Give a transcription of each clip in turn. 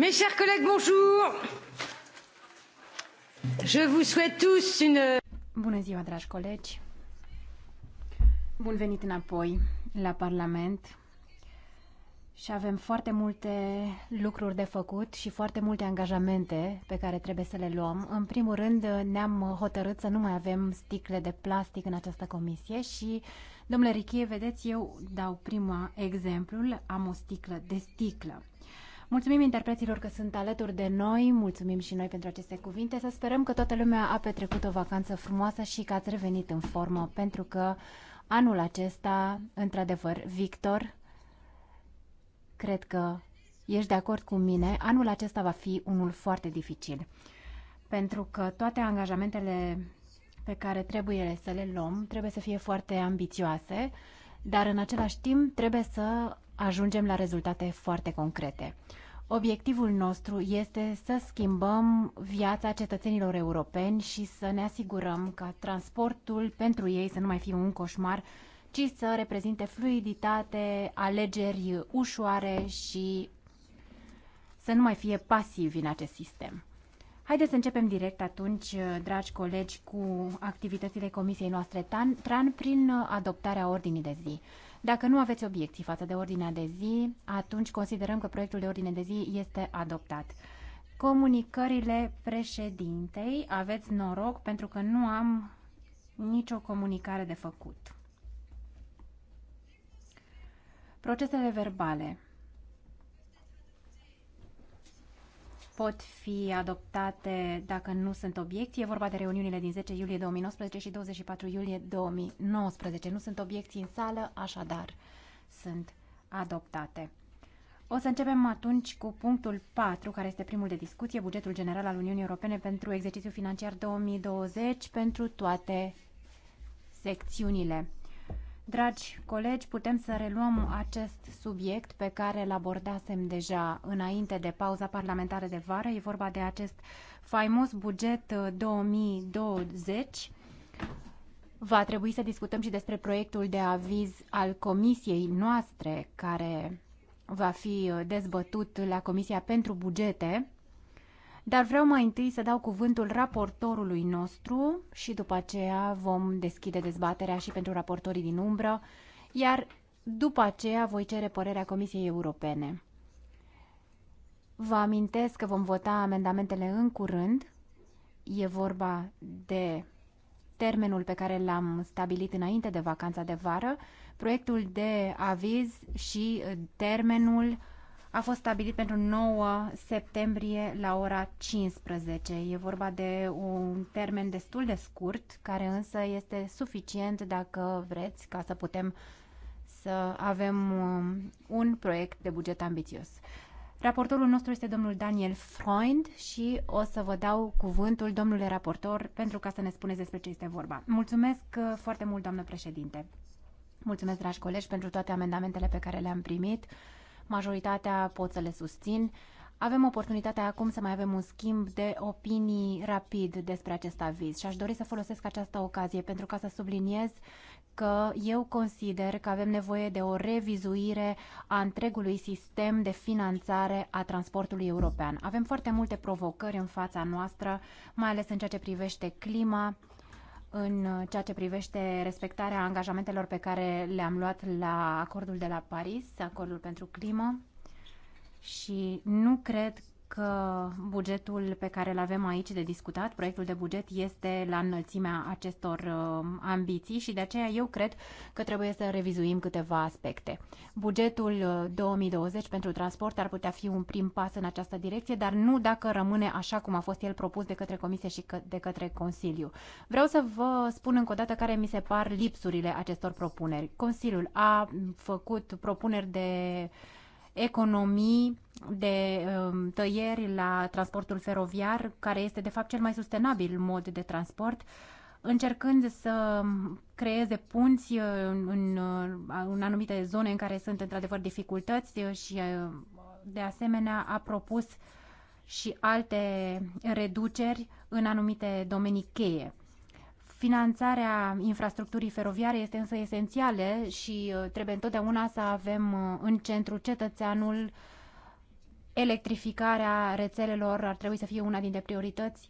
Mes chers collègues, bonjour. Je vous souhaite tous une Bună ziua, dragi colegi. Bun venit înapoi la Parlament. Și avem foarte multe lucruri de făcut și foarte multe angajamente pe care trebuie să le luăm. În primul rând, ne-am hotărât să nu mai avem sticle de plastic în această comisie și, domnule Richie, vedeți, eu dau prima exemplu. am o sticlă de sticlă. Mulțumim interpreților că sunt alături de noi, mulțumim și noi pentru aceste cuvinte. Să sperăm că toată lumea a petrecut o vacanță frumoasă și că ați revenit în formă, pentru că anul acesta, într-adevăr, Victor, cred că ești de acord cu mine, anul acesta va fi unul foarte dificil. Pentru că toate angajamentele pe care trebuie să le luăm trebuie să fie foarte ambițioase, dar în același timp trebuie să ajungem la rezultate foarte concrete. Obiectivul nostru este să schimbăm viața cetățenilor europeni și să ne asigurăm că transportul pentru ei să nu mai fie un coșmar, ci să reprezinte fluiditate, alegeri ușoare și să nu mai fie pasiv în acest sistem. Haideți să începem direct atunci, dragi colegi, cu activitățile Comisiei noastre TRAN prin adoptarea ordinii de zi. Dacă nu aveți obiecții față de ordinea de zi, atunci considerăm că proiectul de ordine de zi este adoptat. Comunicările președintei, aveți noroc pentru că nu am nicio comunicare de făcut. Procesele verbale. pot fi adoptate dacă nu sunt obiecții. E vorba de reuniunile din 10 iulie 2019 și 24 iulie 2019. Nu sunt obiecții în sală, așadar sunt adoptate. O să începem atunci cu punctul 4, care este primul de discuție, bugetul general al Uniunii Europene pentru exercițiul financiar 2020 pentru toate secțiunile. Dragi colegi, putem să reluăm acest subiect pe care îl abordasem deja înainte de pauza parlamentară de vară. E vorba de acest faimos buget 2020. Uh, va trebui să discutăm și despre proiectul de aviz al comisiei noastre care va fi uh, dezbătut la Comisia pentru Bugete dar vreau mai întâi să dau cuvântul raportorului nostru și după aceea vom deschide dezbaterea și pentru raportorii din umbră, iar după aceea voi cere părerea Comisiei Europene. Vă amintesc că vom vota amendamentele în curând. E vorba de termenul pe care l-am stabilit înainte de vacanța de vară, proiectul de aviz și termenul a fost stabilit pentru 9 septembrie la ora 15. E vorba de un termen destul de scurt, care însă este suficient dacă vreți ca să putem să avem um, un proiect de buget ambițios. Raportorul nostru este domnul Daniel Freund și o să vă dau cuvântul, domnule raportor, pentru ca să ne spuneți despre ce este vorba. Mulțumesc uh, foarte mult, doamnă președinte. Mulțumesc, dragi colegi, pentru toate amendamentele pe care le-am primit majoritatea pot să le susțin. Avem oportunitatea acum să mai avem un schimb de opinii rapid despre acest aviz și aș dori să folosesc această ocazie pentru ca să subliniez că eu consider că avem nevoie de o revizuire a întregului sistem de finanțare a transportului european. Avem foarte multe provocări în fața noastră, mai ales în ceea ce privește clima, în ceea ce privește respectarea angajamentelor pe care le-am luat la acordul de la Paris, acordul pentru climă și nu cred că bugetul pe care îl avem aici de discutat, proiectul de buget, este la înălțimea acestor uh, ambiții și de aceea eu cred că trebuie să revizuim câteva aspecte. Bugetul 2020 uh, pentru transport ar putea fi un prim pas în această direcție, dar nu dacă rămâne așa cum a fost el propus de către Comisie și de către Consiliu. Vreau să vă spun încă o dată care mi se par lipsurile acestor propuneri. Consiliul a făcut propuneri de economii de um, tăieri la transportul feroviar, care este de fapt cel mai sustenabil mod de transport, încercând să creeze punți uh, în, în, uh, în anumite zone în care sunt într-adevăr dificultăți uh, și de asemenea a propus și alte reduceri în anumite domenii cheie. Finanțarea infrastructurii feroviare este însă esențială și uh, trebuie întotdeauna să avem uh, în centru cetățeanul. Electrificarea rețelelor ar trebui să fie una dintre priorități.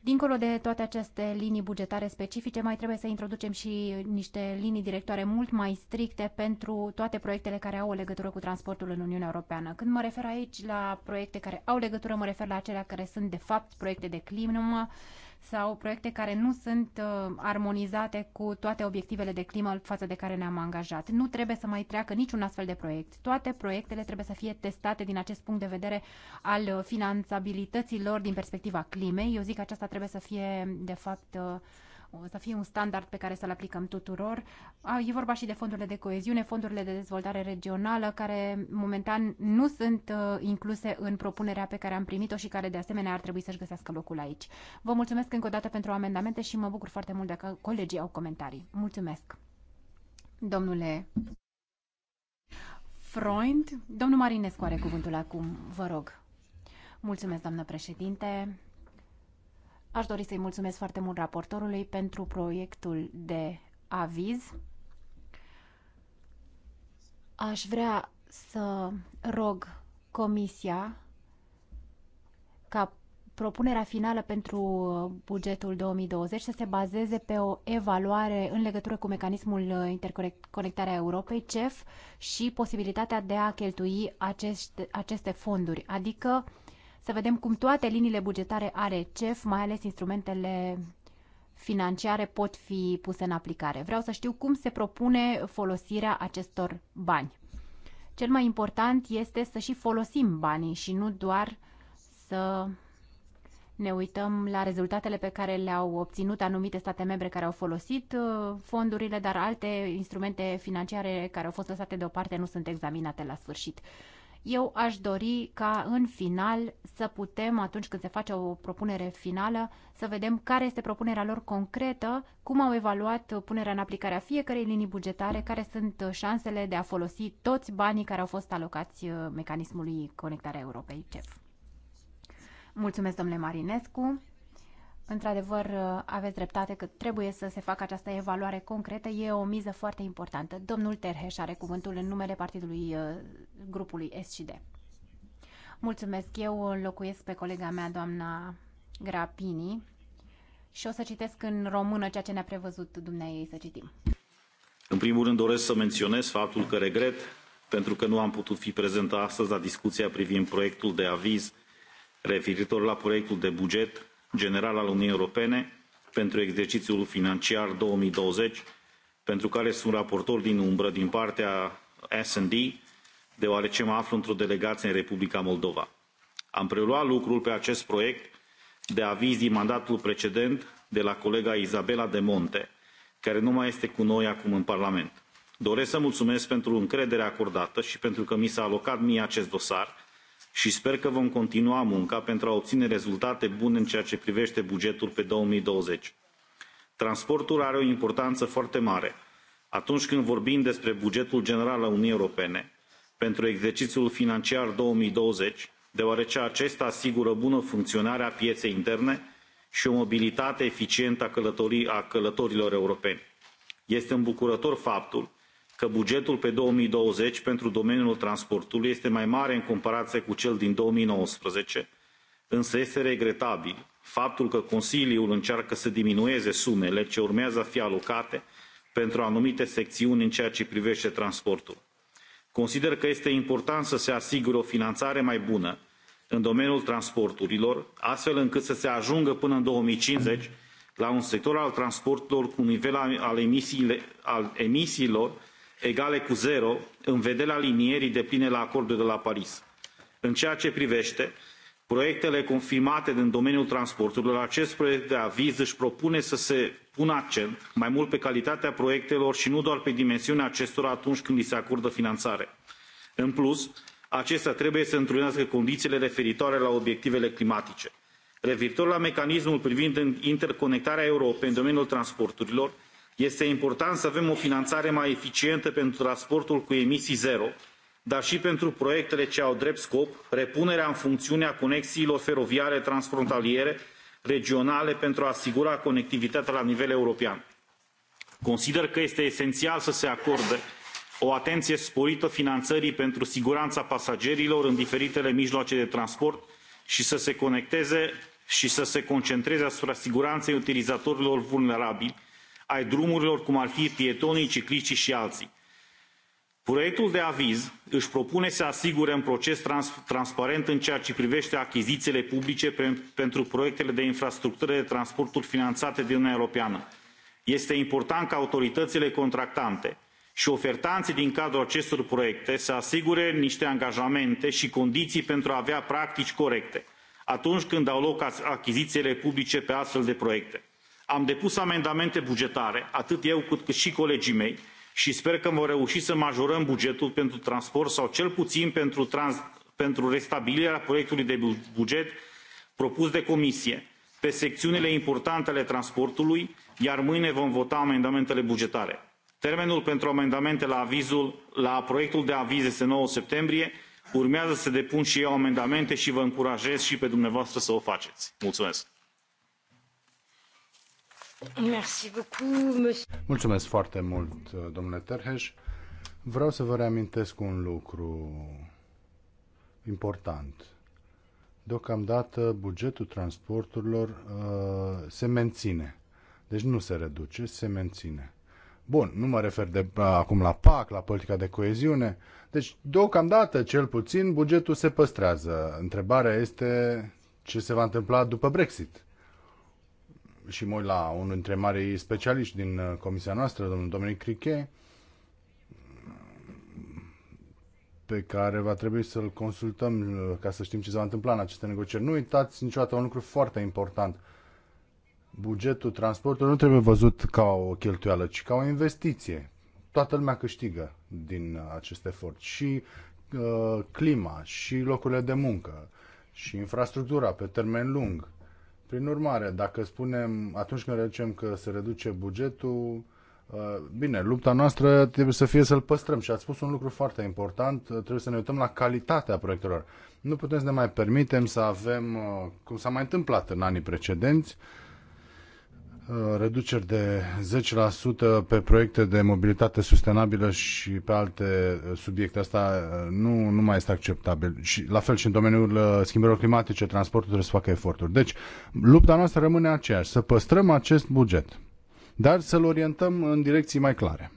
Dincolo de toate aceste linii bugetare specifice, mai trebuie să introducem și niște linii directoare mult mai stricte pentru toate proiectele care au o legătură cu transportul în Uniunea Europeană. Când mă refer aici la proiecte care au legătură, mă refer la acelea care sunt de fapt proiecte de climă, sau proiecte care nu sunt uh, armonizate cu toate obiectivele de climă față de care ne-am angajat. Nu trebuie să mai treacă niciun astfel de proiect. Toate proiectele trebuie să fie testate din acest punct de vedere al uh, finanțabilității lor din perspectiva climei. Eu zic că aceasta trebuie să fie, de fapt, uh, să fie un standard pe care să-l aplicăm tuturor. E vorba și de fondurile de coeziune, fondurile de dezvoltare regională, care momentan nu sunt uh, incluse în propunerea pe care am primit-o și care de asemenea ar trebui să-și găsească locul aici. Vă mulțumesc încă o dată pentru amendamente și mă bucur foarte mult dacă colegii au comentarii. Mulțumesc! Domnule Freund, domnul Marinescu are cuvântul acum, vă rog. Mulțumesc, doamnă președinte. Aș dori să-i mulțumesc foarte mult raportorului pentru proiectul de aviz. Aș vrea să rog Comisia ca propunerea finală pentru bugetul 2020 să se bazeze pe o evaluare în legătură cu mecanismul interconectarea Europei, CEF, și posibilitatea de a cheltui aceste, aceste fonduri, adică să vedem cum toate liniile bugetare are CEF, mai ales instrumentele financiare, pot fi puse în aplicare. Vreau să știu cum se propune folosirea acestor bani. Cel mai important este să și folosim banii și nu doar să ne uităm la rezultatele pe care le-au obținut anumite state membre care au folosit uh, fondurile, dar alte instrumente financiare care au fost lăsate deoparte nu sunt examinate la sfârșit. Eu aș dori ca în final să putem, atunci când se face o propunere finală, să vedem care este propunerea lor concretă, cum au evaluat punerea în aplicare a fiecarei linii bugetare, care sunt șansele de a folosi toți banii care au fost alocați mecanismului Conectarea Europei CEF. Mulțumesc, domnule Marinescu. Într-adevăr, uh, aveți dreptate că trebuie să se facă această evaluare concretă. E o miză foarte importantă. Domnul Terheș are cuvântul în numele partidului uh, grupului SCD. Mulțumesc. Eu locuiesc pe colega mea, doamna Grapini, și o să citesc în română ceea ce ne-a prevăzut ei să citim. În primul rând doresc să menționez faptul că regret pentru că nu am putut fi prezent astăzi la discuția privind proiectul de aviz referitor la proiectul de buget general al uniunii europene pentru exercițiul financiar două mii douăzeci pentru care sunt raportor din umbră din partea sd deoarece mă aflu într o delegație în republica moldova. am preluat lucrul pe acest proiect de aviz din mandatul precedent de la colega isabela de monte care nu mai este cu noi acum în parlament. doresc să mulțumesc pentru încrederea acordată și pentru că mi s a alocat mie acest dosar și sper că vom continua munca pentru a obține rezultate bune în ceea ce privește bugetul pe 2020. Transportul are o importanță foarte mare atunci când vorbim despre bugetul general al Uniunii Europene pentru exercițiul financiar 2020, deoarece acesta asigură bună funcționare a pieței interne și o mobilitate eficientă a, călătorii, a călătorilor europeni. Este îmbucurător faptul că bugetul pe două mii douăzeci pentru domeniul transportului este mai mare în comparație cu cel din două mii nouăsprezece însă este regretabil faptul că consiliul încearcă să diminueze sumele ce urmează a fi alocate pentru anumite secțiuni în ceea ce privește transportul. consider că este important să se asigure o finanțare mai bună în domeniul transporturilor astfel încât să se ajungă până în două mii cincizeci la un sector al transporturilor cu un nivel al emisiilor egale cu zero în vederea alinierii depline la acordul de la paris. în ceea ce privește proiectele confirmate din domeniul transporturilor acest proiect de aviz își propune să se pună accent mai mult pe calitatea proiectelor și nu doar pe dimensiunea acestora atunci când li se acordă finanțare. în plus acestea trebuie să întrunească condițiile referitoare la obiectivele climatice. referitor la mecanismul privind interconectarea europei în domeniul transporturilor este important să avem o finanțare mai eficientă pentru transportul cu emisii zero dar și pentru proiectele ce au drept scop repunerea în funcțiune a conexiilor feroviare transfrontaliere regionale pentru a asigura conectivitatea la nivel european. consider că este esențial să se acorde o atenție sporită finanțării pentru siguranța pasagerilor în diferitele mijloace de transport și să se conecteze și să se concentreze asupra siguranței utilizatorilor vulnerabili ai drumurilor, cum ar fi pietonii, cicliștii și alții. Proiectul de aviz își propune să asigure un proces trans transparent în ceea ce privește achizițiile publice pe pentru proiectele de infrastructură de transporturi finanțate din Uniunea Europeană. Este important ca autoritățile contractante și ofertanții din cadrul acestor proiecte să asigure niște angajamente și condiții pentru a avea practici corecte atunci când au loc achizițiile publice pe astfel de proiecte am depus amendamente bugetare atât eu cât și colegii mei și sper că vom reuși să majorăm bugetul pentru transport sau cel puțin pentru, trans, pentru restabilirea proiectului de buget propus de comisie pe secțiunile importante ale transportului, iar mâine vom vota amendamentele bugetare. Termenul pentru amendamente la avizul la proiectul de aviz este 9 septembrie. Urmează să depun și eu amendamente și vă încurajez și pe dumneavoastră să o faceți. Mulțumesc! Merci beaucoup, monsieur. Mulțumesc foarte mult, domnule Terheș. Vreau să vă reamintesc un lucru important. Deocamdată bugetul transporturilor uh, se menține. Deci nu se reduce, se menține. Bun, nu mă refer de, uh, acum la PAC, la politica de coeziune. Deci, deocamdată, cel puțin, bugetul se păstrează. Întrebarea este ce se va întâmpla după Brexit și mă la unul dintre marii specialiști din uh, comisia noastră, domnul Dominic Criche, pe care va trebui să-l consultăm uh, ca să știm ce se va întâmpla în aceste negocieri. Nu uitați niciodată un lucru foarte important. Bugetul transportului nu trebuie văzut ca o cheltuială, ci ca o investiție. Toată lumea câștigă din uh, acest efort și uh, clima, și locurile de muncă, și infrastructura pe termen lung, prin urmare, dacă spunem, atunci când reducem că se reduce bugetul, uh, bine, lupta noastră trebuie să fie să-l păstrăm și ați spus un lucru foarte important, uh, trebuie să ne uităm la calitatea proiectelor. Nu putem să ne mai permitem să avem, uh, cum s-a mai întâmplat în anii precedenți, Uh, reduceri de 10% pe proiecte de mobilitate sustenabilă și pe alte uh, subiecte. Asta uh, nu, nu mai este acceptabil. Și la fel și în domeniul schimbărilor climatice, transportul trebuie să facă eforturi. Deci, lupta noastră rămâne aceeași, să păstrăm acest buget, dar să-l orientăm în direcții mai clare.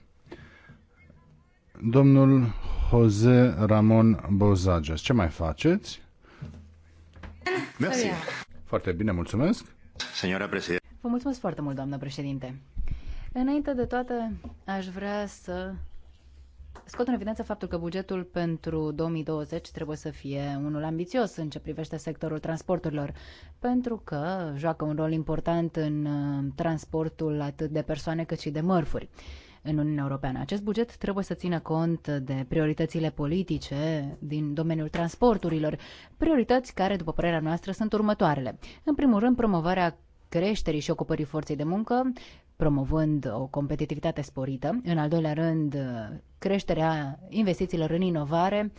Domnul Jose Ramon Bozages, ce mai faceți? Mersi. Foarte bine, mulțumesc. Señora președinte. Vă mulțumesc foarte mult, doamnă președinte. Înainte de toate, aș vrea să scot în evidență faptul că bugetul pentru 2020 trebuie să fie unul ambițios în ce privește sectorul transporturilor, pentru că joacă un rol important în uh, transportul atât de persoane cât și de mărfuri în Uniunea Europeană. Acest buget trebuie să țină cont de prioritățile politice din domeniul transporturilor, priorități care, după părerea noastră, sunt următoarele. În primul rând, promovarea creșterii și ocupării forței de muncă, promovând o competitivitate sporită, în al doilea rând creșterea investițiilor în inovare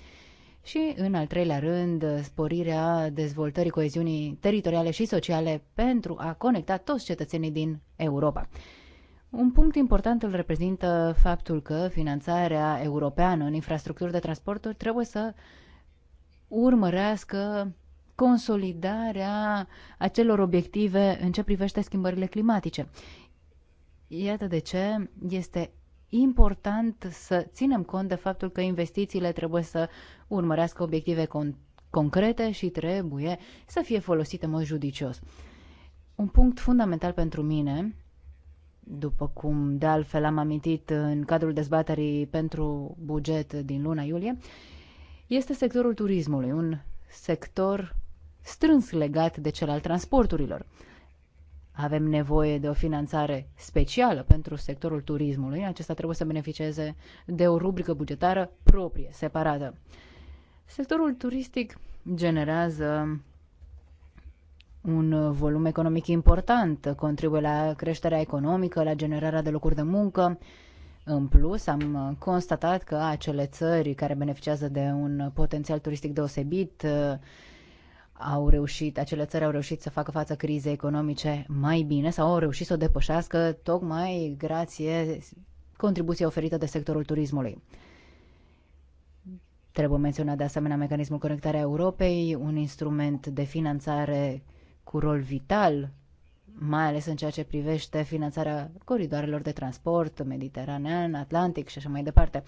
și în al treilea rând sporirea dezvoltării coeziunii teritoriale și sociale pentru a conecta toți cetățenii din Europa. Un punct important îl reprezintă faptul că finanțarea europeană în infrastructuri de transporturi trebuie să urmărească consolidarea acelor obiective în ce privește schimbările climatice. Iată de ce este important să ținem cont de faptul că investițiile trebuie să urmărească obiective con- concrete și trebuie să fie folosite în mod judicios. Un punct fundamental pentru mine, după cum de altfel am amintit în cadrul dezbaterii pentru buget din luna iulie, este sectorul turismului, un sector strâns legat de cel al transporturilor. Avem nevoie de o finanțare specială pentru sectorul turismului. Acesta trebuie să beneficieze de o rubrică bugetară proprie, separată. Sectorul turistic generează un volum economic important, contribuie la creșterea economică, la generarea de locuri de muncă. În plus, am constatat că acele țări care beneficiază de un potențial turistic deosebit au reușit, acele țări au reușit să facă față crizei economice mai bine sau au reușit să o depășească tocmai grație contribuției oferită de sectorul turismului. Trebuie menționat de asemenea mecanismul conectarea Europei, un instrument de finanțare cu rol vital, mai ales în ceea ce privește finanțarea coridoarelor de transport mediteranean, atlantic și așa mai departe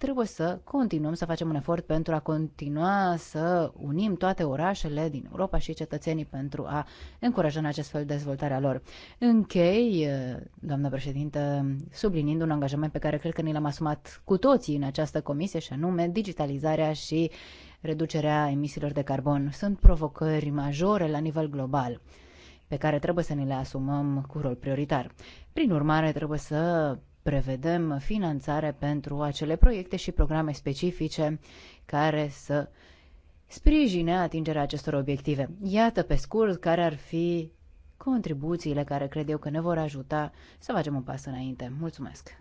trebuie să continuăm să facem un efort pentru a continua să unim toate orașele din Europa și cetățenii pentru a încuraja în acest fel dezvoltarea lor. Închei, eh, doamnă președintă, sublinind un angajament pe care cred că ni l-am asumat cu toții în această comisie și anume digitalizarea și reducerea emisiilor de carbon. Sunt provocări majore la nivel global pe care trebuie să ne le asumăm cu rol prioritar. Prin urmare, trebuie să prevedem finanțare pentru acele proiecte și programe specifice care să sprijine atingerea acestor obiective. Iată pe scurt care ar fi contribuțiile care cred eu că ne vor ajuta să facem un pas înainte. Mulțumesc!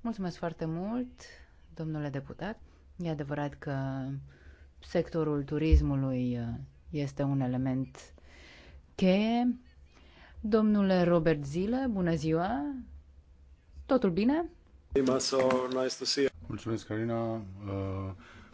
Mulțumesc foarte mult, domnule deputat. E adevărat că sectorul turismului uh, este un element cheie. Domnule Robert Zile, bună ziua! Totul bine? Mulțumesc, Carina. Uh,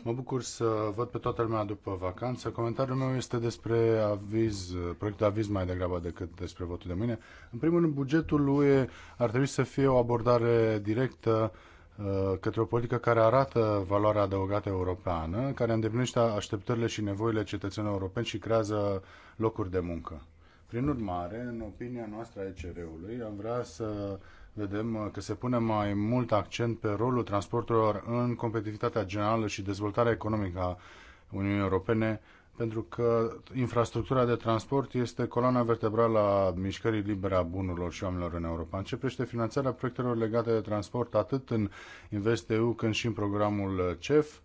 mă bucur să văd pe toată lumea după vacanță. Comentariul meu este despre aviz, proiectul aviz mai degrabă decât despre votul de mâine. În primul rând, bugetul lui ar trebui să fie o abordare directă uh, către o politică care arată valoarea adăugată europeană, care îndeplinește așteptările și nevoile cetățenilor europeni și creează locuri de muncă. Prin urmare, în opinia noastră a ECR-ului, am vrea să vedem uh, că se pune mai mult accent pe rolul transporturilor în competitivitatea generală și dezvoltarea economică a Uniunii Europene, pentru că infrastructura de transport este coloana vertebrală a mișcării libere a bunurilor și oamenilor în Europa. Începește finanțarea proiectelor legate de transport atât în InvestEU cât și în programul CEF.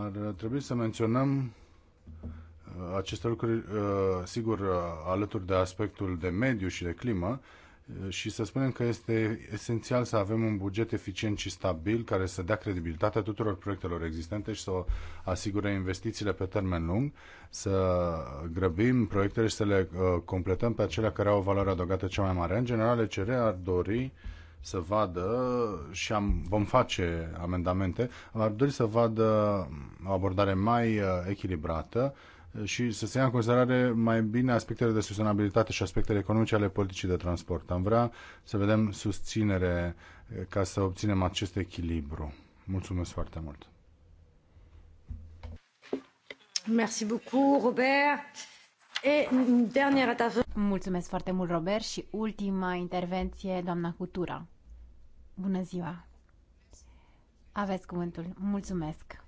Ar trebui să menționăm uh, aceste lucruri, uh, sigur, alături de aspectul de mediu și de climă, și să spunem că este esențial să avem un buget eficient și stabil care să dea credibilitatea tuturor proiectelor existente și să asigure investițiile pe termen lung, să grăbim proiectele și să le uh, completăm pe acelea care au o valoare adăugată cea mai mare. În general, ECR ar dori să vadă și am, vom face amendamente, ar dori să vadă o abordare mai uh, echilibrată și să se ia în considerare mai bine aspectele de sustenabilitate și aspectele economice ale politicii de transport. Am vrea să vedem susținere eh, ca să obținem acest echilibru. Mulțumesc foarte mult! Merci beaucoup, Robert. Et Mulțumesc foarte mult, Robert, și ultima intervenție, doamna Cutura. Bună ziua! Aveți cuvântul. Mulțumesc!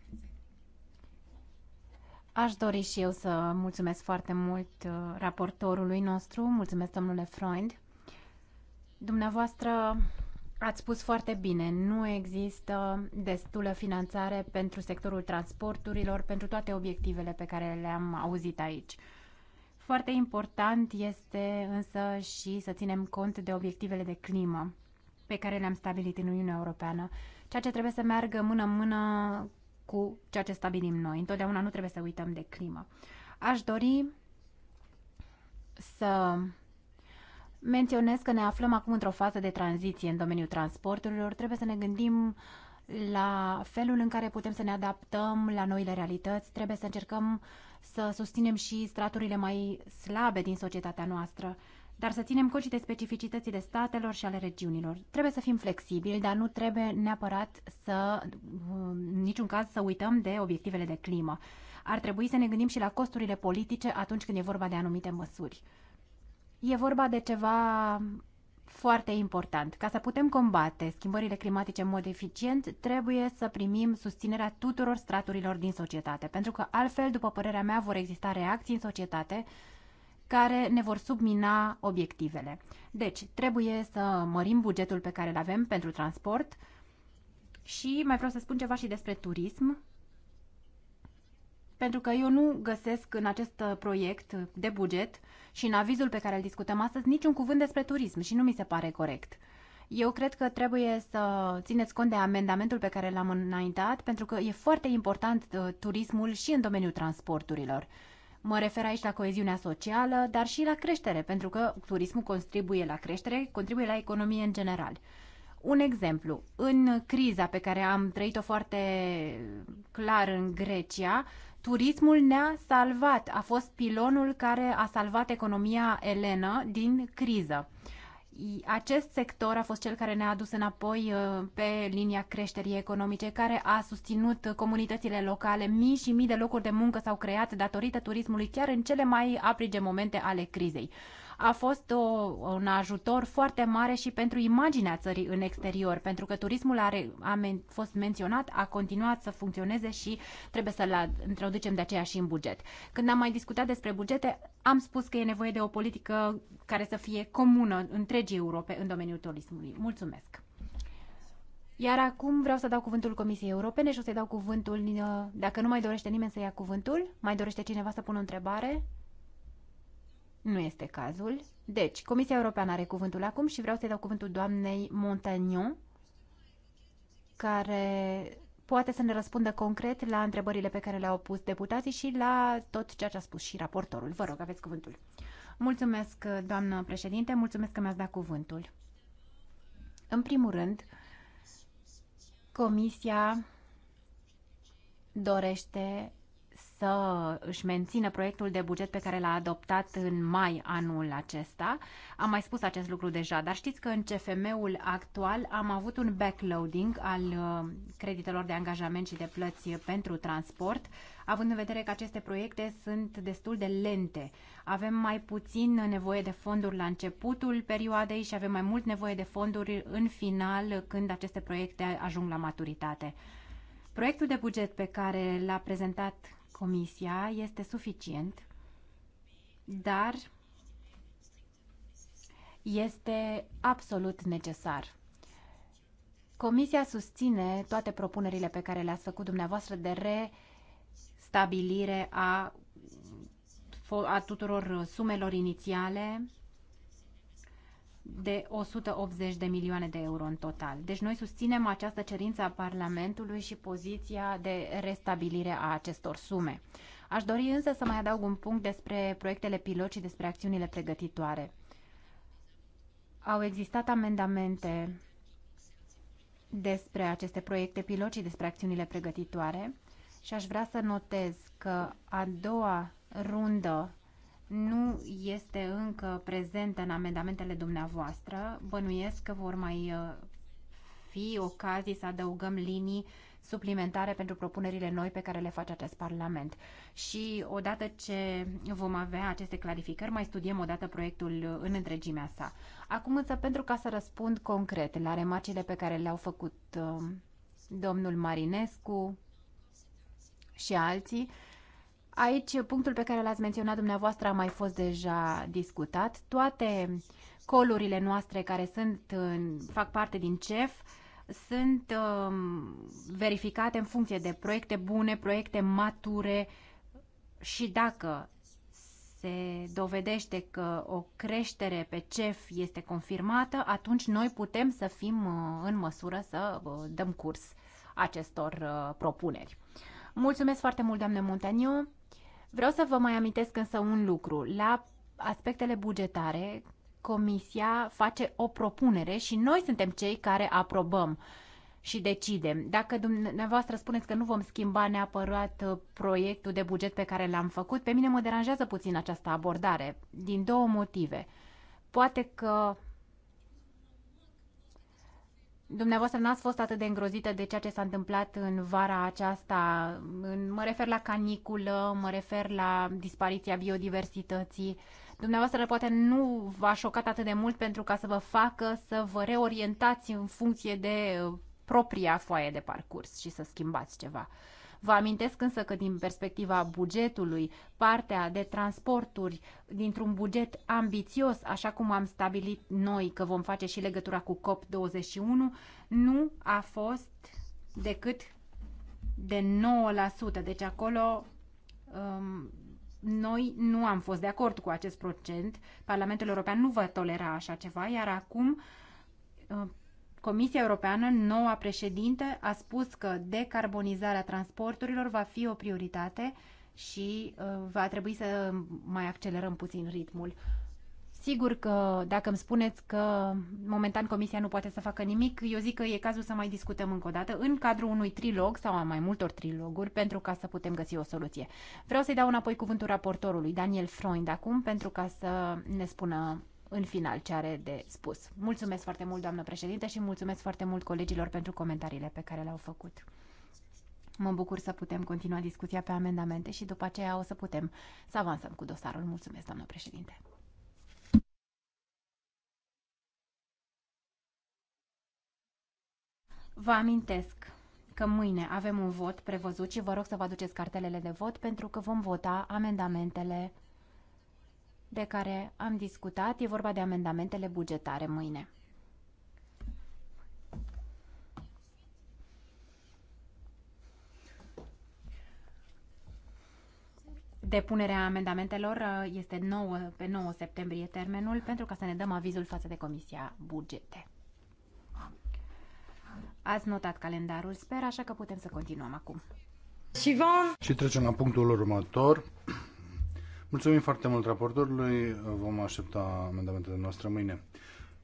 Aș dori și eu să mulțumesc foarte mult uh, raportorului nostru, mulțumesc domnule Freund. Dumneavoastră ați spus foarte bine, nu există destulă finanțare pentru sectorul transporturilor, pentru toate obiectivele pe care le-am auzit aici. Foarte important este însă și să ținem cont de obiectivele de climă pe care le-am stabilit în Uniunea Europeană, ceea ce trebuie să meargă mână-mână cu ceea ce stabilim noi. Întotdeauna nu trebuie să uităm de climă. Aș dori să menționez că ne aflăm acum într-o fază de tranziție în domeniul transporturilor. Trebuie să ne gândim la felul în care putem să ne adaptăm la noile realități. Trebuie să încercăm să susținem și straturile mai slabe din societatea noastră dar să ținem cont și de specificitățile statelor și ale regiunilor. Trebuie să fim flexibili, dar nu trebuie neapărat să, în niciun caz, să uităm de obiectivele de climă. Ar trebui să ne gândim și la costurile politice atunci când e vorba de anumite măsuri. E vorba de ceva foarte important. Ca să putem combate schimbările climatice în mod eficient, trebuie să primim susținerea tuturor straturilor din societate, pentru că altfel, după părerea mea, vor exista reacții în societate care ne vor submina obiectivele. Deci, trebuie să mărim bugetul pe care îl avem pentru transport și mai vreau să spun ceva și despre turism, pentru că eu nu găsesc în acest proiect de buget și în avizul pe care îl discutăm astăzi niciun cuvânt despre turism și nu mi se pare corect. Eu cred că trebuie să țineți cont de amendamentul pe care l-am înaintat, pentru că e foarte important uh, turismul și în domeniul transporturilor. Mă refer aici la coeziunea socială, dar și la creștere, pentru că turismul contribuie la creștere, contribuie la economie în general. Un exemplu, în criza pe care am trăit-o foarte clar în Grecia, turismul ne-a salvat, a fost pilonul care a salvat economia elenă din criză acest sector a fost cel care ne-a adus înapoi uh, pe linia creșterii economice, care a susținut comunitățile locale. Mii și mii de locuri de muncă s-au creat datorită turismului chiar în cele mai aprige momente ale crizei a fost o, un ajutor foarte mare și pentru imaginea țării în exterior, pentru că turismul are, a men, fost menționat, a continuat să funcționeze și trebuie să-l introducem de aceea și în buget. Când am mai discutat despre bugete, am spus că e nevoie de o politică care să fie comună întregii Europe în domeniul turismului. Mulțumesc! Iar acum vreau să dau cuvântul Comisiei Europene și o să-i dau cuvântul, uh, dacă nu mai dorește nimeni să ia cuvântul, mai dorește cineva să pună o întrebare? Nu este cazul. Deci, Comisia Europeană are cuvântul acum și vreau să-i dau cuvântul doamnei Montagnon, care poate să ne răspundă concret la întrebările pe care le-au pus deputații și la tot ceea ce a spus și raportorul. Vă rog, aveți cuvântul. Mulțumesc, doamnă președinte, mulțumesc că mi-ați dat cuvântul. În primul rând, Comisia dorește să își mențină proiectul de buget pe care l-a adoptat în mai anul acesta. Am mai spus acest lucru deja, dar știți că în CFM-ul actual am avut un backloading al uh, creditelor de angajament și de plăți pentru transport, având în vedere că aceste proiecte sunt destul de lente. Avem mai puțin nevoie de fonduri la începutul perioadei și avem mai mult nevoie de fonduri în final când aceste proiecte ajung la maturitate. Proiectul de buget pe care l-a prezentat Comisia este suficient, dar este absolut necesar. Comisia susține toate propunerile pe care le-ați făcut dumneavoastră de restabilire a, a tuturor sumelor inițiale de 180 de milioane de euro în total. Deci noi susținem această cerință a Parlamentului și poziția de restabilire a acestor sume. Aș dori însă să mai adaug un punct despre proiectele pilot și despre acțiunile pregătitoare. Au existat amendamente despre aceste proiecte pilot și despre acțiunile pregătitoare și aș vrea să notez că a doua rundă nu este încă prezentă în amendamentele dumneavoastră. Bănuiesc că vor mai uh, fi ocazii să adăugăm linii suplimentare pentru propunerile noi pe care le face acest Parlament. Și odată ce vom avea aceste clarificări, mai studiem odată proiectul în întregimea sa. Acum însă, pentru ca să răspund concret la remarcile pe care le-au făcut uh, domnul Marinescu și alții, Aici, punctul pe care l-ați menționat dumneavoastră a mai fost deja discutat. Toate colurile noastre care sunt, fac parte din CEF sunt um, verificate în funcție de proiecte bune, proiecte mature și dacă se dovedește că o creștere pe CEF este confirmată, atunci noi putem să fim uh, în măsură să uh, dăm curs acestor uh, propuneri. Mulțumesc foarte mult, doamne Montaniu! Vreau să vă mai amintesc însă un lucru. La aspectele bugetare, Comisia face o propunere și noi suntem cei care aprobăm și decidem. Dacă dumneavoastră spuneți că nu vom schimba neapărat uh, proiectul de buget pe care l-am făcut, pe mine mă deranjează puțin această abordare, din două motive. Poate că Dumneavoastră n-ați fost atât de îngrozită de ceea ce s-a întâmplat în vara aceasta. Mă refer la caniculă, mă refer la dispariția biodiversității. Dumneavoastră poate nu v-a șocat atât de mult pentru ca să vă facă să vă reorientați în funcție de uh, propria foaie de parcurs și să schimbați ceva. Uh, Vă amintesc însă că din perspectiva bugetului, partea de transporturi dintr-un buget ambițios, așa cum am stabilit noi că vom face și legătura cu COP21, nu a fost decât de 9%. Deci acolo um, noi nu am fost de acord cu acest procent. Parlamentul European nu va tolera așa ceva, iar acum uh, Comisia Europeană, noua președinte, a spus că decarbonizarea transporturilor va fi o prioritate și uh, va trebui să mai accelerăm puțin ritmul. Sigur că dacă îmi spuneți că momentan Comisia nu poate să facă nimic, eu zic că e cazul să mai discutăm încă o dată în cadrul unui trilog sau a mai multor triloguri pentru ca să putem găsi o soluție. Vreau să-i dau înapoi cuvântul raportorului, Daniel Freund, acum pentru ca să ne spună în final ce are de spus. Mulțumesc foarte mult, doamnă președinte, și mulțumesc foarte mult colegilor pentru comentariile pe care le-au făcut. Mă bucur să putem continua discuția pe amendamente și după aceea o să putem să avansăm cu dosarul. Mulțumesc, doamnă președinte. Vă amintesc că mâine avem un vot prevăzut și vă rog să vă aduceți cartelele de vot pentru că vom vota amendamentele de care am discutat. E vorba de amendamentele bugetare mâine. Depunerea amendamentelor uh, este 9, pe 9 septembrie termenul pentru ca să ne dăm avizul față de Comisia Bugete. Ați notat calendarul, sper, așa că putem să continuăm acum. Și vom... Și trecem la punctul următor. Mulțumim foarte mult raportorului, vom aștepta amendamentele noastre mâine.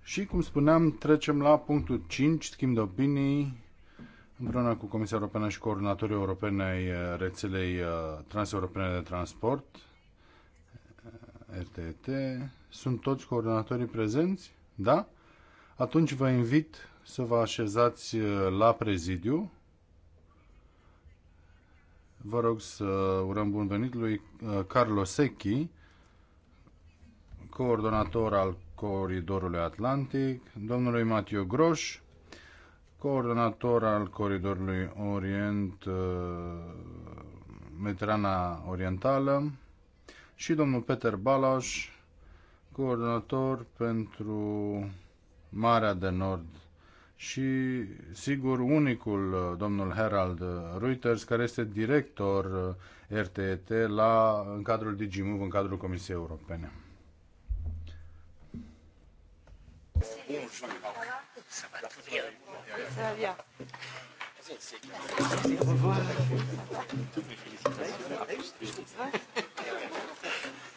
Și, cum spuneam, trecem la punctul 5, schimb de opinii, împreună cu Comisia Europeană și coordonatorii europene ai uh, rețelei uh, transeuropene de transport, uh, RTT. Sunt toți coordonatorii prezenți? Da? Atunci vă invit să vă așezați la prezidiu Vă rog să urăm bun venit lui uh, Carlo Secchi, coordonator al Coridorului Atlantic, domnului Matiu Groș, coordonator al Coridorului Orient, uh, Mediterana Orientală, și domnul Peter Balas, coordonator pentru Marea de Nord și, sigur, unicul, uh, domnul Herald Reuters, care este director uh, RTT la, în cadrul DigiMove, în cadrul Comisiei Europene.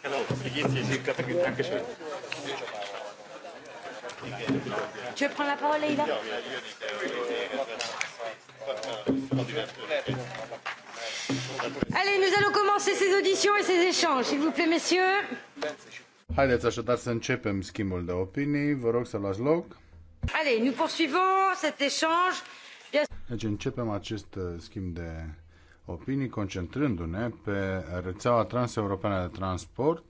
Hello, tu veux prendre la parole, Leïla Allez, nous allons commencer ces auditions et ces échanges, s'il vous plaît, messieurs. Haideți așadar să începem schimbul de opinii. Vă rog să luați loc. Allez, nous poursuivons cet échange. Deci începem acest uh, schimb de opinii concentrându-ne pe rețeaua transeuropeană de transport,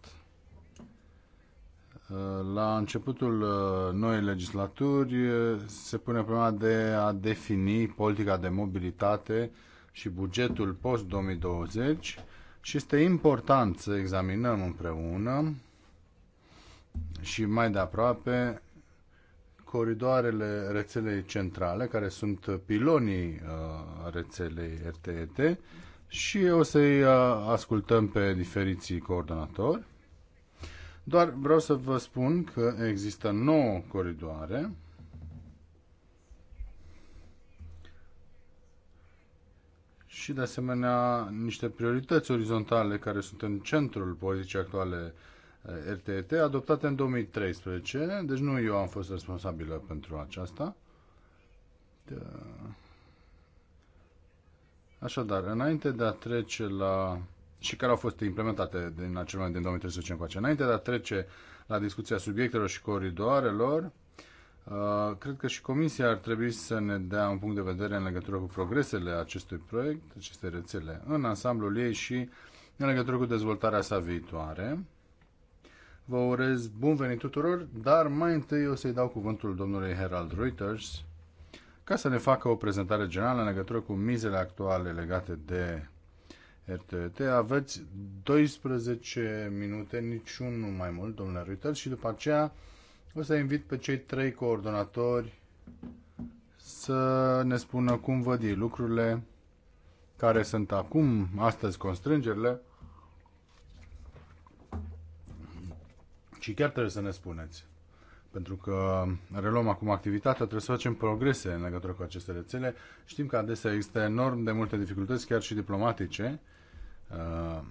la începutul uh, noii legislaturi uh, se pune problema de a defini politica de mobilitate și bugetul post-2020 și este important să examinăm împreună și mai de aproape coridoarele rețelei centrale, care sunt pilonii uh, rețelei RTET și o să-i ascultăm pe diferiții coordonatori doar vreau să vă spun că există 9 coridoare și de asemenea niște priorități orizontale care sunt în centrul politicii actuale eh, RTT, adoptate în 2013, deci nu eu am fost responsabilă pentru aceasta. Așadar, înainte de a trece la și care au fost implementate din acel moment din 2013 încoace. Înainte de a trece la discuția subiectelor și coridoarelor, uh, cred că și Comisia ar trebui să ne dea un punct de vedere în legătură cu progresele acestui proiect, aceste rețele, în ansamblul ei și în legătură cu dezvoltarea sa viitoare. Vă urez bun venit tuturor, dar mai întâi o să-i dau cuvântul domnului Herald Reuters ca să ne facă o prezentare generală în legătură cu mizele actuale legate de RTT. Aveți 12 minute, niciunul mai mult, domnule Ruitel, și după aceea o să invit pe cei trei coordonatori să ne spună cum văd ei lucrurile care sunt acum, astăzi, constrângerile. Și chiar trebuie să ne spuneți. Pentru că reluăm acum activitatea, trebuie să facem progrese în legătură cu aceste rețele. Știm că adesea există enorm de multe dificultăți, chiar și diplomatice, Uh,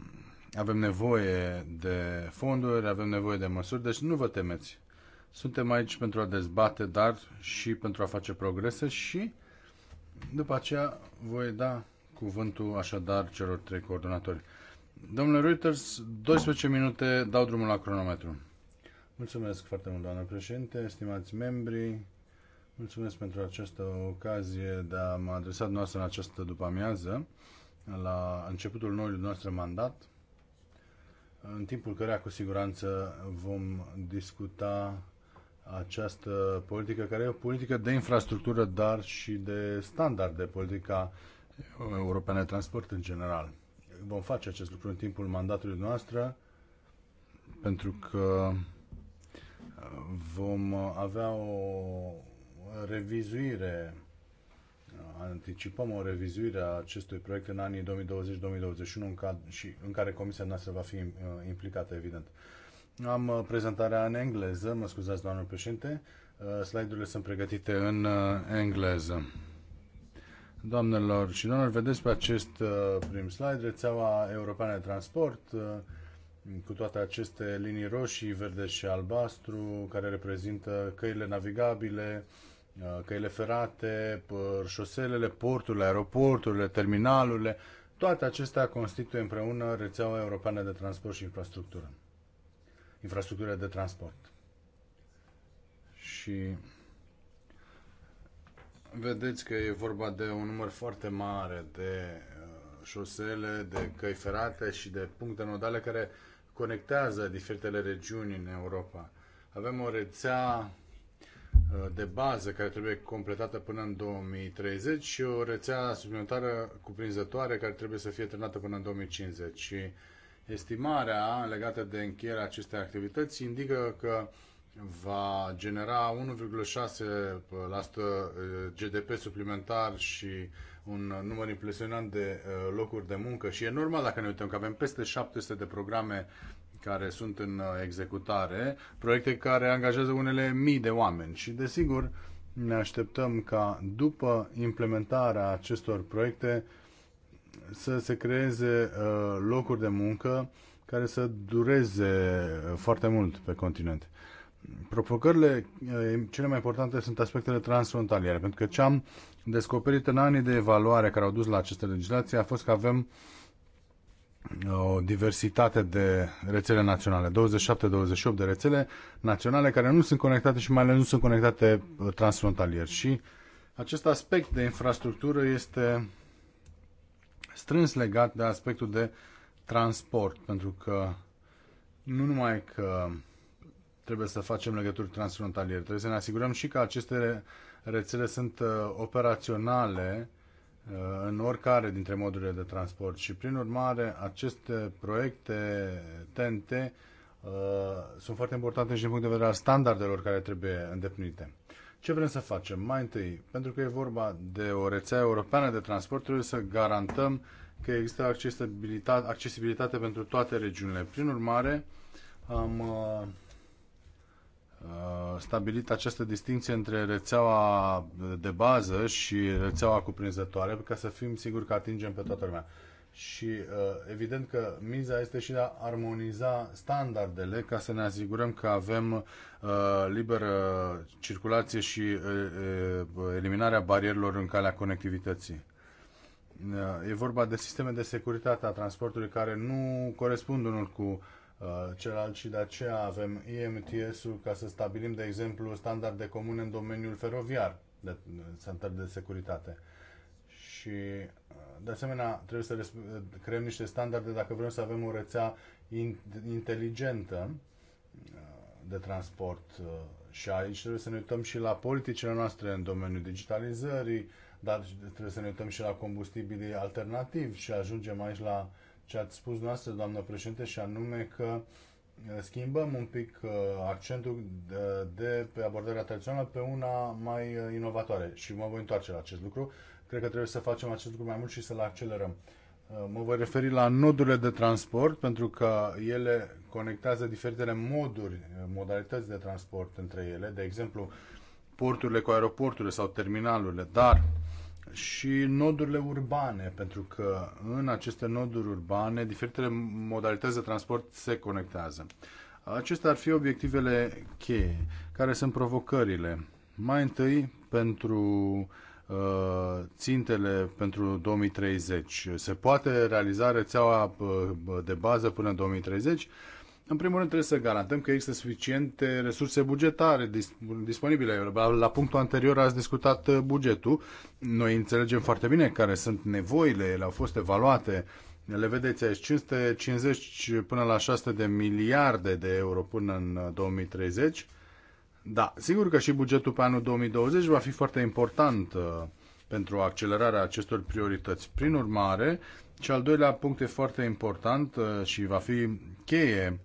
avem nevoie de fonduri, avem nevoie de măsuri, deci nu vă temeți. Suntem aici pentru a dezbate, dar și pentru a face progrese și după aceea voi da cuvântul așadar celor trei coordonatori. Domnule Reuters, 12 minute, dau drumul la cronometru. Mulțumesc foarte mult, doamnă președinte, stimați membri, mulțumesc pentru această ocazie de a mă adresa noastră în această după amiază la începutul noului nostru mandat, în timpul căreia cu siguranță vom discuta această politică, care e o politică de infrastructură, dar și de standarde, politica europeană de transport în general. Vom face acest lucru în timpul mandatului noastră, pentru că vom avea o revizuire anticipăm o revizuire a acestui proiect în anii 2020-2021 în și în care Comisia noastră va fi uh, implicată, evident. Am uh, prezentarea în engleză, mă scuzați, doamnă președinte. Uh, slide-urile sunt pregătite în engleză. Doamnelor și domnilor, vedeți pe acest prim slide rețeaua europeană de transport, cu toate aceste linii roșii, verde și albastru, care reprezintă căile navigabile, Uh, căile ferate, șoselele, porturile, aeroporturile, terminalurile, toate acestea constituie împreună rețeaua europeană de transport și infrastructură. Infrastructură de transport. Și vedeți că e vorba de un număr foarte mare de uh, șosele, de căi ferate și de puncte nodale care conectează diferitele regiuni în Europa. Avem o rețea Uh, de bază care trebuie completată până în 2030 și o rețea suplimentară cuprinzătoare care trebuie să fie terminată până în 2050. Și estimarea legată de încheierea acestei activități indică că va genera 1,6% uh, GDP suplimentar și un număr impresionant de uh, locuri de muncă și e normal dacă ne uităm că avem peste 700 de programe care sunt în uh, executare, proiecte care angajează unele mii de oameni și, desigur, ne așteptăm ca după implementarea acestor proiecte să se creeze uh, locuri de muncă care să dureze uh, foarte mult pe continent. Provocările cele mai importante sunt aspectele transfrontaliere, pentru că ce am descoperit în anii de evaluare care au dus la aceste legislații a fost că avem uh, o diversitate de rețele naționale, 27-28 de rețele naționale care nu sunt conectate și mai ales nu sunt conectate uh, transfrontalier. Și acest aspect de infrastructură este strâns legat de aspectul de transport, pentru că nu numai că trebuie să facem legături transfrontaliere, trebuie să ne asigurăm și că aceste rețele sunt uh, operaționale Uh, în oricare dintre modurile de transport și prin urmare aceste proiecte TNT uh, sunt foarte importante și din punct de vedere al standardelor care trebuie îndeplinite. Ce vrem să facem? Mai întâi, pentru că e vorba de o rețea europeană de transport, trebuie să garantăm că există accesibilitate, accesibilitate pentru toate regiunile. Prin urmare, am uh, Uh, stabilit această distinție între rețeaua de bază și rețeaua cuprinzătoare, ca să fim siguri că atingem pe toată lumea. Și uh, evident că miza este și de a armoniza standardele ca să ne asigurăm că avem uh, liberă circulație și eliminarea barierilor în calea conectivității. e vorba de sisteme de securitate a transportului care nu corespund unul cu Uh, celălalt și de aceea avem EMTS-ul ca să stabilim, de exemplu, standarde comune în domeniul feroviar, de standarde de securitate. Și, uh, de asemenea, trebuie să creăm niște standarde dacă vrem să avem o rețea inteligentă uh, de transport și aici trebuie să ne uităm și la politicile noastre în domeniul digitalizării, dar trebuie să ne uităm și la combustibilii alternativi și ajungem aici la uh, ce ați spus dumneavoastră, doamnă președinte, și anume că uh, schimbăm un pic uh, accentul de, uh, de pe abordarea tradițională pe una mai inovatoare și mă voi întoarce la acest lucru. Cred că trebuie să facem acest lucru mai mult și să-l accelerăm. Mă voi referi la nodurile de transport pentru că ele conectează diferitele moduri, modalități de transport între ele, de exemplu porturile cu aeroporturile sau terminalurile, dar și nodurile urbane, pentru că în aceste noduri urbane diferitele modalități de transport se conectează. Acestea ar fi obiectivele cheie, care sunt provocările. Mai întâi, pentru uh, țintele pentru 2030. Se poate realiza rețeaua uh, de bază până în 2030, în primul rând trebuie să garantăm că există suficiente resurse bugetare disponibile. La punctul anterior ați discutat uh, bugetul. Noi înțelegem foarte bine care sunt nevoile, ele au fost evaluate. Le vedeți aici, 550 până la 600 de miliarde de euro până în 2030. Uh, da, sigur că și bugetul pe anul 2020 va fi foarte important uh, pentru accelerarea acestor priorități. Prin urmare, și al doilea punct e foarte important și va fi cheie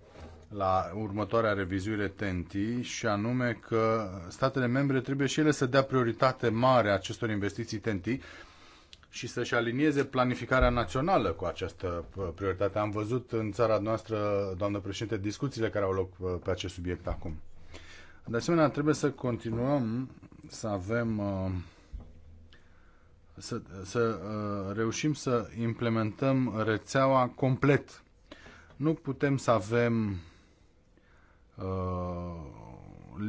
la următoarea revizuire TNT și anume că statele membre trebuie și ele să dea prioritate mare acestor investiții TNT și să-și alinieze planificarea națională cu această uh, prioritate. Am văzut în țara noastră, doamnă președinte, discuțiile care au loc uh, pe acest subiect acum. De asemenea, trebuie să continuăm să avem uh, să, să reușim să implementăm rețeaua complet. Nu putem să avem Uh,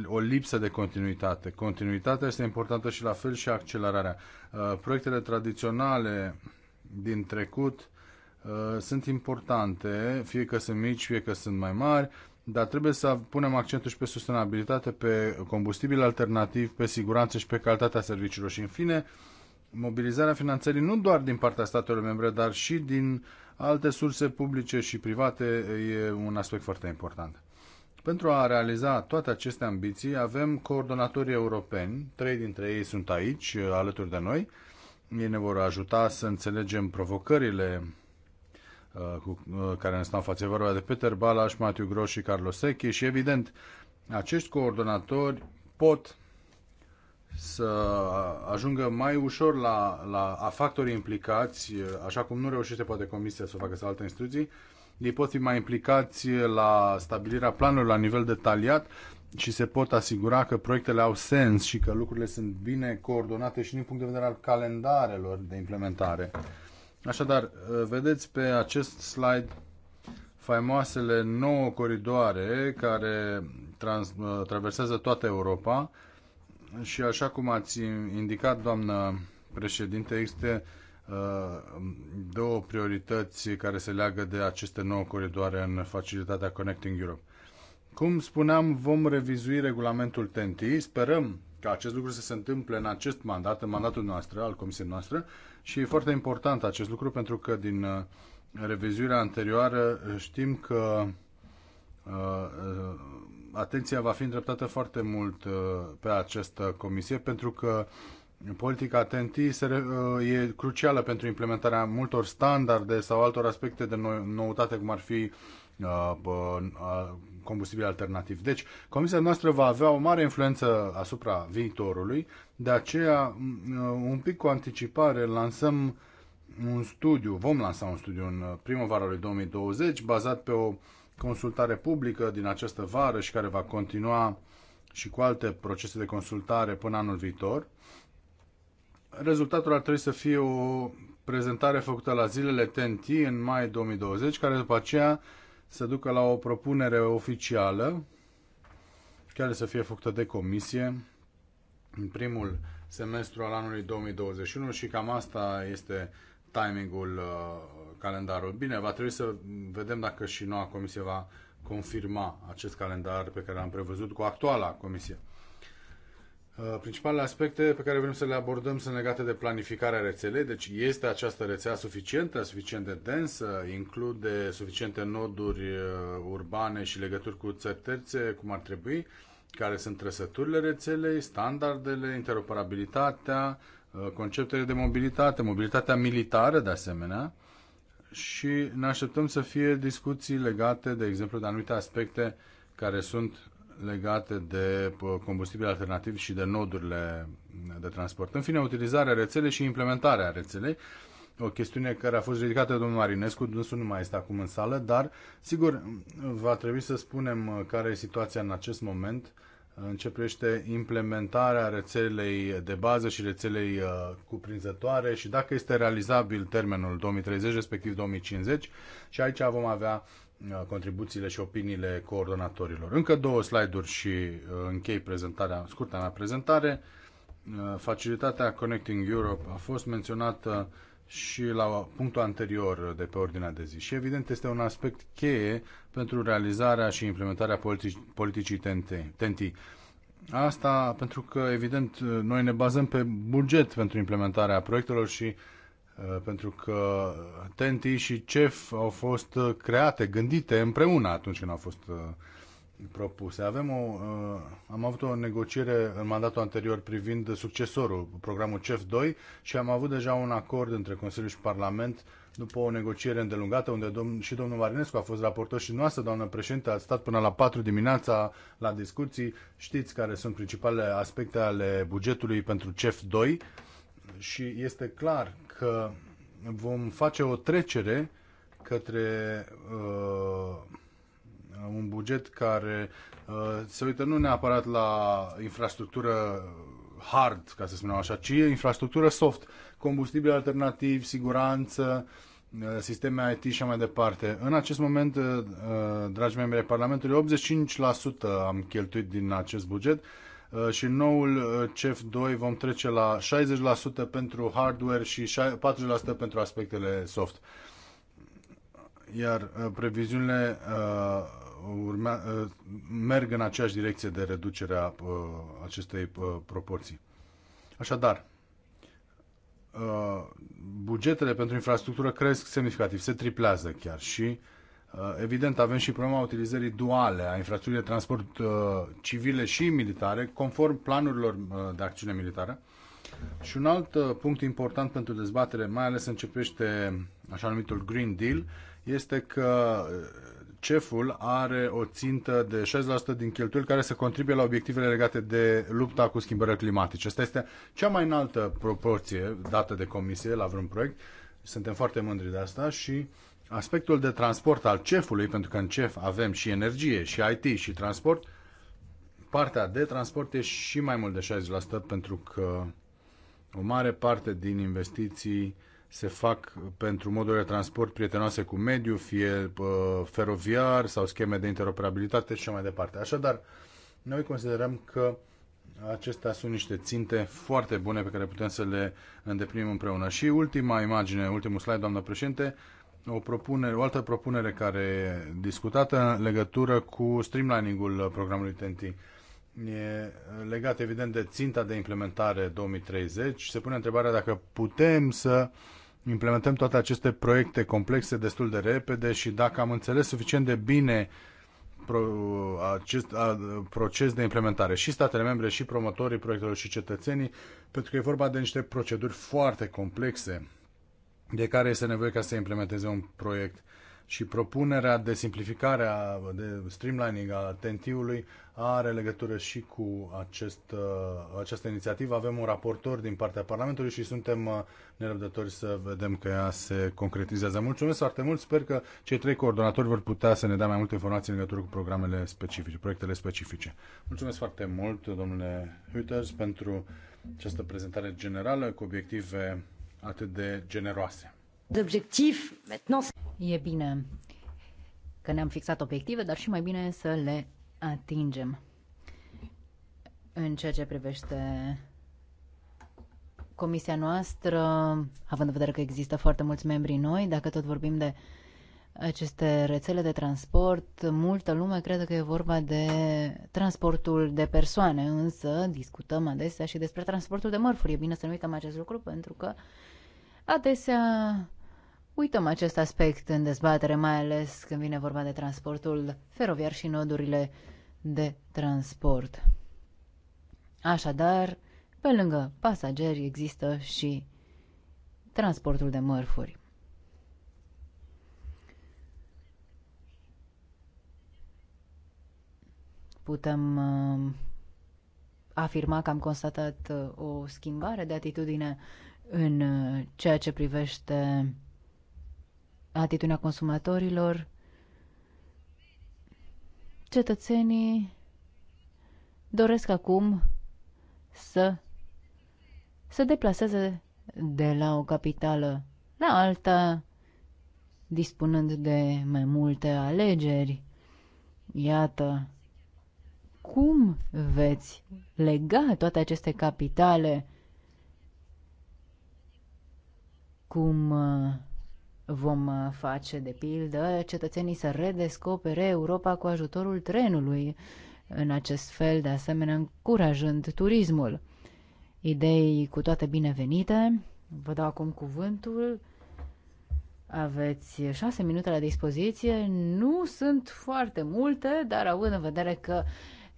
o lipsă de continuitate. Continuitatea este importantă și la fel și accelerarea. Uh, proiectele tradiționale din trecut uh, sunt importante, fie că sunt mici, fie că sunt mai mari, dar trebuie să punem accentul și pe sustenabilitate, pe combustibil alternativ, pe siguranță și pe calitatea serviciilor. Și în fine, mobilizarea finanțării nu doar din partea statelor membre, dar și din alte surse publice și private e un aspect foarte important. Pentru a realiza toate aceste ambiții avem coordonatorii europeni, trei dintre ei sunt aici, alături de noi. Ei ne vor ajuta să înțelegem provocările uh, cu, uh, care ne stau în față vorba de Peter Balas, Matiu Gros și Carlos Secchi și evident acești coordonatori pot să ajungă mai ușor la, la a factorii implicați, așa cum nu reușește poate comisia să o facă sau alte instituții, ei pot fi mai implicați la stabilirea planului la nivel detaliat și se pot asigura că proiectele au sens și că lucrurile sunt bine coordonate și din punct de vedere al calendarelor de implementare. Așadar, vedeți pe acest slide faimoasele nouă coridoare care trans, traversează toată Europa și așa cum ați indicat, doamnă președinte, există Uh, două priorități care se leagă de aceste nouă coridoare în facilitatea Connecting Europe. Cum spuneam, vom revizui regulamentul TNT. Sperăm ca acest lucru să se întâmple în acest mandat, în mandatul noastră, al comisiei noastre, și e foarte important acest lucru pentru că din uh, revizuirea anterioară știm că uh, atenția va fi îndreptată foarte mult pe această comisie pentru că Politica TNT uh, e crucială pentru implementarea multor standarde sau altor aspecte de noutate, cum ar fi uh, combustibil alternativ. Deci, comisia noastră va avea o mare influență asupra viitorului, de aceea, uh, un pic cu anticipare, lansăm un studiu, vom lansa un studiu în primăvara lui 2020, bazat pe o consultare publică din această vară și care va continua și cu alte procese de consultare până anul viitor. Rezultatul ar trebui să fie o prezentare făcută la zilele TNT în mai 2020, care după aceea să ducă la o propunere oficială care să fie făcută de comisie în primul semestru al anului 2021 și cam asta este timingul, uh, calendarul. Bine, va trebui să vedem dacă și noua comisie va confirma acest calendar pe care l-am prevăzut cu actuala comisie. Uh, principalele aspecte pe care vrem să le abordăm sunt legate de planificarea rețelei, deci este această rețea suficientă, suficient de densă, include suficiente noduri uh, urbane și legături cu țări terțe, cum ar trebui, care sunt trăsăturile rețelei, standardele, interoperabilitatea, uh, conceptele de mobilitate, mobilitatea militară de asemenea și ne așteptăm să fie discuții legate, de exemplu, de anumite aspecte care sunt legate de combustibil alternativ și de nodurile de transport. În fine, utilizarea rețelei și implementarea rețelei, o chestiune care a fost ridicată de domnul Marinescu, dânsul nu mai este acum în sală, dar sigur va trebui să spunem care e situația în acest moment începește implementarea rețelei de bază și rețelei uh, cuprinzătoare și dacă este realizabil termenul 2030, respectiv 2050 și aici vom avea Uh, contribuțiile și opiniile coordonatorilor. Încă două slide-uri și uh, închei prezentarea, scurta mea prezentare. Uh, facilitatea Connecting Europe a fost menționată și la punctul anterior de pe ordinea de zi. Și evident este un aspect cheie pentru realizarea și implementarea politicii TNT. Asta pentru că, evident, noi ne bazăm pe buget pentru implementarea proiectelor și uh, Uh, pentru că TNT și CEF au fost uh, create, gândite împreună atunci când au fost uh, propuse. Avem o, am avut o negociere în mandatul anterior privind succesorul, programul CEF 2 și am avut deja un acord între Consiliu și Parlament după o negociere îndelungată unde domn, și domnul Marinescu a fost raportor și noastră, doamnă președinte, a stat până la 4 dimineața la discuții. Știți care sunt principalele aspecte ale bugetului pentru CEF 2 și este clar că vom face o trecere către uh, un buget care uh, se uită nu neapărat la infrastructură hard, ca să spunem așa, ci infrastructură soft, combustibili alternativi, siguranță, uh, sisteme IT și mai departe. În acest moment, uh, uh, dragi membri ai Parlamentului, 85% am cheltuit din acest buget, Uh, și noul uh, CEF 2 vom trece la 60% pentru hardware și 40% pentru aspectele soft. Iar uh, previziunile urmea, merg în aceeași direcție de reducerea acestei proporții. Așadar, bugetele pentru infrastructură cresc semnificativ, se triplează chiar și uh, Uh, evident, avem și problema utilizării duale a infrastructurii de transport uh, civile și militare, conform planurilor uh, de acțiune militară. Și un alt punct important pentru dezbatere, mai ales începește așa numitul Green Deal, este că CEF-ul are o țintă de 60% din cheltuieli care să contribuie la obiectivele legate de lupta cu schimbările climatice. Asta este cea mai înaltă proporție dată de comisie la vreun proiect. Suntem foarte mândri de asta și uh, aspectul de transport al cefului, pentru că în cef avem și energie, și IT, și transport, partea de transport e și mai mult de 60% pentru că o mare parte din investiții se fac pentru moduri de transport prietenoase cu mediu, fie uh, feroviar sau scheme de interoperabilitate și așa mai departe. Așadar, noi considerăm că acestea sunt niște ținte foarte bune pe care putem să le îndeplinim împreună. Și ultima imagine, ultimul slide, doamnă președinte, uh, o, propunere, o altă propunere care e discutată în legătură cu streamlining-ul programului TNT. E legat, evident, de ținta de implementare 2030. Se pune întrebarea dacă putem să implementăm toate aceste proiecte complexe destul de repede și dacă am înțeles suficient de bine pro, acest a, proces de implementare și statele membre, și promotorii proiectelor și cetățenii, pentru că e vorba de niște proceduri foarte complexe de care este nevoie ca să implementeze un proiect și propunerea de simplificare, a, de streamlining a tentiului are legătură și cu acest, uh, această inițiativă. Avem un raportor din partea Parlamentului și suntem uh, nerăbdători să vedem că ea se concretizează. Mulțumesc foarte mult! Sper că cei trei coordonatori vor putea să ne dea mai multe informații în legătură cu programele specifice, proiectele specifice. Mulțumesc foarte mult, domnule Hüters, pentru această prezentare generală cu obiective atât de generoase. E bine că ne-am fixat obiective, dar și mai bine să le atingem. În ceea ce privește comisia noastră, având în vedere că există foarte mulți membri noi, dacă tot vorbim de aceste rețele de transport, multă lume crede că e vorba de transportul de persoane, însă discutăm adesea și despre transportul de mărfuri. E bine să nu uităm acest lucru pentru că uh, Adesea uităm acest aspect în dezbatere, mai ales când vine vorba de transportul feroviar și nodurile de transport. Așadar, pe lângă pasageri există și transportul de mărfuri. Putem uh, afirma că am constatat uh, o schimbare de atitudine uh, în uh, ceea ce privește atitudinea consumatorilor, cetățenii doresc acum să se deplaseze de la o capitală la alta, dispunând de mai multe alegeri. Iată, cum veți lega toate aceste capitale cum uh, vom uh, face, de pildă, cetățenii să redescopere Europa cu ajutorul trenului, în acest fel, de asemenea, încurajând turismul. Idei cu toate binevenite. Vă dau acum cuvântul. Aveți șase minute la dispoziție. Nu sunt foarte multe, dar având în vedere că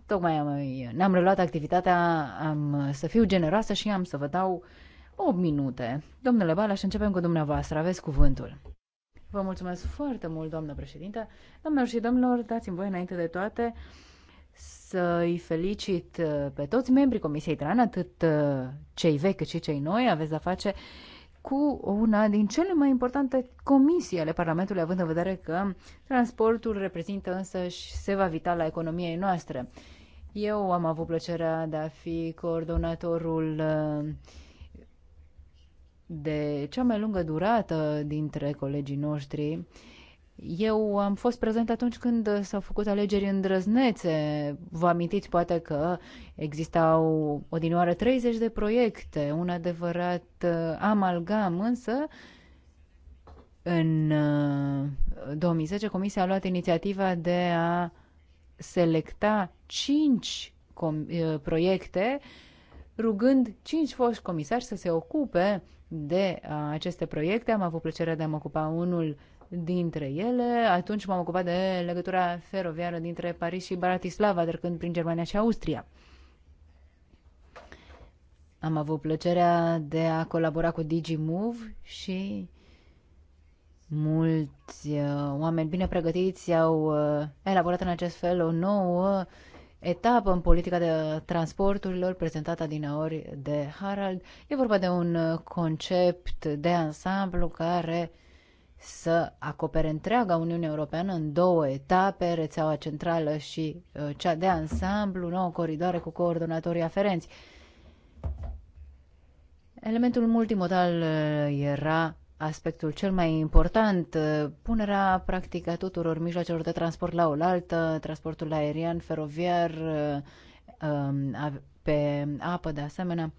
tocmai am, ne-am reluat activitatea, am să fiu generoasă și am să vă dau uh, 8 minute. Domnule Balaș, începem cu dumneavoastră. Aveți cuvântul. Vă mulțumesc foarte mult, doamnă președinte. Doamnelor și domnilor, dați-mi voi înainte de toate să-i felicit uh, pe toți membrii Comisiei Tran, atât uh, cei vechi cât și cei noi. Aveți de-a face cu una din cele mai importante comisii ale Parlamentului, având în vedere că transportul reprezintă însă și seva vitală la economiei noastre. Eu am avut plăcerea de a fi coordonatorul uh, de cea mai lungă durată dintre colegii noștri. Eu am fost prezent atunci când s-au făcut alegeri îndrăznețe. Vă amintiți poate că existau odinioară 30 de proiecte, un adevărat uh, amalgam, însă în 2010 uh, Comisia a luat inițiativa de a selecta 5 uh, proiecte, rugând 5 foști comisari să se ocupe de aceste proiecte. Am avut plăcerea de a mă ocupa unul dintre ele. Atunci m-am ocupat de legătura feroviară dintre Paris și Bratislava, trecând prin Germania și Austria. Am avut plăcerea de a colabora cu DigiMove și mulți uh, oameni bine pregătiți au uh, elaborat în acest fel o nouă uh, etapă în politica de transporturilor prezentată ori de Harald. E vorba de un concept de ansamblu care să acopere întreaga Uniune Europeană în două etape, rețeaua centrală și uh, cea de ansamblu, nouă coridoare cu coordonatorii aferenți. Elementul multimodal uh, era aspectul cel mai important, uh, punerea practică a tuturor mijloacelor de transport la oaltă, transportul aerian, feroviar, uh, um, pe apă de asemenea.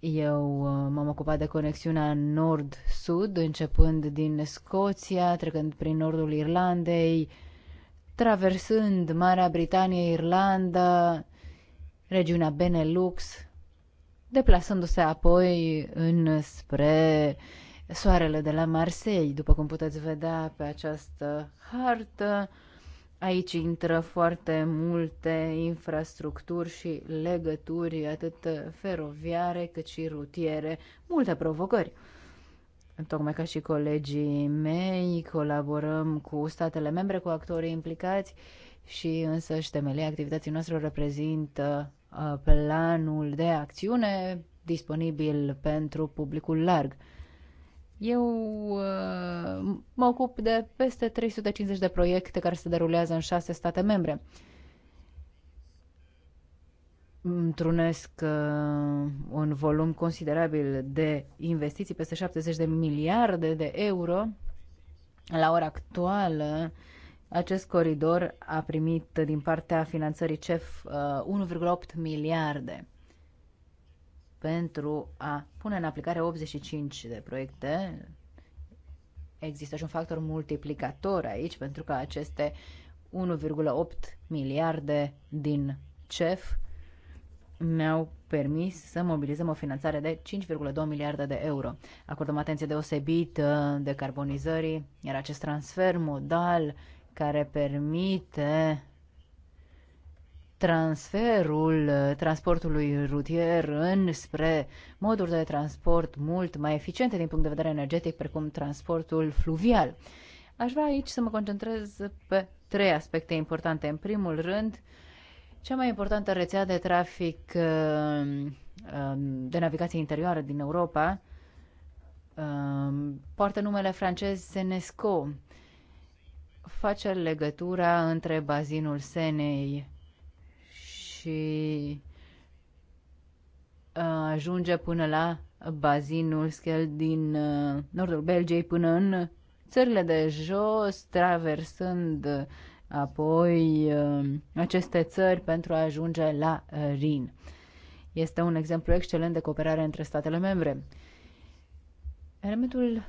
Eu uh, m-am ocupat de conexiunea nord-sud, începând din Scoția, trecând prin nordul Irlandei, traversând Marea Britanie, Irlanda, regiunea Benelux, deplasându-se apoi înspre soarele de la Marseille. După cum puteți vedea pe această hartă, aici intră foarte multe infrastructuri și legături, atât feroviare cât și rutiere, multe provocări. Tocmai ca și colegii mei, colaborăm cu statele membre, cu actorii implicați și însă și temelia activității noastre reprezintă Uh, planul de acțiune disponibil pentru publicul larg. Eu uh, mă ocup de peste 350 de proiecte care se derulează în șase state membre. Întrunesc uh, un volum considerabil de investiții, peste 70 de miliarde de euro. La ora actuală acest coridor a primit din partea finanțării CEF 1,8 uh, miliarde pentru a pune în aplicare 85 de proiecte. Există și un factor multiplicator aici, pentru că aceste 1,8 miliarde din CEF mi-au permis să mobilizăm o finanțare de 5,2 miliarde de euro. Acordăm atenție deosebită decarbonizării, iar acest transfer modal care permite transferul uh, transportului rutier înspre moduri de transport mult mai eficiente din punct de vedere energetic, precum transportul fluvial. Aș vrea aici să mă concentrez pe trei aspecte importante. În primul rând, cea mai importantă rețea de trafic uh, um, de navigație interioară din Europa um, poartă numele francez Senesco face legătura între bazinul Senei și uh, ajunge până la bazinul Schel din uh, nordul Belgiei până în țările de jos, traversând uh, apoi aceste țări pentru a ajunge la Rin. Este un exemplu excelent de cooperare între statele membre. Elementul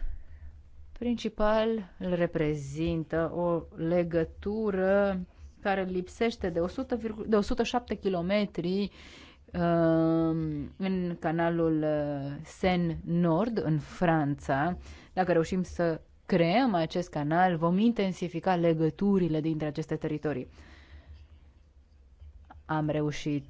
principal îl reprezintă o legătură care lipsește de, 100, de 107 km um, în canalul uh, Sen Nord, în Franța. Dacă reușim să creăm acest canal, vom intensifica legăturile dintre aceste teritorii. Am reușit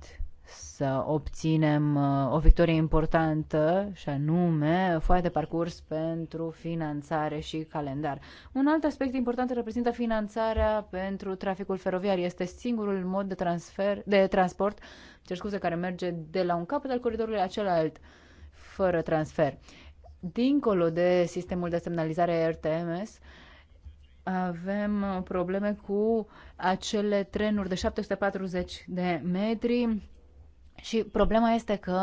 să obținem uh, o victorie importantă și anume foaia de parcurs pentru finanțare și calendar. Un alt aspect important reprezintă finanțarea pentru traficul feroviar. Este singurul mod de, transfer, de transport cer scuze, care merge de la un capăt al coridorului la celălalt fără transfer. Dincolo de sistemul de semnalizare RTMS, avem probleme cu acele trenuri de 740 de metri și problema este că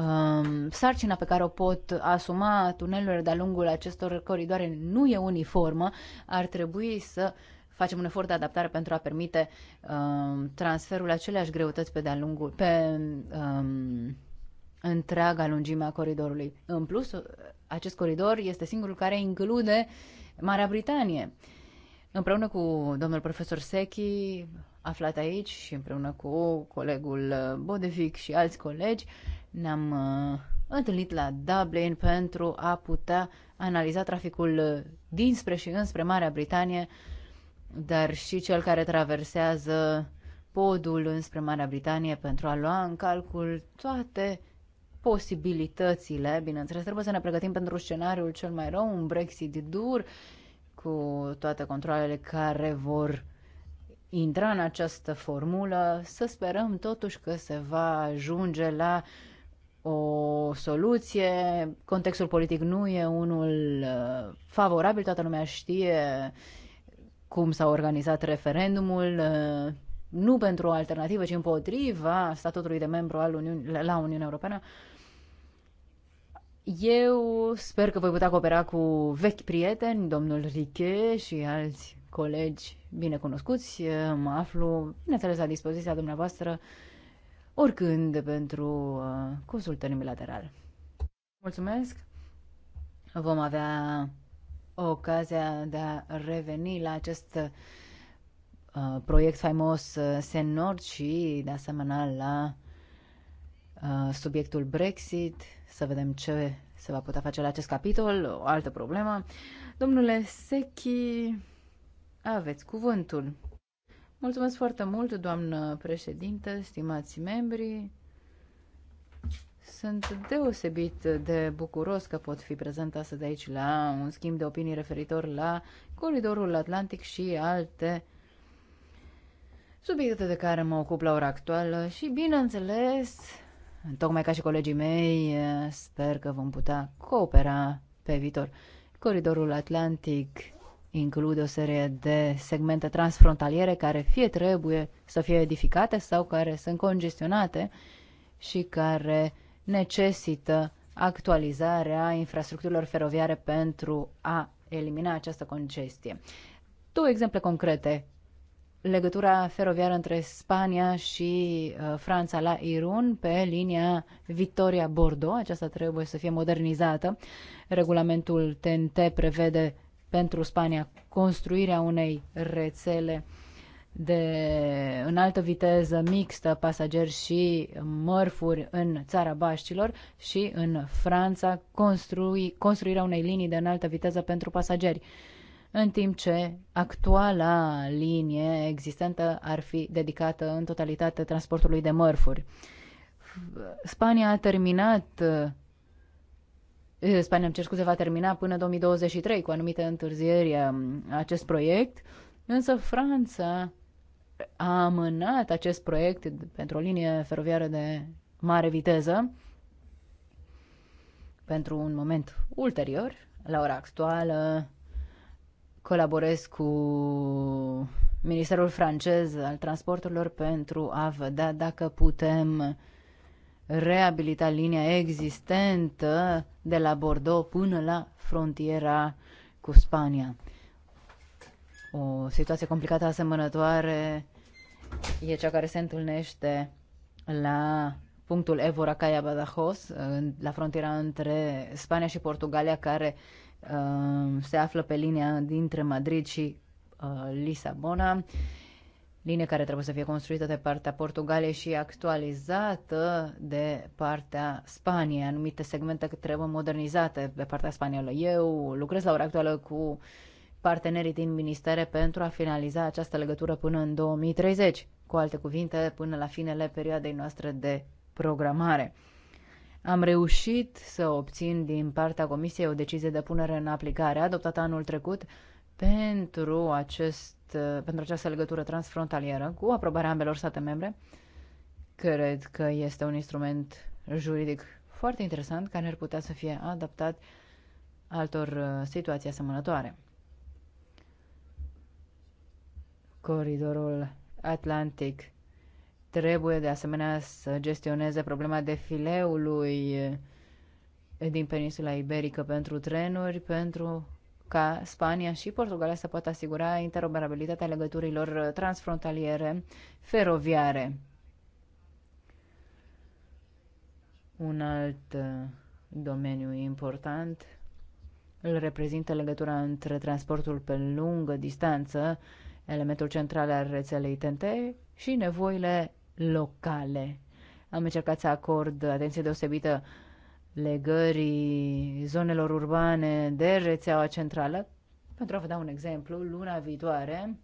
um, sarcina pe care o pot asuma tunelurile de-a lungul acestor coridoare nu e uniformă, ar trebui să facem un efort de adaptare pentru a permite um, transferul aceleași greutăți pe de-a lungul, pe um, întreaga lungime a coridorului. În plus, acest coridor este singurul care include Marea Britanie. Împreună cu domnul profesor Sechi, aflat aici și împreună cu colegul uh, Bodevic și alți colegi ne-am uh, întâlnit la Dublin pentru a putea analiza traficul uh, dinspre și înspre Marea Britanie, dar și cel care traversează podul înspre Marea Britanie pentru a lua în calcul toate posibilitățile. Bineînțeles, trebuie să ne pregătim pentru scenariul cel mai rău, un Brexit dur, cu toate controlele care vor intra în această formulă, să sperăm totuși că se va ajunge la o soluție. Contextul politic nu e unul uh, favorabil, toată lumea știe cum s-a organizat referendumul, uh, nu pentru o alternativă, ci împotriva statutului de membru al Uniunii, la Uniunea Europeană. Eu sper că voi putea coopera cu vechi prieteni, domnul Riche și alți colegi bine cunoscuți. Eh, mă aflu, bineînțeles, la dispoziția dumneavoastră oricând pentru eh, consultări bilaterale. Mulțumesc! Vom avea ocazia de a reveni la acest eh, proiect faimos Senor și, de asemenea, la subiectul Brexit, să vedem ce se va putea face la acest capitol, o altă problemă. Domnule Sechi, aveți cuvântul. Mulțumesc foarte mult, doamnă președintă, stimați membri. Sunt deosebit de bucuros că pot fi prezent astăzi aici la un schimb de opinii referitor la Coridorul Atlantic și alte subiecte de care mă ocup la ora actuală și, bineînțeles, tocmai ca și colegii mei, sper că vom putea coopera pe viitor. Coridorul Atlantic include o serie de segmente transfrontaliere care fie trebuie să fie edificate sau care sunt congestionate și care necesită actualizarea infrastructurilor feroviare pentru a elimina această congestie. Două exemple concrete. Legătura feroviară între Spania și uh, Franța la Irun pe linia Victoria-Bordeaux. Aceasta trebuie să fie modernizată. Regulamentul TNT prevede pentru Spania construirea unei rețele de înaltă viteză mixtă, pasageri și mărfuri în țara Baștilor și în Franța construi, construirea unei linii de înaltă viteză pentru pasageri, în timp ce actuala linie existentă ar fi dedicată în totalitate transportului de mărfuri. Spania a terminat Spania, îmi cer scuze, va termina până 2023 cu anumite întârzieri um, acest proiect, însă Franța a amânat acest proiect pentru o linie feroviară de mare viteză pentru un moment ulterior. La ora actuală colaborez cu Ministerul francez al transporturilor pentru a vedea dacă putem reabilita linia existentă de la Bordeaux până la frontiera cu Spania. O situație complicată asemănătoare e cea care se întâlnește la punctul Evora Caia Badajoz, la frontiera între Spania și Portugalia, care uh, se află pe linia dintre Madrid și uh, Lisabona linie care trebuie să fie construită de partea Portugaliei și actualizată de partea Spaniei, anumite segmente trebuie modernizate de partea spaniolă. Eu lucrez la ora actuală cu partenerii din ministere pentru a finaliza această legătură până în 2030, cu alte cuvinte, până la finele perioadei noastre de programare. Am reușit să obțin din partea Comisiei o decizie de punere în aplicare adoptată anul trecut pentru, acest, pentru această legătură transfrontalieră cu aprobarea ambelor state membre. Cred că este un instrument juridic foarte interesant care ar putea să fie adaptat altor uh, situații asemănătoare. Coridorul Atlantic trebuie de asemenea să gestioneze problema defileului uh, din peninsula iberică pentru trenuri, pentru ca Spania și Portugalia să poată asigura interoperabilitatea legăturilor transfrontaliere feroviare. Un alt uh, domeniu important îl reprezintă legătura între transportul pe lungă distanță, elementul central al rețelei TNT, și nevoile locale. Am încercat să acord atenție deosebită uh, legării zonelor urbane de rețeaua centrală. Pentru a vă da un exemplu, luna viitoare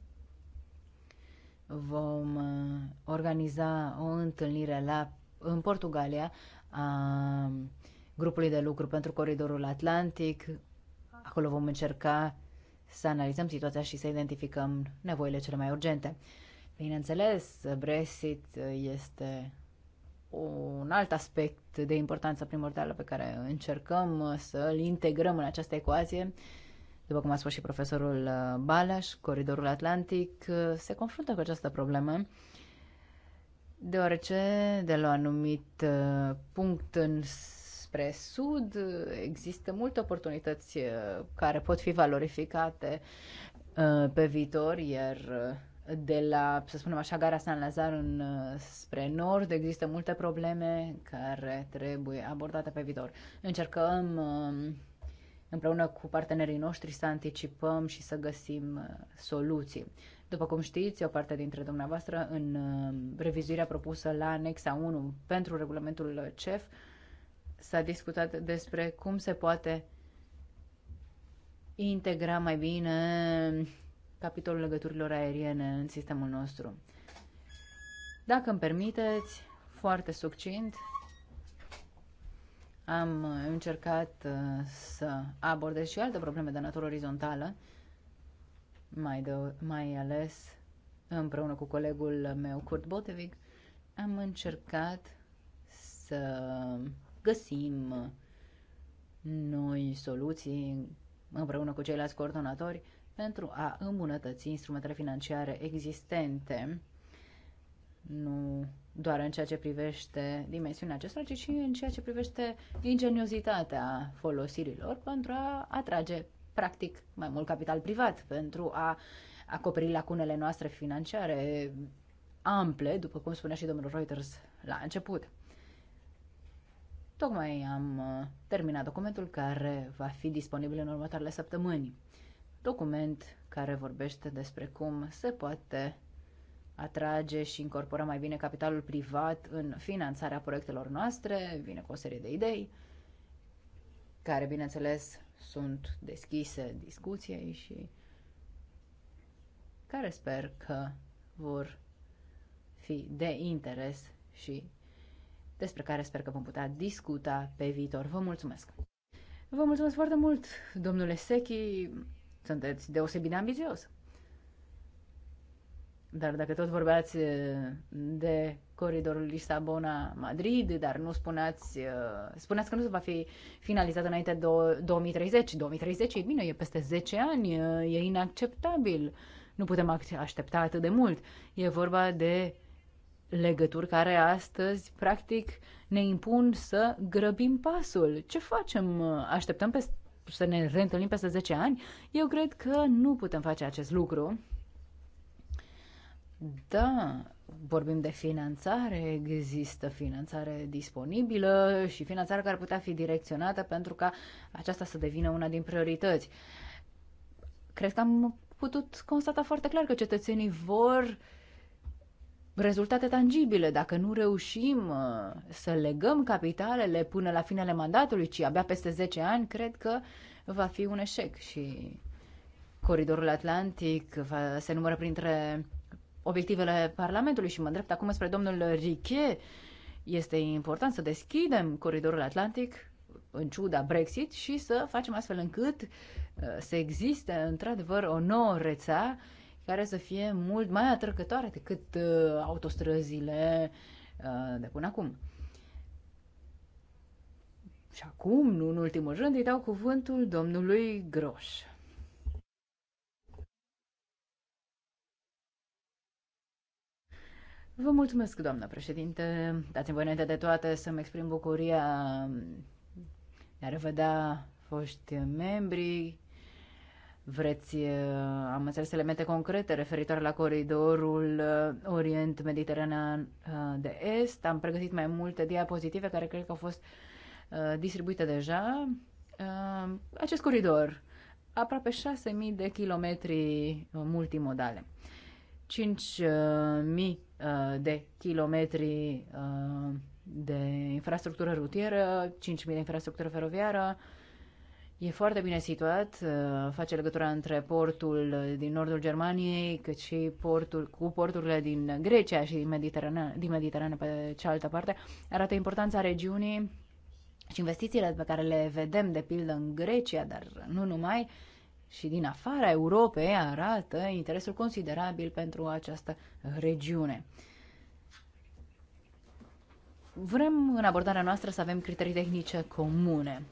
vom uh, organiza o întâlnire la, în Portugalia a grupului de lucru pentru coridorul Atlantic. Acolo vom încerca să analizăm situația și să identificăm nevoile cele mai urgente. Bineînțeles, Brexit este un alt aspect de importanță primordială pe care încercăm uh, să-l integrăm în această ecuație. După cum a spus și profesorul uh, Balaș, Coridorul Atlantic uh, se confruntă cu această problemă, deoarece de la un anumit punct în spre sud există multe oportunități care pot fi valorificate pe viitor, iar de la, să spunem așa, gara San Lazar în, uh, spre nord, există multe probleme care trebuie abordate pe viitor. Încercăm um, împreună cu partenerii noștri să anticipăm și să găsim uh, soluții. După cum știți, o parte dintre dumneavoastră, în um, revizuirea propusă la anexa 1 pentru regulamentul CEF, s-a discutat despre cum se poate integra mai bine capitolul legăturilor aeriene în sistemul nostru. Dacă îmi permiteți, foarte succint, am încercat uh, să abordez și alte probleme de natură orizontală, mai, de, mai ales împreună cu colegul meu, Kurt Botevic, am încercat să găsim noi soluții împreună cu ceilalți coordonatori pentru a îmbunătăți instrumentele financiare existente, nu doar în ceea ce privește dimensiunea acestora, ci și în ceea ce privește ingeniozitatea folosirilor pentru a atrage, practic, mai mult capital privat, pentru a acoperi lacunele noastre financiare ample, după cum spunea și domnul Reuters la început. Tocmai am uh, terminat documentul care va fi disponibil în următoarele săptămâni document care vorbește despre cum se poate atrage și incorpora mai bine capitalul privat în finanțarea proiectelor noastre, vine cu o serie de idei, care, bineînțeles, sunt deschise discuției și care sper că vor fi de interes și despre care sper că vom putea discuta pe viitor. Vă mulțumesc! Vă mulțumesc foarte mult, domnule Sechi sunteți deosebit de ambițios. Dar dacă tot vorbeați uh, de coridorul Lisabona-Madrid, dar nu spuneați, uh, spuneați că nu se va fi finalizat înainte de 2030. 2030 e bine, e peste 10 ani, uh, e inacceptabil. Nu putem aștepta atât de mult. E vorba de legături care astăzi, practic, ne impun să grăbim pasul. Ce facem? Așteptăm peste să ne reîntâlnim peste 10 ani, eu cred că nu putem face acest lucru. Da, vorbim de finanțare, există finanțare disponibilă și finanțare care putea fi direcționată pentru ca aceasta să devină una din priorități. Cred că am putut constata foarte clar că cetățenii vor uh, rezultate tangibile. Dacă nu reușim uh, să legăm capitalele până la finele mandatului, ci abia peste 10 ani, cred că va fi un eșec și Coridorul Atlantic va, se numără printre obiectivele Parlamentului și mă îndrept acum spre domnul Riche. Este important să deschidem Coridorul Atlantic în ciuda Brexit și să facem astfel încât uh, să existe într-adevăr o nouă rețea care să fie mult mai atrăgătoare decât uh, autostrăzile uh, de până acum. Și acum, nu în ultimul rând, îi dau cuvântul domnului Groș. Vă mulțumesc, doamnă președinte. Dați-mi voi înainte de toate să-mi exprim bucuria de a revedea foști membri Vreți, am înțeles, elemente concrete referitoare la coridorul Orient-Mediteranean de Est. Am pregătit mai multe diapozitive care cred că au fost distribuite deja. Acest coridor, aproape 6.000 de kilometri multimodale. 5.000 de kilometri de infrastructură rutieră, 5.000 de infrastructură feroviară, E foarte bine situat, uh, face legătura între portul din nordul Germaniei, cât și portul, cu porturile din Grecia și din Mediterană, din Mediterană pe cealaltă parte. Arată importanța regiunii și investițiile pe care le vedem, de pildă, în Grecia, dar nu numai, și din afara Europei arată interesul considerabil pentru această regiune. Vrem în abordarea noastră să avem criterii tehnice comune.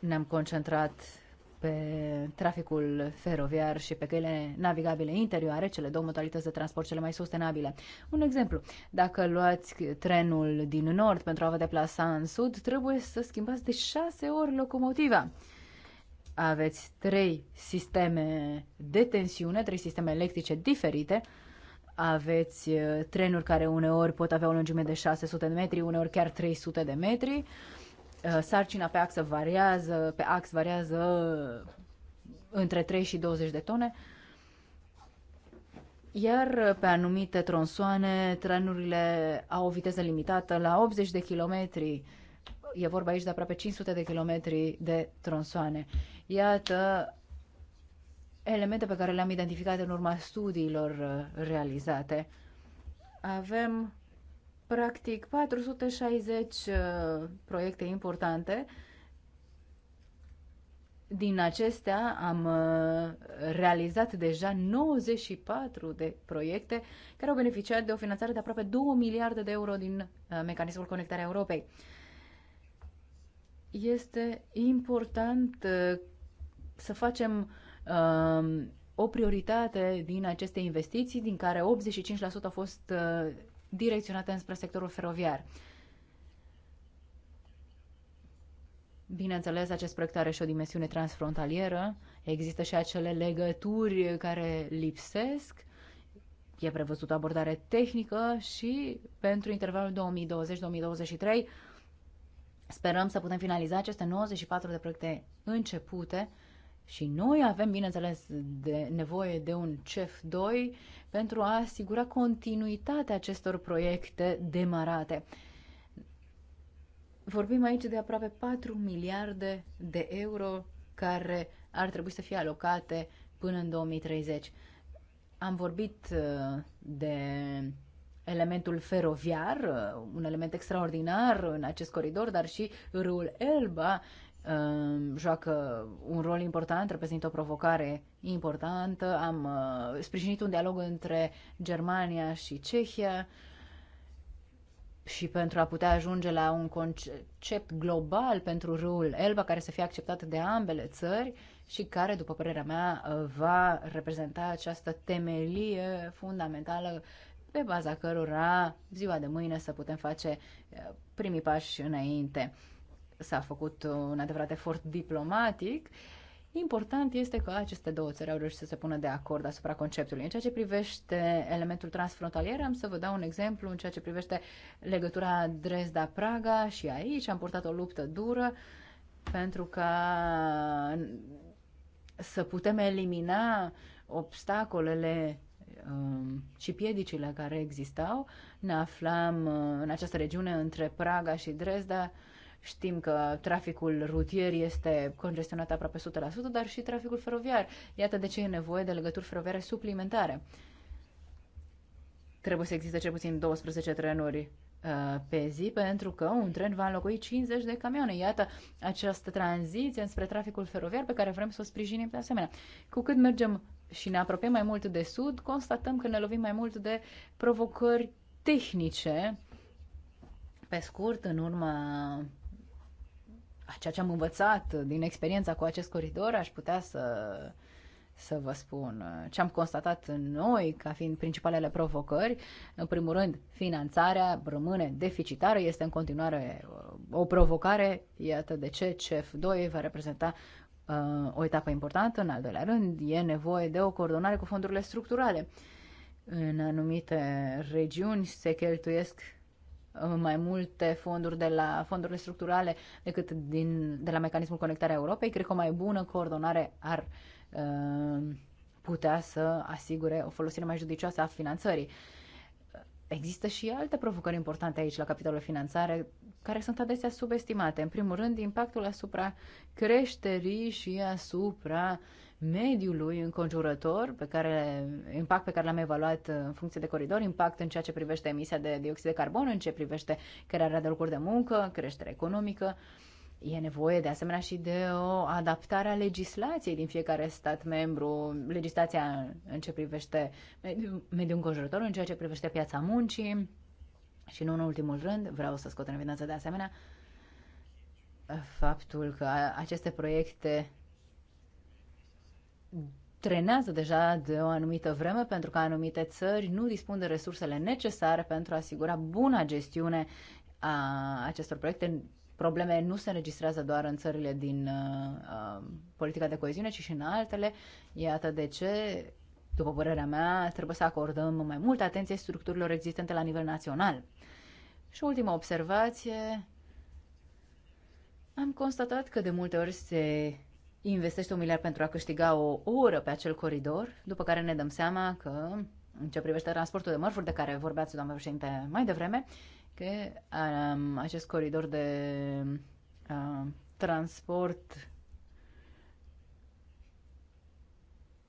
Ne-am concentrat pe traficul feroviar și pe căile navigabile interioare, cele două modalități de transport cele mai sustenabile. Un exemplu, dacă luați trenul din nord pentru a vă deplasa în sud, trebuie să schimbați de șase ori locomotiva. Aveți trei sisteme de tensiune, trei sisteme electrice diferite, aveți eh, trenuri care uneori pot avea o lungime de 600 de metri, uneori chiar 300 de metri, Uh, sarcina pe axă variază, pe ax variază între 3 și 20 de tone, iar pe anumite tronsoane trenurile au o viteză limitată la 80 de kilometri. E vorba aici de aproape 500 de kilometri de tronsoane. Iată elemente pe care le-am identificat în urma studiilor uh, realizate. Avem practic 460 uh, proiecte importante. Din acestea am uh, realizat deja 94 de proiecte care au beneficiat de o finanțare de aproape 2 miliarde de euro din uh, mecanismul Conectarea Europei. Este important să facem um, o prioritate din aceste investiții, din care 85% au fost direcționate înspre sectorul feroviar. Bineînțeles, acest proiect are și o dimensiune transfrontalieră, există și acele legături care lipsesc, e prevăzută abordare tehnică și pentru intervalul 2020-2023 sperăm să putem finaliza aceste 94 de proiecte începute și noi avem, bineînțeles, de, nevoie de un CEF 2 pentru a asigura continuitatea acestor proiecte demarate. Vorbim aici de aproape 4 miliarde de euro care ar trebui să fie alocate până în 2030. Am vorbit uh, de elementul feroviar, uh, un element extraordinar în acest coridor, dar și râul Elba Ehm, joacă un rol important, reprezintă o provocare importantă. Am eh, sprijinit un dialog între Germania și Cehia și pentru a putea ajunge la un concept global pentru râul Elba care să fie acceptat de ambele țări și care, după părerea mea, eh, va reprezenta această temelie fundamentală pe baza cărora ziua de mâine să putem face eh, primii pași înainte. S-a făcut un adevărat efort diplomatic. Important este că aceste două țări au reușit să se pună de acord asupra conceptului. În ceea ce privește elementul transfrontalier, am să vă dau un exemplu în ceea ce privește legătura Dresda-Praga și aici am purtat o luptă dură pentru ca să putem elimina obstacolele um, și piedicile care existau. Ne aflam uh, în această regiune între Praga și Dresda, Știm că traficul rutier este congestionat aproape 100%, dar și traficul feroviar. Iată de ce e nevoie de legături feroviare suplimentare. Trebuie să existe cel puțin 12 trenuri uh, pe zi pentru că un tren va înlocui 50 de camioane. Iată această tranziție spre traficul feroviar pe care vrem să o sprijinim de asemenea. Cu cât mergem și ne apropiem mai mult de sud, constatăm că ne lovim mai mult de provocări tehnice. Pe scurt, în urma ceea ce am învățat din experiența cu acest coridor, aș putea să, să vă spun ce am constatat noi ca fiind principalele provocări. În primul rând, finanțarea rămâne deficitară, este în continuare uh, o provocare. Iată de ce CEF2 va reprezenta uh, o etapă importantă. În al doilea rând, e nevoie de o coordonare cu fondurile structurale. În anumite regiuni se cheltuiesc Uh, mai multe fonduri de la fondurile structurale decât din, de la mecanismul conectarea Europei, cred că o mai bună coordonare ar uh, putea să asigure o folosire mai judicioasă a finanțării. Există și alte provocări importante aici la capitolul finanțare, care sunt adesea subestimate. În primul rând, impactul asupra creșterii și asupra uh, mediului înconjurător, pe care, impact pe care l-am evaluat în funcție de coridor, impact în ceea ce privește emisia de dioxid de carbon, în ce privește crearea de locuri de muncă, creștere economică. E nevoie de asemenea și de o adaptare a legislației din fiecare stat membru, legislația în ce privește mediul, mediul înconjurător, în ceea ce privește piața muncii și nu în ultimul rând, vreau să scot în evidență de asemenea faptul că aceste proiecte trenează deja de o anumită vreme pentru că anumite țări nu dispun de resursele necesare pentru a asigura buna gestiune a acestor proiecte. Probleme nu se înregistrează doar în țările din uh, uh politica de coeziune, ci și în altele. Iată de ce, după părerea mea, trebuie să acordăm mai multă atenție structurilor existente la nivel național. Și ultima observație, am constatat că de multe ori se investește un miliard pentru a câștiga o oră pe acel coridor, după care ne dăm seama că, în ce privește transportul de mărfuri de care vorbeați, doamnă președinte, mai devreme, că um, acest coridor de uh, transport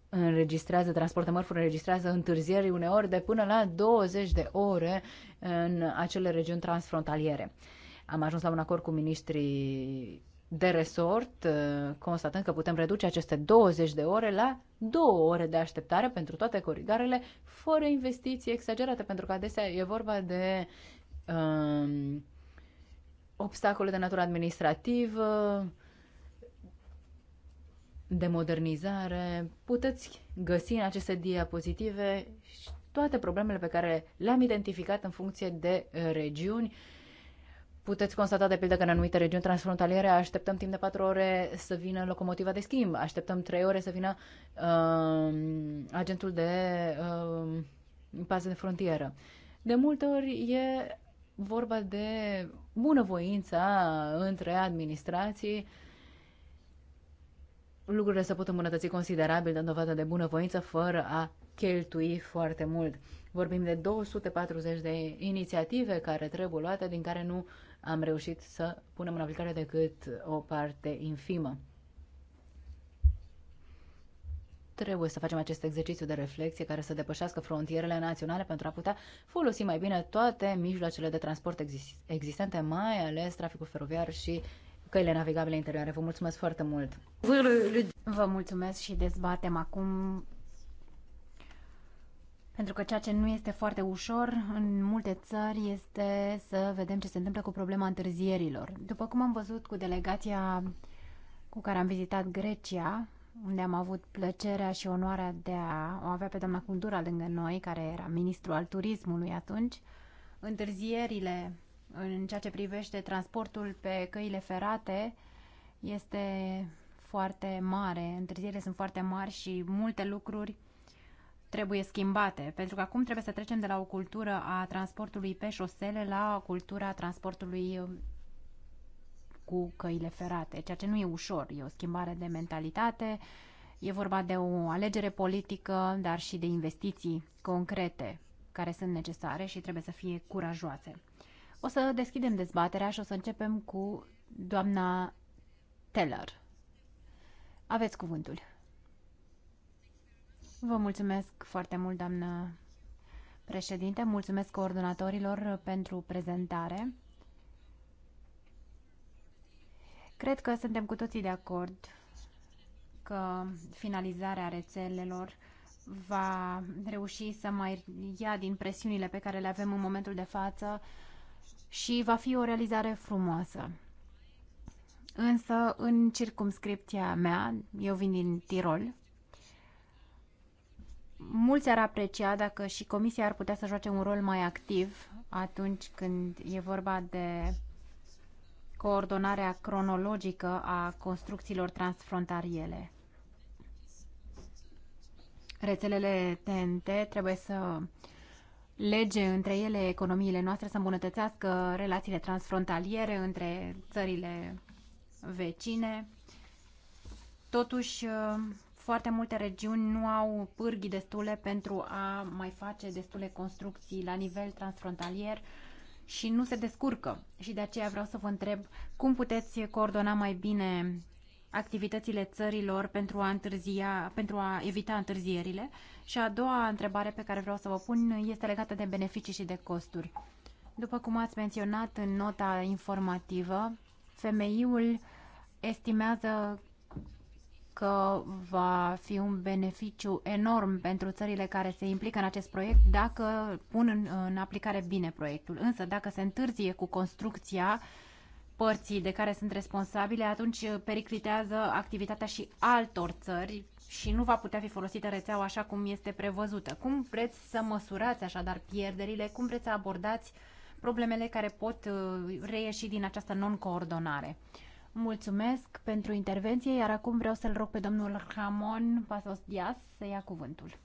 înregistrează, transport de mărfuri înregistrează întârzieri uneori de până la 20 de ore în acele regiuni transfrontaliere. Am ajuns la un acord cu ministrii de resort, uh, constatăm că putem reduce aceste 20 de ore la 2 ore de așteptare pentru toate coridoarele, fără investiții exagerate, pentru că adesea e vorba de um, obstacole de natură administrativă, de modernizare. Puteți găsi în aceste diapozitive toate problemele pe care le-am identificat în funcție de uh, regiuni, uh, Puteți constata, de pildă, că în anumite regiuni transfrontaliere așteptăm timp de 4 ore să vină locomotiva de schimb, așteptăm 3 ore să vină uh, agentul de uh, pază de frontieră. De multe ori e vorba de bunăvoința între administrații. Lucrurile se pot îmbunătăți considerabil, dând dovadă de bunăvoință, fără a cheltui foarte mult. Vorbim de 240 de inițiative care trebuie luate, din care nu am reușit să punem în aplicare decât o parte infimă. Trebuie să facem acest exercițiu de reflexie care să depășească frontierele naționale pentru a putea folosi mai bine toate mijloacele de transport existente, mai ales traficul feroviar și căile navigabile interioare. Vă mulțumesc foarte mult! Vă mulțumesc și dezbatem acum pentru că ceea ce nu este foarte ușor în multe țări este să vedem ce se întâmplă cu problema întârzierilor. După cum am văzut cu delegația cu care am vizitat Grecia, unde am avut plăcerea și onoarea de a o avea pe doamna Cundura lângă noi, care era ministru al turismului atunci, întârzierile în ceea ce privește transportul pe căile ferate este foarte mare. Întârzierile sunt foarte mari și multe lucruri trebuie schimbate, pentru că acum trebuie să trecem de la o cultură a transportului pe șosele la cultura transportului um, cu căile ferate, ceea ce nu e ușor, e o schimbare de mentalitate, e vorba de o alegere politică, dar și de investiții concrete care sunt necesare și trebuie să fie curajoase. O să deschidem dezbaterea și o să începem cu doamna Teller. Aveți cuvântul. Vă mulțumesc foarte mult, doamnă președinte. Mulțumesc coordonatorilor pentru prezentare. Cred că suntem cu toții de acord că finalizarea rețelelor va reuși să mai ia din presiunile pe care le avem în momentul de față și va fi o realizare frumoasă. Însă, în circumscripția mea, eu vin din Tirol, mulți ar aprecia dacă și Comisia ar putea să joace un rol mai activ atunci când e vorba de coordonarea cronologică a construcțiilor transfrontariere. Rețelele TNT trebuie să lege între ele economiile noastre, să îmbunătățească relațiile transfrontaliere între țările vecine. Totuși, foarte multe regiuni nu au pârghii destule pentru a mai face destule construcții la nivel transfrontalier și nu se descurcă. Și de aceea vreau să vă întreb cum puteți coordona mai bine activitățile țărilor pentru a, întârzia, pentru a evita întârzierile. Și a doua întrebare pe care vreau să vă pun este legată de beneficii și de costuri. După cum ați menționat în nota informativă, femeiul estimează că va fi un beneficiu enorm pentru țările care se implică în acest proiect dacă pun în, în aplicare bine proiectul. Însă, dacă se întârzie cu construcția părții de care sunt responsabile, atunci uh, periclitează activitatea și altor țări și nu va putea fi folosită rețeaua așa cum este prevăzută. Cum vreți să măsurați așadar pierderile? Cum vreți să abordați problemele care pot uh, reieși din această non-coordonare? Mulțumesc pentru intervenție, iar acum vreau să-l rog pe domnul Ramon Pasos Dias să ia cuvântul.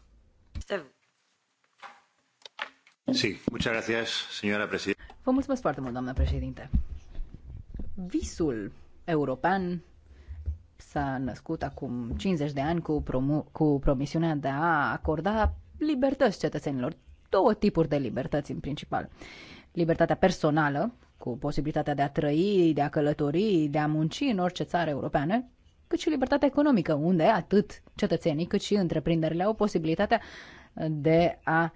Sí, muchas gracias, señora presidente. Vă mulțumesc foarte mult, doamnă președinte. Visul european s-a născut acum 50 de ani cu, promu- cu promisiunea de a acorda libertăți cetățenilor, două tipuri de libertăți în principal. Libertatea personală, cu posibilitatea de a trăi, de a călători, de a munci în orice țară europeană, cât și libertatea economică, unde atât cetățenii cât și întreprinderile au posibilitatea de a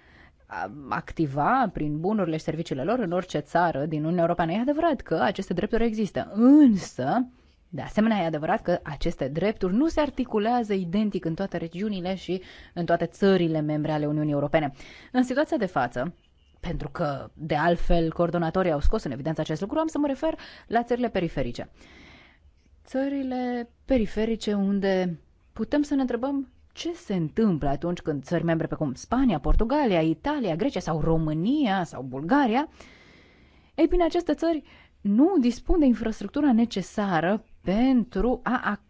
activa prin bunurile și serviciile lor în orice țară din Uniunea Europeană. E adevărat că aceste drepturi există, însă, de asemenea, e adevărat că aceste drepturi nu se articulează identic în toate regiunile și în toate țările membre ale Uniunii Europene. În situația de față, pentru că, de altfel, coordonatorii au scos în evidență acest lucru, am să mă refer la țările periferice. Țările periferice unde putem să ne întrebăm ce se întâmplă atunci când țări membre precum Spania, Portugalia, Italia, Grecia sau România sau Bulgaria, ei bine, aceste țări nu dispun de infrastructura necesară pentru a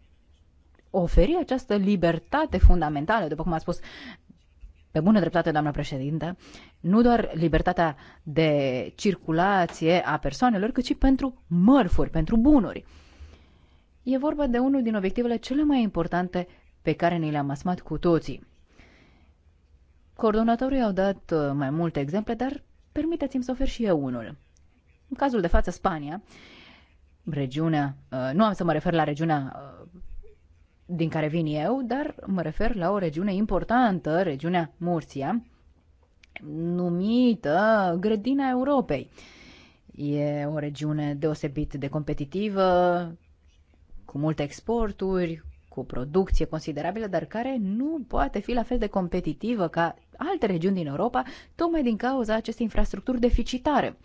oferi această libertate fundamentală, după cum a spus pe bună dreptate, doamna președintă, nu doar libertatea de circulație a persoanelor, cât și pentru mărfuri, pentru bunuri. E vorba de unul din obiectivele cele mai importante pe care ni le-am asmat cu toții. Coordonatorii au dat uh, mai multe exemple, dar permiteți-mi să ofer și eu unul. În cazul de față, Spania, regiunea, uh, nu am să mă refer la regiunea uh, din care vin eu, dar mă refer la o regiune importantă, regiunea Murcia, numită Grădina Europei. E o regiune deosebit de competitivă, cu multe exporturi, cu producție considerabilă, dar care nu poate fi la fel de competitivă ca alte regiuni din Europa, tocmai din cauza acestei infrastructuri deficitare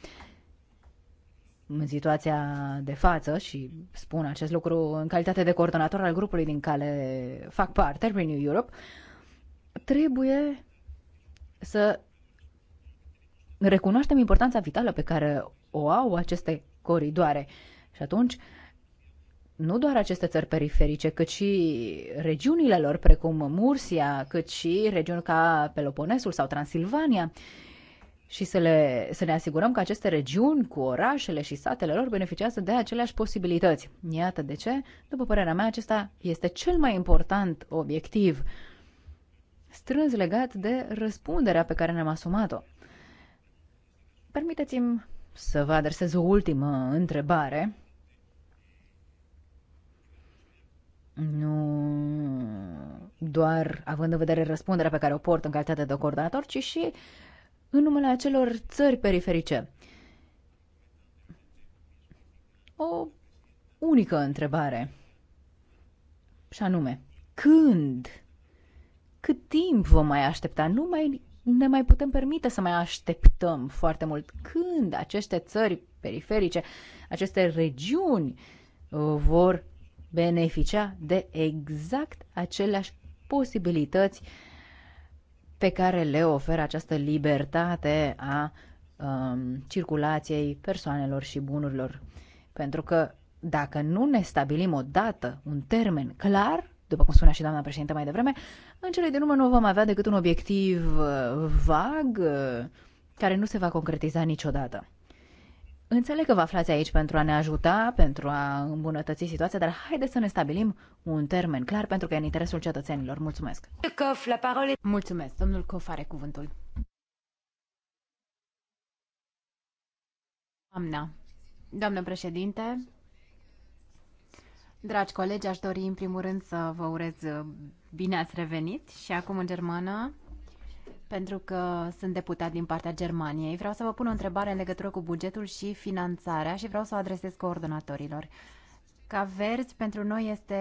în situația de față și spun acest lucru în calitate de coordonator al grupului din care fac parte, Renew Europe, trebuie să recunoaștem importanța vitală pe care o au aceste coridoare. Și atunci, nu doar aceste țări periferice, cât și regiunile lor, precum Mursia, cât și regiuni ca Peloponesul sau Transilvania, uh, și să, le, să ne asigurăm că aceste regiuni cu orașele și satele lor beneficiază de aceleași posibilități. Iată de ce, după părerea mea, acesta este cel mai important obiectiv, strâns legat de răspunderea pe care ne-am asumat-o. Permiteți-mi să vă adresez o ultimă întrebare. Nu doar având în vedere răspunderea pe care o port în calitate de coordonator, ci și uh, în numele acelor țări periferice. O unică întrebare. Și anume, când? Cât timp vom mai aștepta? Nu mai ne mai putem permite să mai așteptăm foarte mult. Când aceste țări periferice, aceste regiuni uh, vor beneficia de exact aceleași posibilități uh, pe care le oferă această libertate a um, circulației persoanelor și bunurilor. Pentru că dacă nu ne stabilim o dată, un termen clar, după cum spunea și doamna președinte mai devreme, în cele din urmă nu vom avea decât un obiectiv uh, vag uh, care nu se va concretiza niciodată. Înțeleg că vă aflați aici pentru a ne ajuta, pentru a îmbunătăți situația, dar haideți să ne stabilim un termen clar pentru că e în interesul cetățenilor. Mulțumesc! la Mulțumesc! Domnul Cof are cuvântul. Doamna, doamnă președinte, dragi colegi, aș dori în primul rând să vă urez bine ați revenit și acum în germană pentru că sunt deputat din partea Germaniei. Vreau să vă pun o întrebare în legătură cu bugetul și finanțarea și vreau să o adresez coordonatorilor. Ca verzi, pentru noi este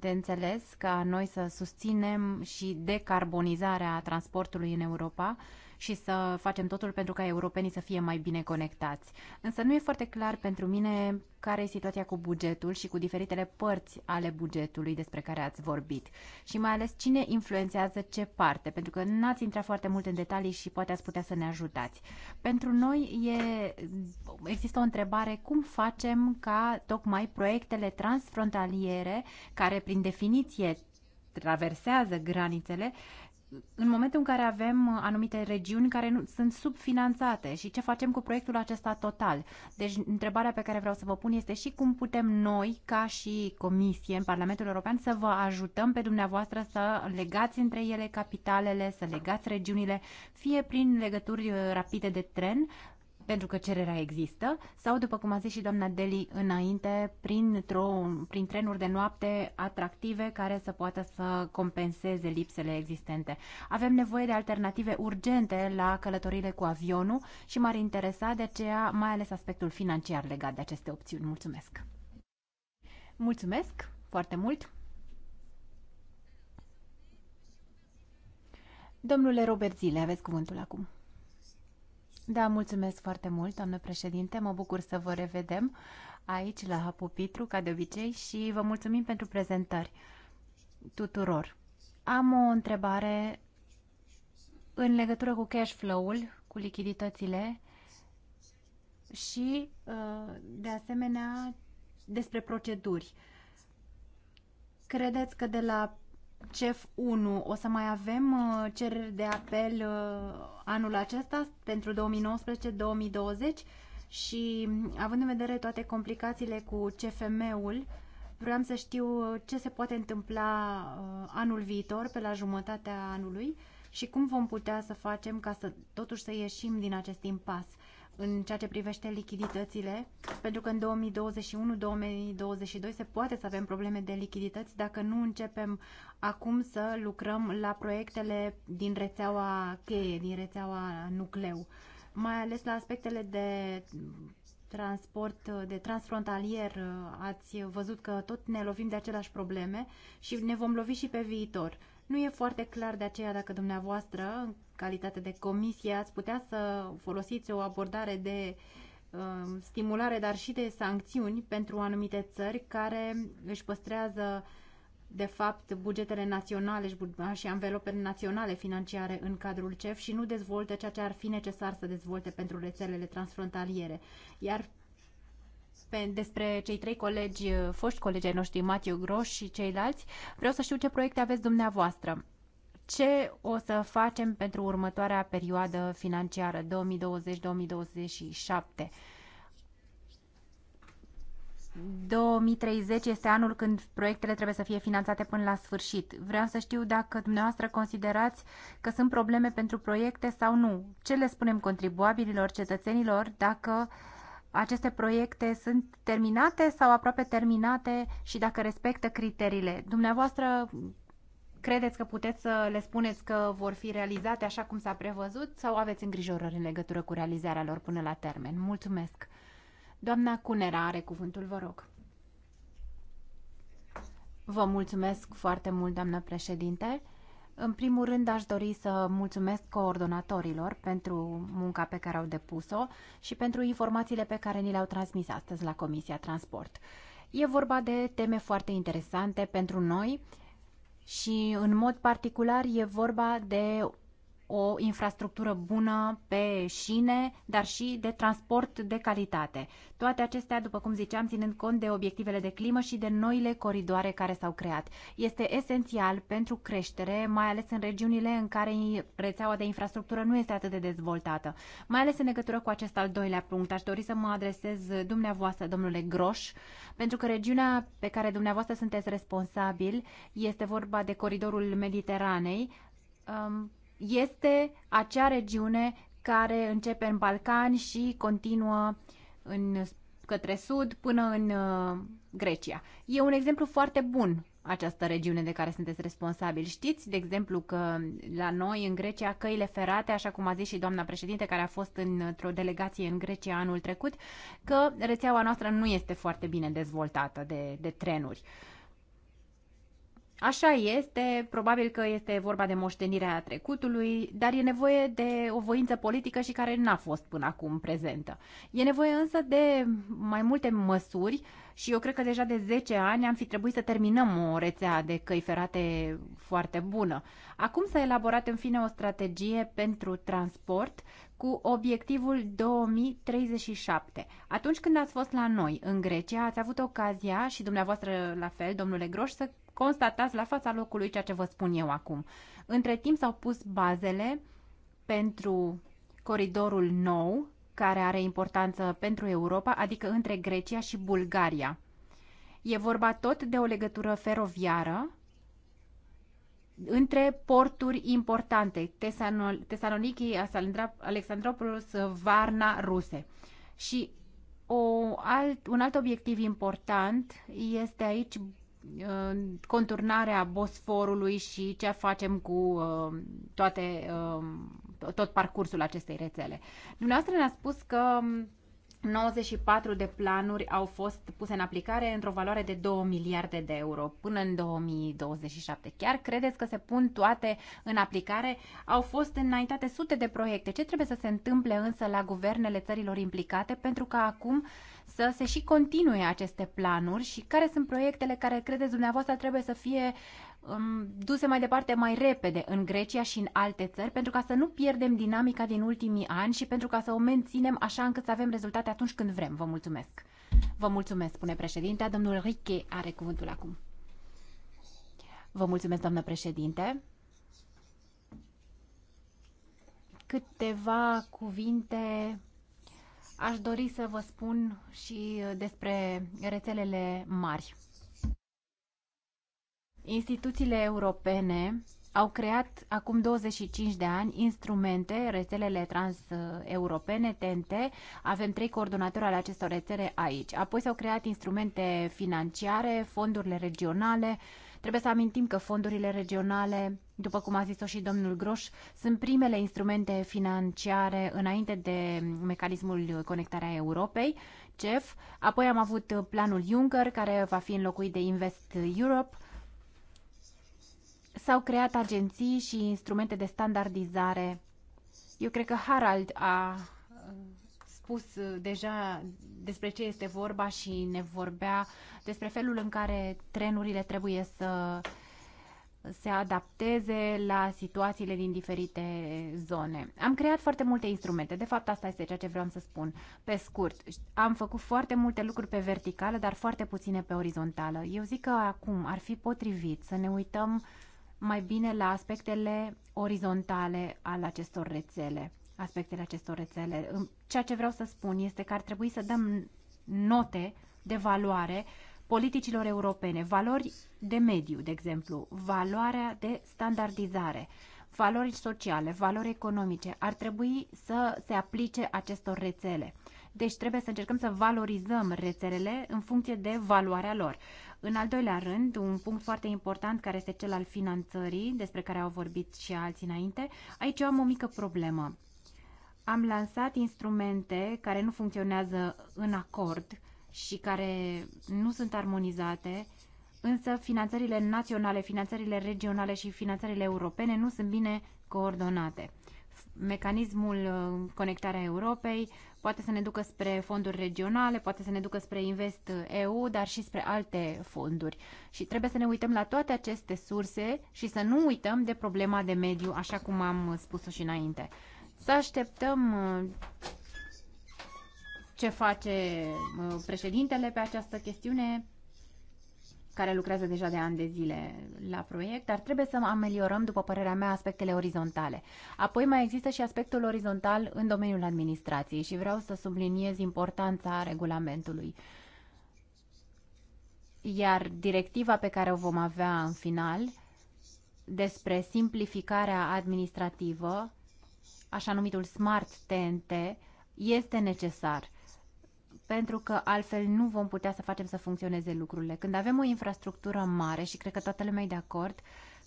de înțeles ca noi să susținem și decarbonizarea transportului în Europa și să facem totul pentru ca europenii să fie mai bine conectați. Însă nu e foarte clar pentru mine care e situația cu bugetul și cu diferitele părți ale bugetului despre care ați vorbit și mai ales cine influențează ce parte, pentru că n-ați intrat foarte mult în detalii și poate ați putea să ne ajutați. Pentru noi e, există o întrebare cum facem ca tocmai proiectele transfrontaliere, care prin definiție traversează granițele, în momentul în care avem uh, anumite regiuni care nu, sunt subfinanțate și ce facem cu proiectul acesta total. Deci întrebarea pe care vreau să vă pun este și cum putem noi, ca și Comisie în Parlamentul European, să vă ajutăm pe dumneavoastră să legați între ele capitalele, să legați regiunile, fie prin legături uh, rapide de tren, pentru că cererea există, sau, după cum a zis și doamna Deli înainte, prin, prin trenuri de noapte atractive care să poată să compenseze lipsele existente. Avem nevoie de alternative urgente la călătorile cu avionul și m-ar interesa de aceea mai ales aspectul financiar legat de aceste opțiuni. Mulțumesc! Mulțumesc foarte mult! Domnule Robert Zile, aveți cuvântul acum. Da, mulțumesc foarte mult, doamnă președinte. Mă bucur să vă revedem aici, la Pupitru, ca de obicei, și vă mulțumim pentru prezentări tuturor. Am o întrebare în legătură cu cash flow-ul, cu lichiditățile și, uh, de asemenea, despre proceduri. Credeți că de la CEF 1, o să mai avem uh, cereri de apel uh, anul acesta pentru 2019-2020 și având în vedere toate complicațiile cu CFM-ul, vreau să știu uh, ce se poate întâmpla anul viitor, pe la jumătatea anului și cum vom putea să facem ca să totuși să ieșim din acest impas în ceea ce privește lichiditățile, pentru că în 2021-2022 se poate să avem probleme de lichidități dacă nu începem acum să lucrăm la proiectele din rețeaua cheie, din rețeaua nucleu, mai ales la aspectele de transport de transfrontalier ați văzut că tot ne lovim de aceleași probleme și ne vom lovi și pe viitor. Nu e foarte clar de aceea dacă dumneavoastră, în calitate de comisie, ați putea să folosiți o abordare de uh, stimulare, dar și de sancțiuni pentru anumite țări care își păstrează de fapt bugetele naționale și anvelopele naționale financiare în cadrul CEF și nu dezvoltă ceea ce ar fi necesar să dezvolte pentru rețelele transfrontaliere. Iar pe, despre cei trei colegi, uh, foști colegi ai noștri, Matiu Groș și ceilalți. Vreau să știu ce proiecte aveți dumneavoastră. Ce o să facem pentru următoarea perioadă financiară 2020-2027? 2030 este anul când proiectele trebuie să fie finanțate până la sfârșit. Vreau să știu dacă dumneavoastră considerați că sunt probleme pentru proiecte sau nu. Ce le spunem contribuabililor, cetățenilor, dacă uh, aceste proiecte sunt terminate sau aproape terminate și dacă respectă criteriile. Dumneavoastră credeți că puteți să le spuneți că vor fi realizate așa cum s-a prevăzut sau aveți îngrijorări în legătură cu realizarea lor până la termen? Mulțumesc! Doamna Cunera are cuvântul, vă rog. Vă mulțumesc foarte mult, doamnă președinte. În primul rând aș dori să mulțumesc coordonatorilor pentru munca pe care au depus-o și pentru informațiile pe care ni le-au transmis astăzi la Comisia Transport. E vorba de teme foarte interesante pentru noi și în mod particular e vorba de o infrastructură bună pe șine, dar și de transport de calitate. Toate acestea, după cum ziceam, ținând cont de obiectivele de climă și de noile coridoare care s-au creat. Este esențial pentru creștere, mai ales în regiunile în care rețeaua de infrastructură nu este atât de dezvoltată. Mai ales în legătură cu acest al doilea punct, aș dori să mă adresez dumneavoastră, domnule Groș, pentru că regiunea pe care dumneavoastră sunteți responsabil este vorba de coridorul Mediteranei, um, este acea regiune care începe în Balcani și continuă în, către sud până în uh, Grecia. E un exemplu foarte bun această regiune de care sunteți responsabili. Știți, de exemplu, că la noi, în Grecia, căile ferate, așa cum a zis și doamna președinte, care a fost într-o delegație în Grecia anul trecut, că rețeaua noastră nu este foarte bine dezvoltată de, de trenuri. Uh, Așa este, probabil că este vorba de moștenirea trecutului, dar e nevoie de o voință politică și care n-a fost până acum prezentă. E nevoie însă de mai multe măsuri și eu cred că deja de 10 ani am fi trebuit să terminăm o rețea de căi ferate foarte bună. Acum s-a elaborat în fine o strategie pentru transport cu obiectivul 2037. Atunci când ați fost la noi, în Grecia, ați avut ocazia și dumneavoastră la fel, domnule Groș, să constatați la fața locului ceea ce vă spun eu acum. Între timp s-au pus bazele pentru coridorul nou, care are importanță pentru Europa, adică între Grecia și Bulgaria. E vorba tot de o legătură feroviară între porturi importante, Tesaloniki, Alexandropolis, Varna, Ruse. Și o alt, un alt obiectiv important este aici Uh, conturnarea Bosforului și ce facem cu uh, toate, uh, tot parcursul acestei rețele. Dumneavoastră ne-a spus că um, 94 de planuri au fost puse în aplicare într-o valoare de 2 miliarde de euro până în 2027. Chiar credeți că se pun toate în aplicare? Au fost înaintate sute de proiecte. Ce trebuie să se întâmple însă la guvernele țărilor implicate pentru ca acum să se și continue aceste planuri și care sunt proiectele care credeți dumneavoastră trebuie să fie uh, Um, duse mai departe mai repede în Grecia și în alte țări pentru ca să nu pierdem dinamica din ultimii ani și pentru ca să o menținem așa încât să avem rezultate atunci când vrem. Vă mulțumesc. Vă mulțumesc, spune președintea. Domnul Riche are cuvântul acum. Vă mulțumesc, doamnă președinte. Câteva cuvinte aș dori să vă spun și despre rețelele mari. Instituțiile europene au creat acum 25 de ani instrumente, rețelele transeuropene, TNT. Avem trei coordonatori ale acestor rețele aici. Apoi s-au creat instrumente financiare, fondurile regionale. Trebuie să amintim că fondurile regionale, după cum a zis-o și domnul Groș, sunt primele instrumente financiare înainte de mecanismul Conectarea Europei, CEF. Apoi am avut planul Juncker, care va fi înlocuit de Invest Europe S-au creat agenții și instrumente de standardizare. Eu cred că Harald a uh, spus uh, deja despre ce este vorba și ne vorbea despre felul în care trenurile trebuie să se adapteze la situațiile din diferite zone. Am creat foarte multe instrumente, de fapt asta este ceea ce vreau să spun. Pe scurt, am făcut foarte multe lucruri pe verticală, dar foarte puține pe orizontală. Eu zic că acum ar fi potrivit să ne uităm uh, mai bine la aspectele orizontale ale acestor rețele, aspectele acestor rețele. Ceea ce vreau să spun este că ar trebui să dăm note de valoare politicilor europene, valori de mediu, de exemplu, valoarea de standardizare, valori sociale, valori economice, ar trebui să se aplice acestor rețele. Deci trebuie să încercăm să valorizăm rețelele în funcție de valoarea lor. În al doilea rând, un punct foarte important care este cel al finanțării, despre care au vorbit și alții înainte, aici eu am o mică problemă. Am lansat instrumente care nu funcționează în acord și care nu sunt armonizate, însă finanțările naționale, finanțările regionale și finanțările europene nu sunt bine coordonate mecanismul uh, Conectarea Europei poate să ne ducă spre fonduri regionale, poate să ne ducă spre Invest EU, dar și spre alte fonduri. Și trebuie să ne uităm la toate aceste surse și să nu uităm de problema de mediu, așa cum am spus-o și înainte. Să așteptăm uh, ce face uh, președintele pe această chestiune care lucrează deja de ani de zile la proiect, dar trebuie să ameliorăm, după părerea mea, aspectele orizontale. Apoi mai există și aspectul orizontal în domeniul administrației și vreau să subliniez importanța regulamentului. Iar directiva pe care o vom avea în final despre simplificarea administrativă, așa numitul Smart TNT, este necesar pentru că altfel nu vom putea să facem să funcționeze lucrurile. Când avem o infrastructură mare, și cred că toată lumea e de acord,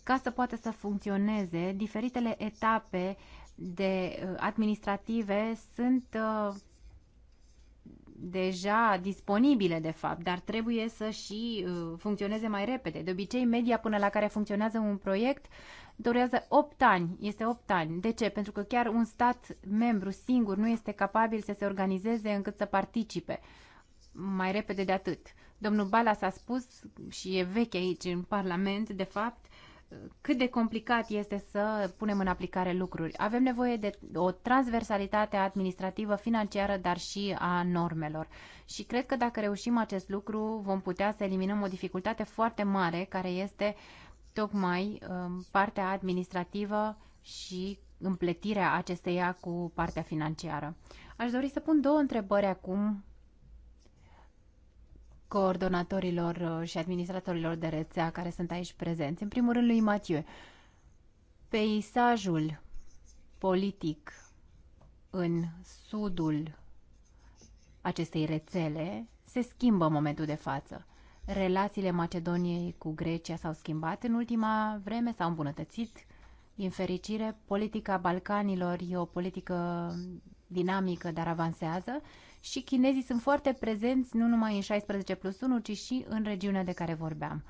ca să poată să funcționeze, diferitele etape de uh, administrative sunt uh, deja disponibile, de fapt, dar trebuie să și uh, funcționeze mai repede. De obicei, media până la care funcționează un proiect durează 8 ani. Este 8 ani. De ce? Pentru că chiar un stat membru singur nu este capabil să se organizeze încât să participe mai repede de atât. Domnul Balas a spus, și e vechi aici în Parlament, de fapt, cât de complicat este să punem în aplicare lucruri. Avem nevoie de o transversalitate administrativă, financiară, dar și a normelor. Și cred că dacă reușim acest lucru, vom putea să eliminăm o dificultate foarte mare care este uh, tocmai um, partea administrativă și împletirea acesteia cu partea financiară. Aș dori să pun două întrebări acum coordonatorilor uh, și administratorilor de rețea care sunt aici prezenți. În primul rând lui Mathieu, peisajul politic în sudul acestei rețele se schimbă în momentul de față relațiile Macedoniei cu Grecia s-au schimbat în ultima vreme, s-au îmbunătățit. Din fericire, politica Balcanilor e o politică dinamică, dar avansează și chinezii sunt foarte prezenți nu numai în 16 plus 1, ci și în regiunea de care vorbeam.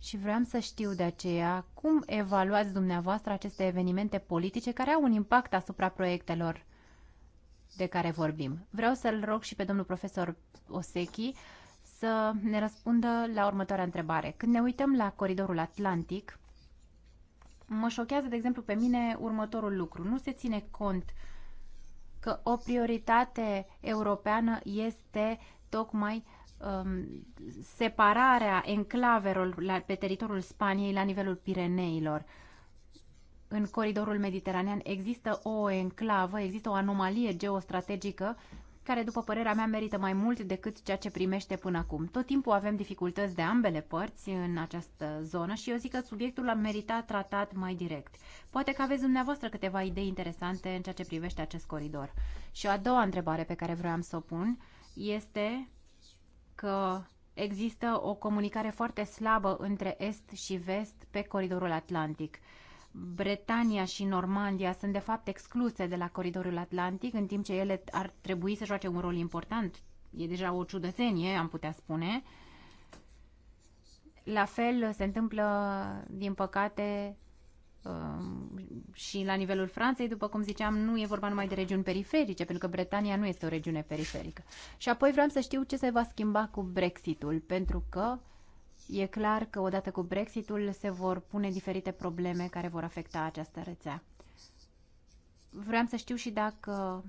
Și vreau să știu de aceea cum evaluați dumneavoastră aceste evenimente politice care au un impact asupra proiectelor de care vorbim. Vreau să-l rog și pe domnul profesor Osechi să ne răspundă la următoarea întrebare. Când ne uităm la coridorul atlantic, mă șochează, de exemplu, pe mine următorul lucru. Nu se ține cont că o prioritate europeană este tocmai um, separarea enclavelor pe teritoriul Spaniei la nivelul Pireneilor. În coridorul mediteranean există o enclavă, există o anomalie geostrategică care, după părerea mea, merită mai mult decât ceea ce primește până acum. Tot timpul avem dificultăți de ambele părți în această zonă și eu zic că subiectul ar merita tratat mai direct. Poate că aveți dumneavoastră câteva idei interesante în ceea ce privește acest coridor. Și o a doua întrebare pe care vreau să o pun este că există o comunicare foarte slabă între est și vest pe coridorul atlantic. Bretania și Normandia sunt de fapt excluse de la coridorul atlantic, în timp ce ele ar trebui să joace un rol important. E deja o ciudățenie, am putea spune. La fel se întâmplă, din păcate, um, și la nivelul Franței, după cum ziceam, nu e vorba numai de regiuni periferice, pentru că Bretania nu este o regiune periferică. Și apoi vreau să știu ce se va schimba cu Brexitul, pentru că E clar că odată cu Brexitul se vor pune diferite probleme care vor afecta această rețea. Vreau să știu și dacă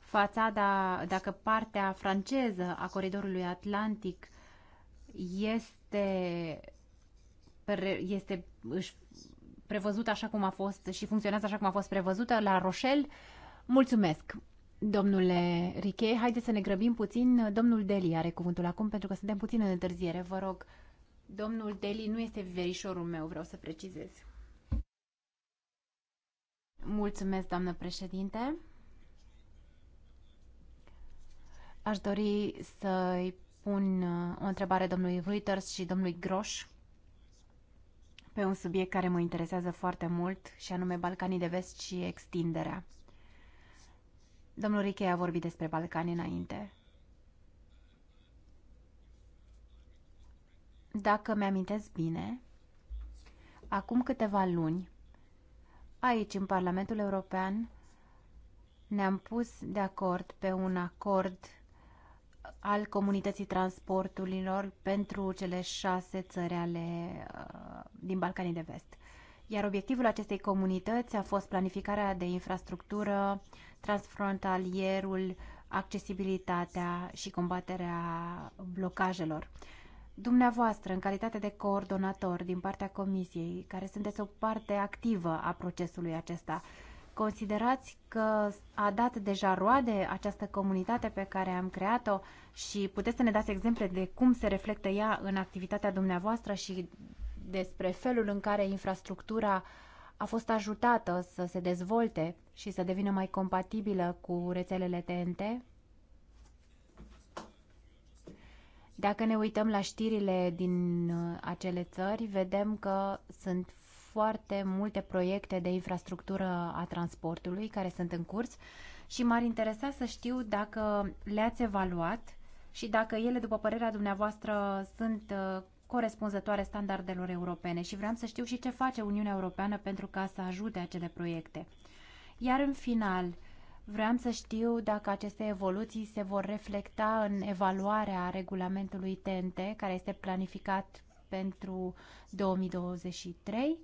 fațada, dacă partea franceză a coridorului atlantic este, este își prevăzută așa cum a fost și funcționează așa cum a fost prevăzută la Rochelle. Mulțumesc! Domnule Riche, haideți să ne grăbim puțin. Domnul Deli are cuvântul acum pentru că suntem puțin în întârziere. Vă rog, domnul Deli nu este verișorul meu, vreau să precizez. Mulțumesc, doamnă președinte. Aș dori să-i pun uh, o întrebare domnului Reuters și domnului Groș pe un subiect care mă interesează foarte mult, și anume Balcanii de Vest și extinderea. Domnul Richei a vorbit despre Balcani înainte. Dacă mi-amintesc bine, acum câteva luni, aici, în Parlamentul European, ne-am pus de acord pe un acord al comunității transporturilor pentru cele șase țări ale, uh, din Balcanii de Vest iar obiectivul acestei comunități a fost planificarea de infrastructură, transfrontalierul, accesibilitatea și combaterea blocajelor. Dumneavoastră, în calitate de coordonator din partea Comisiei, care sunteți o parte activă a procesului acesta, considerați că a dat deja roade această comunitate pe care am creat-o și puteți să ne dați exemple de cum se reflectă ea în activitatea dumneavoastră și despre felul în care infrastructura a fost ajutată să se dezvolte și să devină mai compatibilă cu rețelele TNT? Dacă ne uităm la știrile din uh, acele țări, vedem că sunt foarte multe proiecte de infrastructură a transportului care sunt în curs și m-ar interesa să știu dacă le-ați evaluat și dacă ele, după părerea dumneavoastră, sunt uh, corespunzătoare standardelor europene și vreau să știu și ce face Uniunea Europeană pentru ca să ajute acele proiecte. Iar în final, vreau să știu dacă aceste evoluții se vor reflecta în evaluarea regulamentului TNT, care este planificat pentru 2023.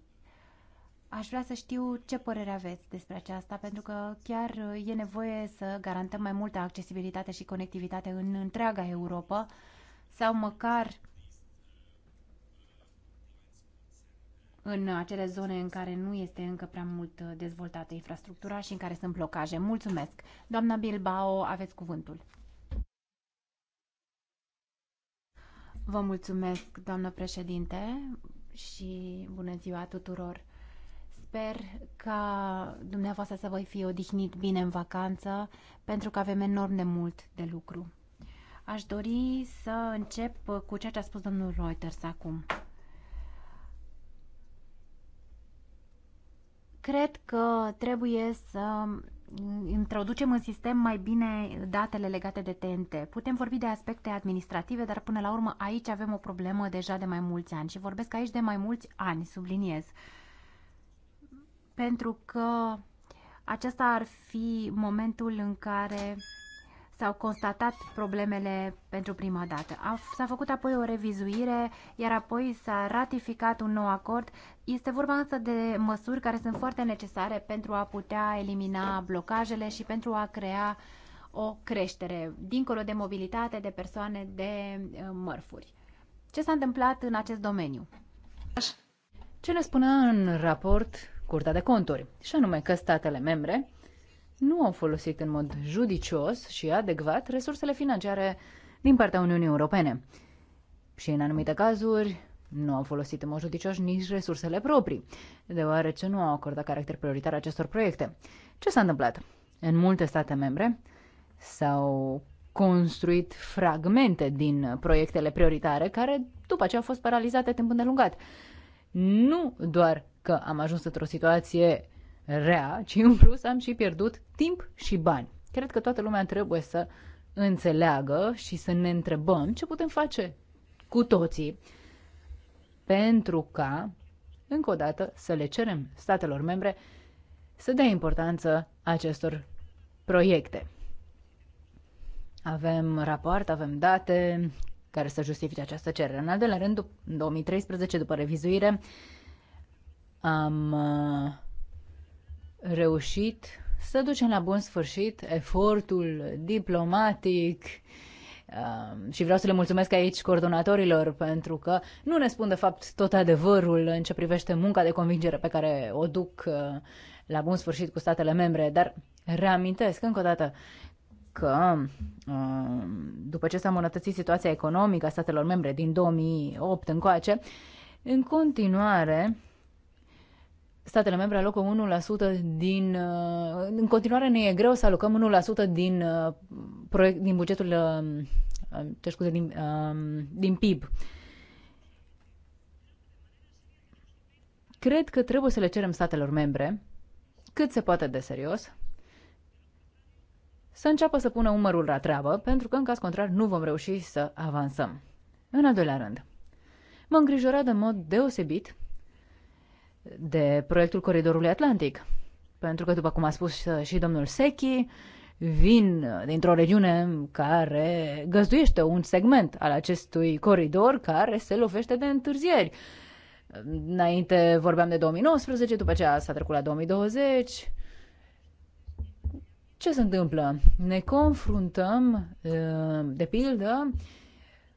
Aș vrea să știu ce părere aveți despre aceasta, pentru că chiar uh, e nevoie să garantăm mai multă accesibilitate și conectivitate în întreaga Europa, sau măcar în acele zone în care nu este încă prea mult uh, dezvoltată infrastructura și în care sunt blocaje. Mulțumesc! Doamna Bilbao, aveți cuvântul. Vă mulțumesc, doamnă președinte, și bună ziua tuturor. Sper ca dumneavoastră să voi fi odihnit bine în vacanță, pentru că avem enorm de mult de lucru. Aș dori să încep cu ceea ce a spus domnul Reuters acum. Cred că trebuie să introducem în sistem mai bine datele legate de TNT. Putem vorbi de aspecte administrative, dar până la urmă aici avem o problemă deja de mai mulți ani și vorbesc aici de mai mulți ani, subliniez. Pentru că acesta ar fi momentul în care s-au constatat problemele pentru prima dată. S-a făcut apoi o revizuire, iar apoi s-a ratificat un nou acord. Este vorba însă de măsuri care sunt foarte necesare pentru a putea elimina blocajele și pentru a crea o creștere, dincolo de mobilitate, de persoane, de eh, mărfuri. Ce s-a întâmplat în acest domeniu? Ce ne spunea în raport Curtea de Conturi, și anume că statele membre nu au folosit în mod judicios și adecvat resursele financiare din partea Uniunii Europene. Și în anumite cazuri nu au folosit în mod judicios nici resursele proprii, deoarece nu au acordat caracter prioritar acestor proiecte. Ce s-a întâmplat? În multe state membre s-au construit fragmente din proiectele prioritare care după aceea au fost paralizate timp îndelungat. Nu doar că am ajuns într-o situație rea, ci în plus am și pierdut timp și bani. Cred că toată lumea trebuie să înțeleagă și să ne întrebăm ce putem face cu toții pentru ca, încă o dată, să le cerem statelor membre să dea importanță acestor proiecte. Avem raport, avem date care să justifice această cerere. În al doilea rând, în 2013, după revizuire, am uh, reușit să ducem la bun sfârșit efortul diplomatic um, și vreau să le mulțumesc aici coordonatorilor pentru că nu ne spun de fapt tot adevărul în ce privește munca de convingere pe care o duc uh, la bun sfârșit cu statele membre, dar reamintesc încă o dată că um, după ce s-a îmbunătățit situația economică a statelor membre din 2008 încoace, în continuare statele membre alocă 1% din... Uh, în continuare ne e greu să alocăm 1% din, uh, proiect, din bugetul, te uh, scuze, din, um, din PIB. Cred că trebuie să le cerem statelor membre, cât se poate de serios, să înceapă să pună umărul la treabă, pentru că în caz contrar nu vom reuși să avansăm. În al doilea rând, mă îngrijora de mod deosebit de proiectul Coridorului Atlantic. Pentru că, după cum a spus și domnul Sechi, vin dintr-o regiune care găzduiește un segment al acestui coridor care se lovește de întârzieri. Înainte vorbeam de 2019, după aceea s-a trecut la 2020. Ce se întâmplă? Ne confruntăm, de pildă,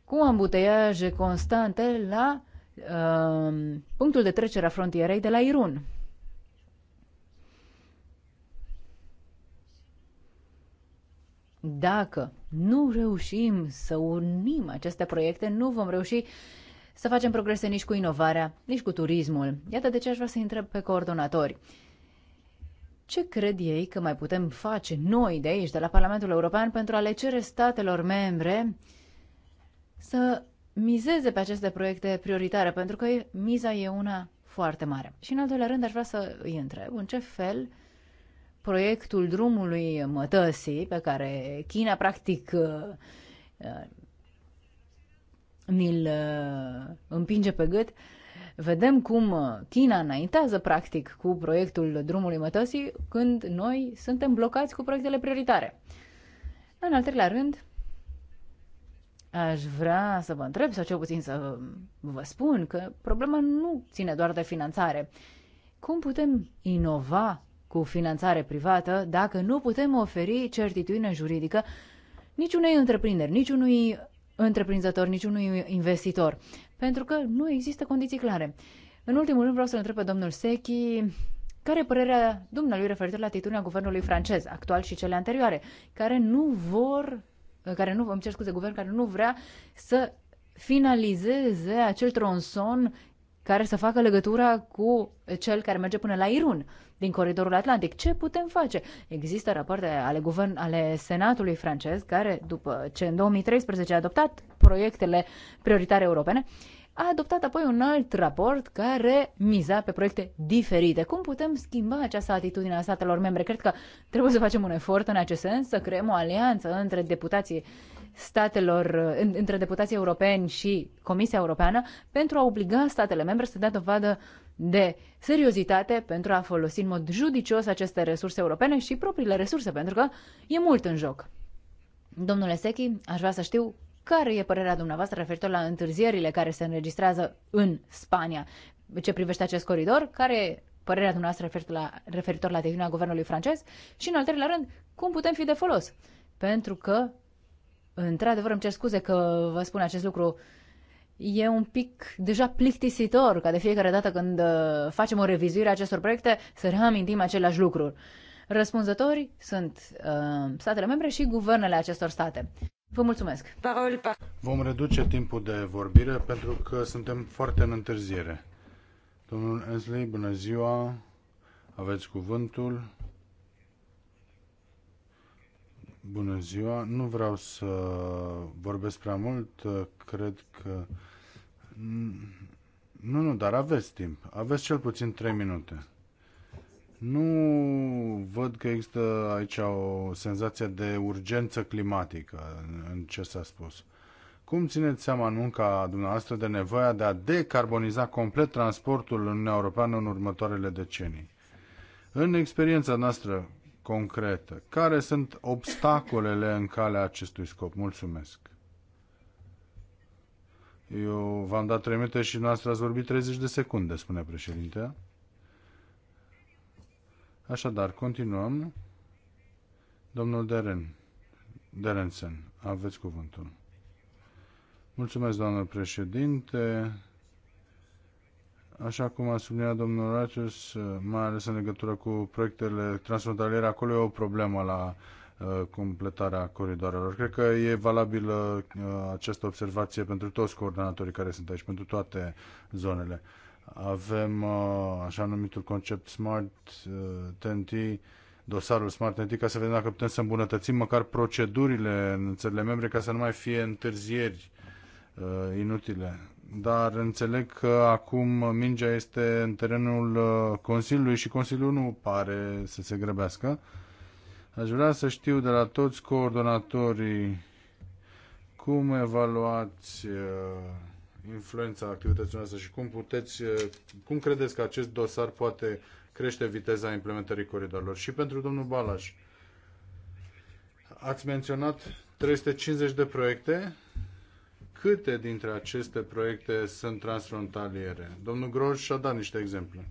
cu ambuteiaje constante la Um, punctul de trecere a frontierei de la Irun. Dacă nu reușim să unim aceste proiecte, nu vom reuși să facem progrese nici cu inovarea, nici cu turismul. Iată de ce aș vrea să întreb pe coordonatori. Ce cred ei că mai putem face noi de aici, de la Parlamentul European, pentru a le cere statelor membre să mizeze pe aceste proiecte prioritare, pentru că miza e una foarte mare. Și în al doilea rând aș vrea să îi întreb în ce fel proiectul drumului mătăsii, pe care China practic uh, uh, ni-l uh, împinge pe gât, vedem cum China înaintează practic cu proiectul drumului mătăsii când noi suntem blocați cu proiectele prioritare. În al treilea rând, Aș vrea să vă întreb, sau cel puțin să vă spun, că problema nu ține doar de finanțare. Cum putem inova cu finanțare privată dacă nu putem oferi certitudine juridică niciunei întreprinderi, niciunui întreprinzător, niciunui investitor? Pentru că nu există condiții clare. În ultimul rând vreau să-l întreb pe domnul Sechi care e părerea dumnealui referitor la atitudinea guvernului francez, actual și cele anterioare, care nu vor care nu, îmi cer scuze, guvern care nu vrea să finalizeze acel tronson care să facă legătura cu cel care merge până la Irun din coridorul Atlantic. Ce putem face? Există rapoarte ale guvern ale Senatului francez care după ce în 2013 a adoptat proiectele prioritare europene, a adoptat apoi un alt raport care miza pe proiecte diferite. Cum putem schimba această atitudine a statelor membre? Cred că trebuie să facem un efort în acest sens, să creăm o alianță între deputații statelor, între deputații europeni și Comisia Europeană pentru a obliga statele membre să dea dovadă de seriozitate pentru a folosi în mod judicios aceste resurse europene și propriile resurse, pentru că e mult în joc. Domnule Sechi, aș vrea să știu care e părerea dumneavoastră referitor la întârzierile care se înregistrează în Spania? Ce privește acest coridor? Care e părerea dumneavoastră referitor la, referitor la atitudinea guvernului francez și, în al treilea rând, cum putem fi de folos. Pentru că, într-adevăr, îmi cer scuze că vă spun acest lucru, e un pic deja plictisitor ca de fiecare dată când uh, facem o revizuire a acestor proiecte să reamintim același lucru. Răspunzători sunt uh, statele membre și guvernele acestor state. Vă mulțumesc. Vom reduce timpul de vorbire pentru că suntem foarte în întârziere. Domnul Ensley, bună ziua. Aveți cuvântul. Bună ziua. Nu vreau să vorbesc prea mult. Cred că... Nu, nu, dar aveți timp. Aveți cel puțin 3 minute. Nu văd că există aici o senzație de urgență climatică în ce s-a spus. Cum țineți seama în munca dumneavoastră de nevoia de a decarboniza complet transportul în Uniunea Europeană în următoarele decenii? În experiența noastră concretă, care sunt obstacolele în calea acestui scop? Mulțumesc! Eu v-am dat trei minute și noastră ați vorbit 30 de secunde, spune președintea. Așadar, continuăm. Domnul Deren, Derensen, aveți cuvântul. Mulțumesc, doamnă președinte. Așa cum a subliniat domnul Racius, mai ales în legătură cu proiectele transfrontaliere, acolo e o problemă la uh, completarea coridoarelor. Cred că e valabilă uh, această observație pentru toți coordonatorii care sunt aici, pentru toate zonele. Avem uh, așa numitul concept Smart TNT, uh, dosarul Smart TNT, ca să vedem dacă putem să îmbunătățim măcar procedurile în țările membre ca să nu mai fie întârzieri uh, inutile. Dar înțeleg că acum mingea este în terenul Consiliului și Consiliul nu pare să se grăbească. Aș vrea să știu de la toți coordonatorii cum evaluați influența activității noastre și cum puteți, uh, cum credeți că acest dosar poate crește viteza implementării coridorilor. Și pentru domnul Balaș, ați menționat 350 de proiecte. Câte dintre aceste proiecte sunt transfrontaliere? Domnul Groș și-a dat niște exemple.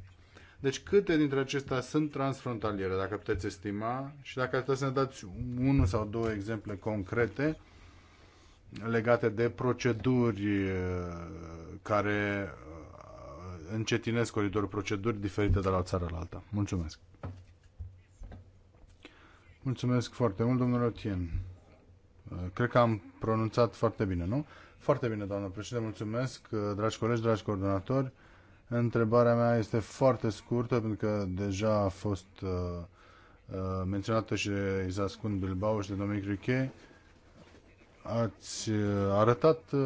Deci câte dintre acestea sunt transfrontaliere, dacă puteți estima și dacă puteți să ne dați unul sau două exemple concrete legate de proceduri uh, care uh, încetinesc coridorul proceduri diferite de la o țară la alta. Mulțumesc. Mulțumesc foarte mult, domnule Otien. Uh, cred că am pronunțat foarte bine, nu? Foarte bine, doamnă președinte, mulțumesc, dragi colegi, dragi coordonatori. Întrebarea mea este foarte scurtă, pentru că deja a fost uh, menționată și de Bilbao și de Dominic Riche ați uh, arătat uh,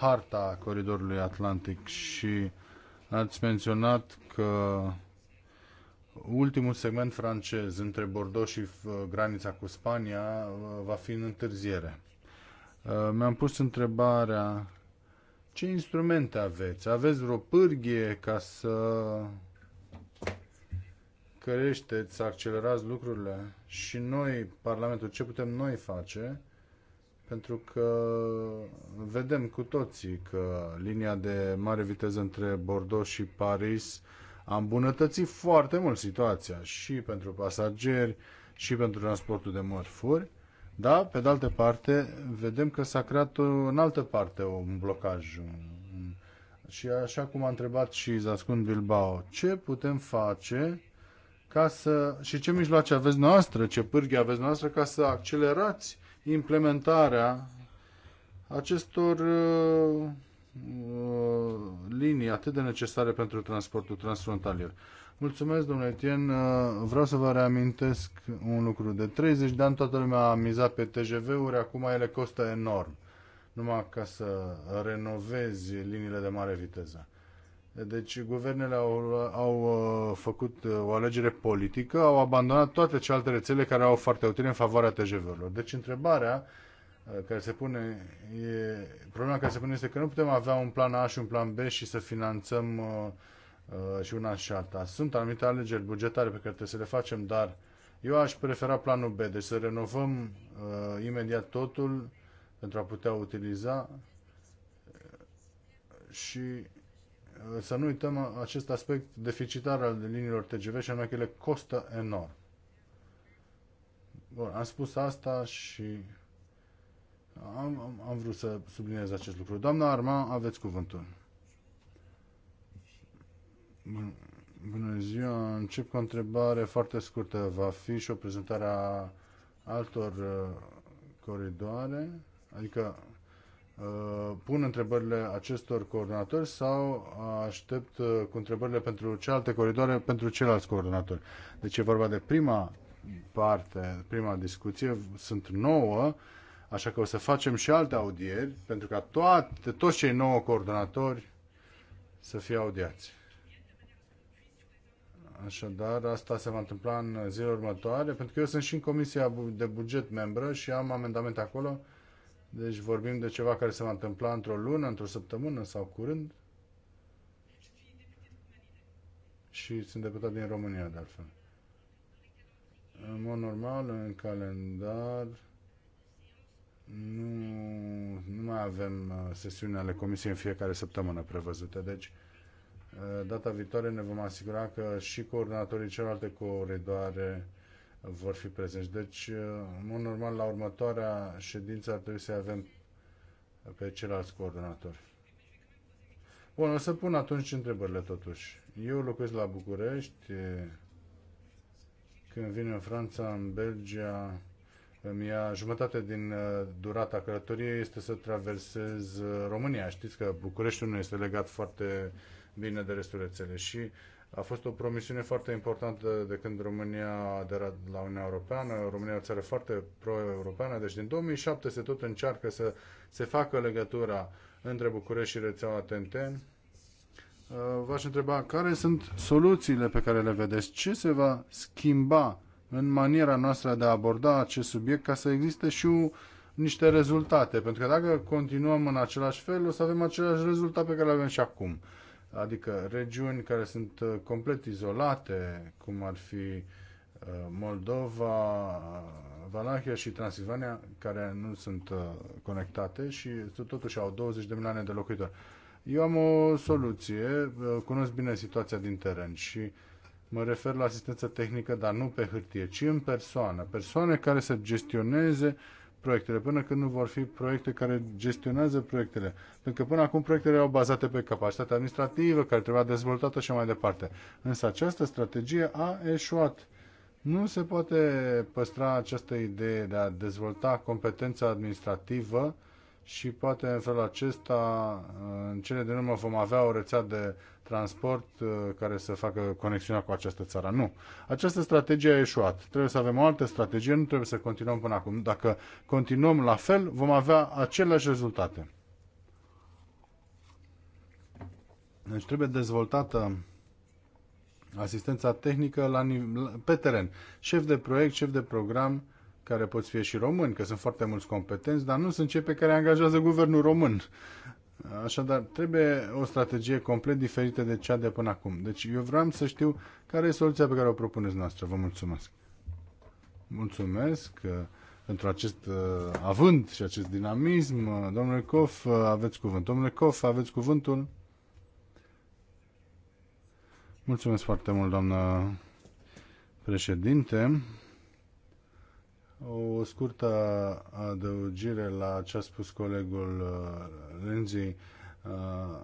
harta coridorului atlantic și ați menționat că ultimul segment francez între Bordeaux și uh, granița cu Spania va fi în întârziere. Mi-am pus întrebarea ce instrumente aveți? Aveți vreo pârghie ca să creșteți, să accelerați lucrurile? Și noi, Parlamentul, ce putem noi face pentru că vedem cu toții că linia de mare viteză între Bordeaux și Paris a îmbunătățit foarte mult situația și pentru pasageri și pentru transportul de mărfuri, dar, pe de altă parte, vedem că s-a creat în altă parte un blocaj. Și așa cum a întrebat și Zascun Bilbao, ce putem face ca să... și ce mijloace aveți noastră, ce pârghi aveți noastră ca să accelerați implementarea acestor uh, linii atât de necesare pentru transportul transfrontalier. Mulțumesc, domnule Tien. Uh, vreau să vă reamintesc un lucru. De 30 de ani toată lumea a mizat pe TGV-uri, acum ele costă enorm, numai ca să renovezi liniile de mare viteză. Deci guvernele au, au uh, făcut uh, o alegere politică, au abandonat toate celelalte rețele care au foarte utile în favoarea TGV-urilor. Deci întrebarea uh, care se pune e, problema care se pune este că nu putem avea un plan A și un plan B și să finanțăm uh, și una și alta. Sunt anumite alegeri bugetare pe care trebuie să le facem, dar eu aș prefera planul B, deci să renovăm uh, imediat totul pentru a putea utiliza și să nu uităm acest aspect deficitar al liniilor TGV și anume că ele costă enorm. Bun, am spus asta și am, am, am vrut să subliniez acest lucru. Doamna Arma, aveți cuvântul. Bun. Bună ziua! Încep cu o întrebare foarte scurtă. Va fi și o prezentare a altor uh, coridoare? Adică Uh, pun întrebările acestor coordonatori sau aștept uh, cu întrebările pentru celelalte coridoare pentru ceilalți coordonatori. Deci e vorba de prima parte, prima discuție, sunt nouă, așa că o să facem și alte audieri pentru ca toate, toți cei nouă coordonatori să fie audiați. Așadar, asta se va întâmpla în zilele următoare, pentru că eu sunt și în Comisia de Buget membră și am amendamente acolo deci vorbim de ceva care se va întâmpla într-o lună, într-o săptămână sau curând. Și sunt deputat din România, de altfel. În mod normal, în calendar, nu, nu mai avem uh, sesiuni ale comisiei în fiecare săptămână prevăzute. Deci, uh, data viitoare ne vom asigura că și coordonatorii celelalte coridoare vor fi prezenți. Deci, uh, în mod normal, la următoarea ședință ar trebui să avem pe ceilalți coordonatori. Bun, o să pun atunci întrebările totuși. Eu locuiesc la București, când vin în Franța, în Belgia, îmi ia jumătate din uh, durata călătoriei este să traversez uh, România. Știți că Bucureștiul nu este legat foarte bine de restul rețelei și a fost o promisiune foarte importantă de când România de la Uniunea Europeană, România o țară foarte pro-europeană, deci din 2007 se tot încearcă să se facă legătura între București și rețeaua TNT. Uh, v-aș întreba care sunt soluțiile pe care le vedeți, ce se va schimba în maniera noastră de a aborda acest subiect ca să existe și niște rezultate, pentru că dacă continuăm în același fel, o să avem același rezultat pe care îl avem și acum adică regiuni care sunt uh, complet izolate, cum ar fi uh, Moldova, Valahia și Transilvania, care nu sunt uh, conectate și totuși au 20 de milioane de locuitori. Eu am o soluție, cunosc bine situația din teren și mă refer la asistență tehnică, dar nu pe hârtie, ci în persoană. Persoane care să gestioneze uh, proiectele, până când nu vor fi proiecte care gestionează proiectele. Pentru că până acum proiectele erau bazate pe capacitatea administrativă, care trebuia dezvoltată și mai departe. Însă această strategie a eșuat. Nu se poate păstra această idee de a dezvolta competența administrativă și poate în felul acesta, în cele din urmă, vom avea o rețea de transport uh, care să facă conexiunea cu această țară. Nu. Această strategie a eșuat. Trebuie să avem o altă strategie, nu trebuie să continuăm până acum. Dacă continuăm la fel, vom avea aceleași rezultate. Deci trebuie dezvoltată asistența tehnică la nivel, pe teren. Șef de proiect, șef de program, care pot fi și români, că sunt foarte mulți competenți, dar nu sunt cei pe care angajează guvernul român. Așadar, trebuie o strategie complet diferită de cea de până acum. Deci eu vreau să știu care e soluția pe care o propuneți noastră. Vă mulțumesc. Mulțumesc uh, pentru acest uh, avânt și acest dinamism. Uh, domnule Cof, aveți cuvânt. Domnule Cof, aveți cuvântul. Mulțumesc foarte mult, doamnă președinte. O scurtă adăugire la ce a spus colegul Lenzi. Uh, uh,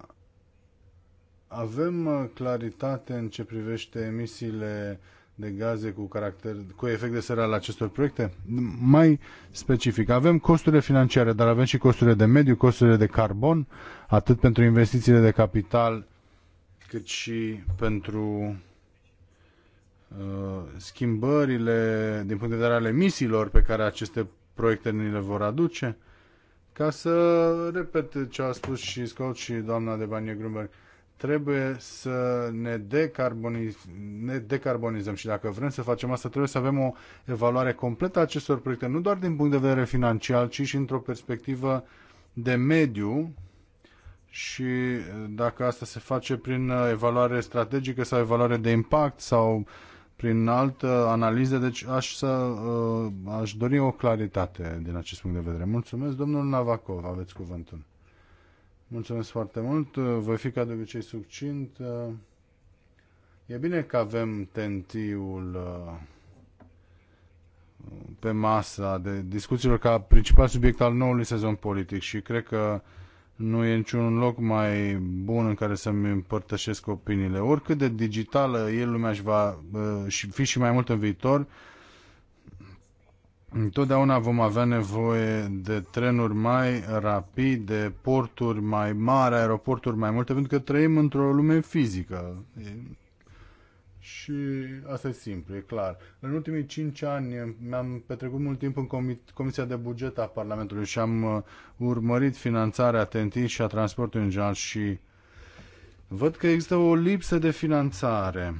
avem uh, claritate în ce privește emisiile de gaze cu caracter cu efect de seră al acestor proiecte? Mai specific, avem costurile financiare, dar avem și costurile de mediu, costurile de carbon, atât pentru investițiile de capital, cât și pentru Uh, schimbările din punct de vedere ale misiilor pe care aceste proiecte ni le vor aduce. Ca să repet ce a spus și Scott și doamna de Banie Grunberg, trebuie să ne, decarboniz- ne decarbonizăm și dacă vrem să facem asta, trebuie să avem o evaluare completă a acestor proiecte, nu doar din punct de vedere financiar, ci și într-o perspectivă de mediu și uh, dacă asta se face prin uh, evaluare strategică sau evaluare de impact sau uh, prin altă analiză, deci aș, să, uh, aș dori o claritate din acest punct de vedere. Mulțumesc, domnul Navakov, aveți cuvântul. Mulțumesc foarte mult, uh, voi fi ca de obicei succint. Uh, e bine că avem tentiul pe masa de discuțiilor ca principal subiect al noului sezon politic și cred că nu e niciun loc mai bun în care să-mi împărtășesc opiniile. Oricât de digitală e lumea și va uh, fi și mai mult în viitor, întotdeauna vom avea nevoie de trenuri mai rapide, porturi mai mari, aeroporturi mai multe, pentru că trăim într-o lume fizică și asta e simplu, e clar. În ultimii cinci ani mi-am petrecut mult timp în Comisia de Buget a Parlamentului și am uh, urmărit finanțarea TNT și a transportului în general și văd că există o lipsă de finanțare.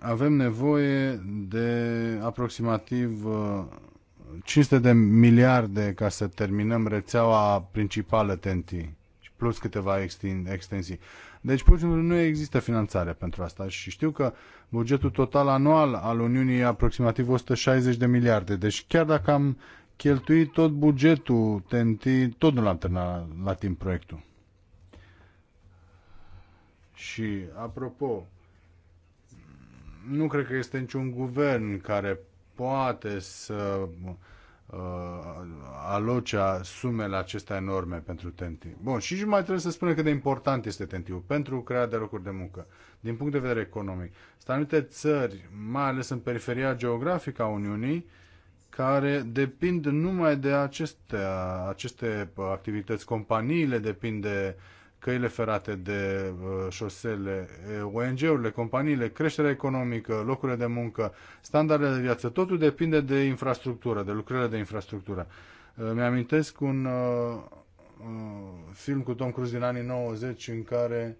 Avem nevoie de aproximativ 500 uh, de miliarde ca să terminăm rețeaua principală TNT plus câteva extensii. Deci pur și simplu nu există finanțare pentru asta și știu că bugetul total anual al Uniunii e aproximativ 160 de miliarde. Deci chiar dacă am cheltuit tot bugetul TNT, tot nu l-am terminat la timp proiectul. Și apropo, nu cred că este niciun guvern care poate să uh, alocea sumele acestea enorme pentru tenti. Bun, și mai trebuie să spunem cât de important este tnt pentru crearea de locuri de muncă, din punct de vedere economic. Sunt anumite țări, mai ales în periferia geografică a Uniunii, care depind numai de aceste, aceste activități. Companiile depind de uh, căile ferate, de uh, șosele, ONG-urile, companiile, creșterea economică, locurile de muncă, standardele de viață, totul depinde de infrastructură, de lucrările de infrastructură. Uh, mi-amintesc un uh, film cu Tom Cruise din anii 90 în care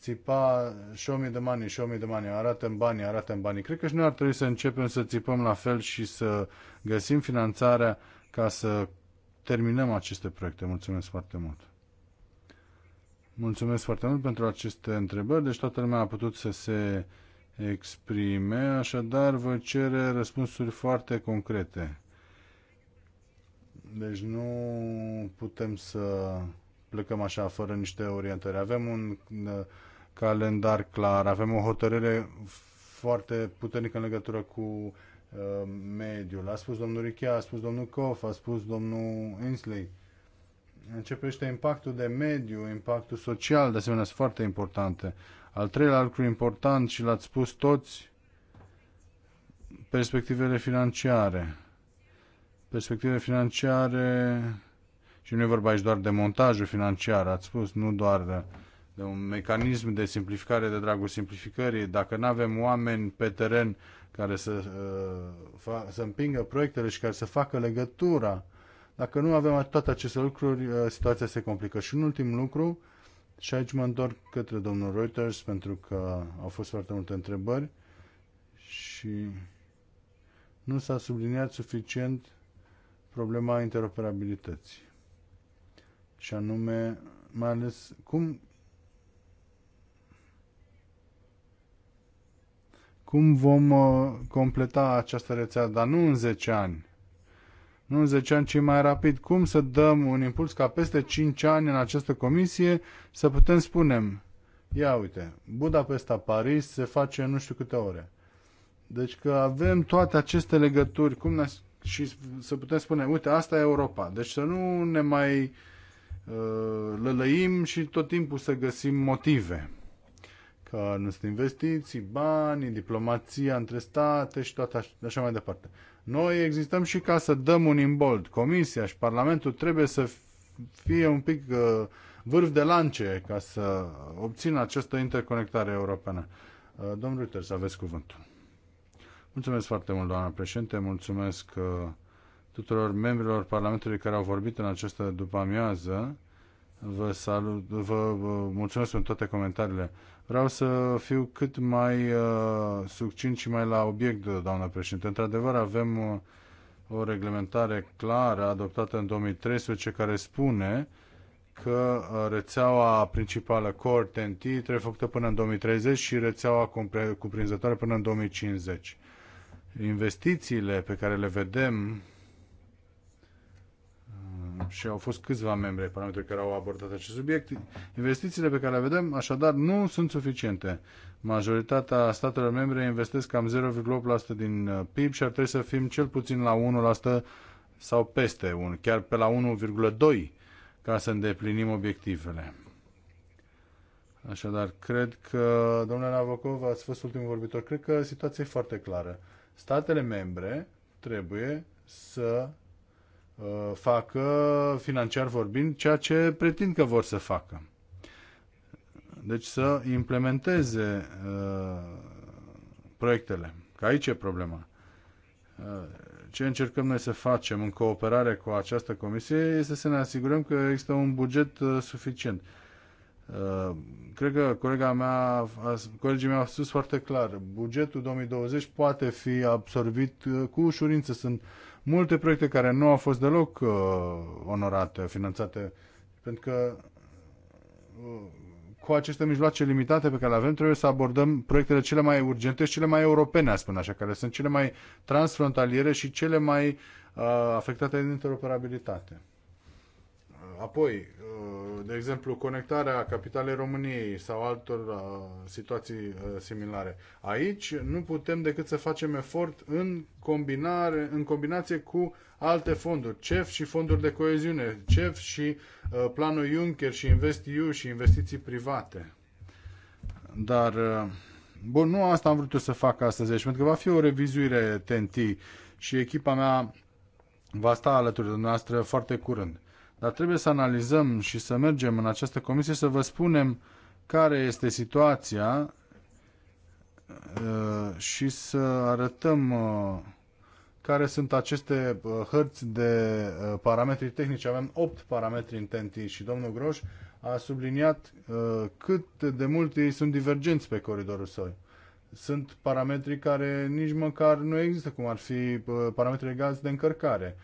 țipa show me the money, show me the money, arată-mi banii, arată-mi banii. Cred că și noi ar trebui să începem să țipăm la fel și să găsim finanțarea ca să terminăm aceste proiecte. Mulțumesc foarte mult! Mulțumesc foarte mult pentru aceste întrebări. Deci toată lumea a putut să se exprime, așadar vă cere răspunsuri foarte concrete. Deci nu putem să plecăm așa fără niște orientări. Avem un uh, calendar clar, avem o hotărâre foarte puternică în legătură cu uh, mediul. A spus domnul Richea, a spus domnul Kof, a spus domnul Inslee Începește impactul de mediu, impactul social, de asemenea, sunt foarte importante. Al treilea lucru important și l-ați spus toți, perspectivele financiare. Perspectivele financiare și nu e vorba aici doar de montajul financiar, ați spus, nu doar de, de un mecanism de simplificare de dragul simplificării. Dacă nu avem oameni pe teren care să, uh, să împingă proiectele și care să facă legătura dacă nu avem toate aceste lucruri, uh, situația se complică. Și un ultim lucru, și aici mă întorc către domnul Reuters pentru că au fost foarte multe întrebări și nu s-a subliniat suficient problema interoperabilității. Și anume, mai ales cum cum vom uh, completa această rețea, dar nu în 10 ani, nu în 10 ani, ci mai rapid. Cum să dăm un impuls ca peste 5 ani în această comisie să putem spunem, ia uite, Budapesta, Paris se face nu știu câte ore. Deci că avem toate aceste legături, cum ne și să putem spune, uite, asta e Europa. Deci să nu ne mai uh, lălăim și tot timpul să găsim motive. Că nu sunt investiții, bani, diplomația între state și toate așa, așa mai departe. Noi existăm și ca să dăm un imbold. Comisia și Parlamentul trebuie să fie un pic uh, vârf de lance ca să obțină această interconectare europeană. Uh, domnul Reuter, să aveți cuvântul. Mulțumesc foarte mult, doamna președinte. Mulțumesc uh, tuturor membrilor Parlamentului care au vorbit în această după amiază. Vă salut, vă, vă mulțumesc pentru toate comentariile. Vreau să fiu cât mai uh, succint și mai la obiect, doamnă președinte. Într-adevăr, avem uh, o reglementare clară adoptată în 2013 care spune că uh, rețeaua principală Core TNT trebuie făcută până în 2030 și rețeaua cuprinzătoare până în 2050. Investițiile pe care le vedem și au fost câțiva membri ai Parlamentului care au abordat acest subiect, investițiile pe care le vedem, așadar, nu sunt suficiente. Majoritatea statelor membre investesc cam 0,8% din uh, PIB și ar trebui să fim cel puțin la 1% sau peste 1, chiar pe la 1,2% ca să îndeplinim obiectivele. Așadar, cred că, domnule Navocov, ați fost ultimul vorbitor, cred că situația e foarte clară. Statele membre trebuie să Uh, facă, financiar vorbind, ceea ce pretind că vor să facă. Deci să implementeze uh, proiectele. Că aici e problema. Uh, ce încercăm noi să facem în cooperare cu această comisie este să ne asigurăm că există un buget uh, suficient. Uh, cred că colega mea, a, colegii mei au spus foarte clar, bugetul 2020 poate fi absorbit uh, cu ușurință. Sunt uh, multe proiecte care nu au fost deloc uh, onorate, finanțate, pentru că uh, cu aceste mijloace limitate pe care le avem, trebuie să abordăm proiectele cele mai urgente și cele mai europene, a spune așa, care sunt cele mai transfrontaliere și cele mai uh, afectate de interoperabilitate. Apoi, uh, de exemplu, conectarea capitalei României sau altor uh, situații uh, similare. Aici nu putem decât să facem efort în, combinare, în combinație cu alte fonduri, CEF și fonduri de coeziune, CEF și planul Juncker și InvestEU și investiții private. Dar, bun, nu asta am vrut eu să fac astăzi Deci, pentru că va fi o revizuire TNT și echipa mea va sta alături de noastră foarte curând. Dar trebuie să analizăm și să mergem în această comisie să vă spunem care este situația uh, și să arătăm uh, care sunt aceste uh, hărți de parametri tehnici. Avem 8 parametri în TNT și domnul Groș a subliniat cât de mult ei sunt divergenți pe coridorul său. Sunt parametri care nici măcar nu există, cum ar fi parametrii de gaz de încărcare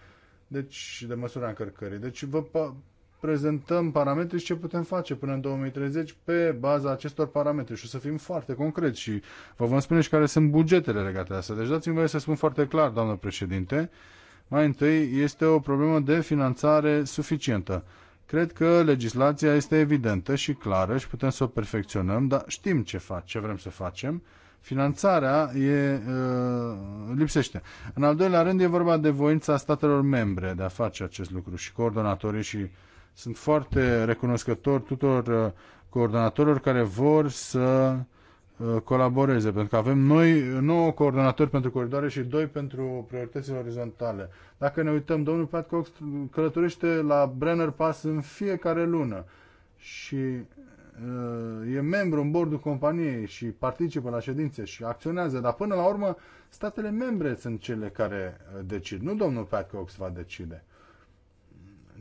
deci de măsura încărcării. Deci vă prezentăm parametri și ce putem face până în 2030 pe baza acestor parametri și o să fim foarte concreți și vă vom spune și care sunt bugetele legate de asta. Deci dați-mi voie să spun foarte clar, doamnă președinte, mai întâi este o problemă de finanțare suficientă. Cred că legislația este evidentă și clară și putem să o perfecționăm, dar știm ce, fac, ce vrem să facem Finanțarea e, lipsește. În al doilea rând e vorba de voința statelor membre de a face acest lucru și coordonatorii și sunt foarte recunoscători tuturor uh, coordonatorilor care vor să uh, colaboreze, pentru că avem noi 9 coordonatori pentru coridoare și 2 pentru prioritățile orizontale. Dacă ne uităm, domnul Pat Cox călătorește la Brenner Pass în fiecare lună și Uh, e membru în bordul companiei și participă la ședințe și acționează, dar până la urmă statele membre sunt cele care uh, decid. Nu domnul Pat Cox va decide,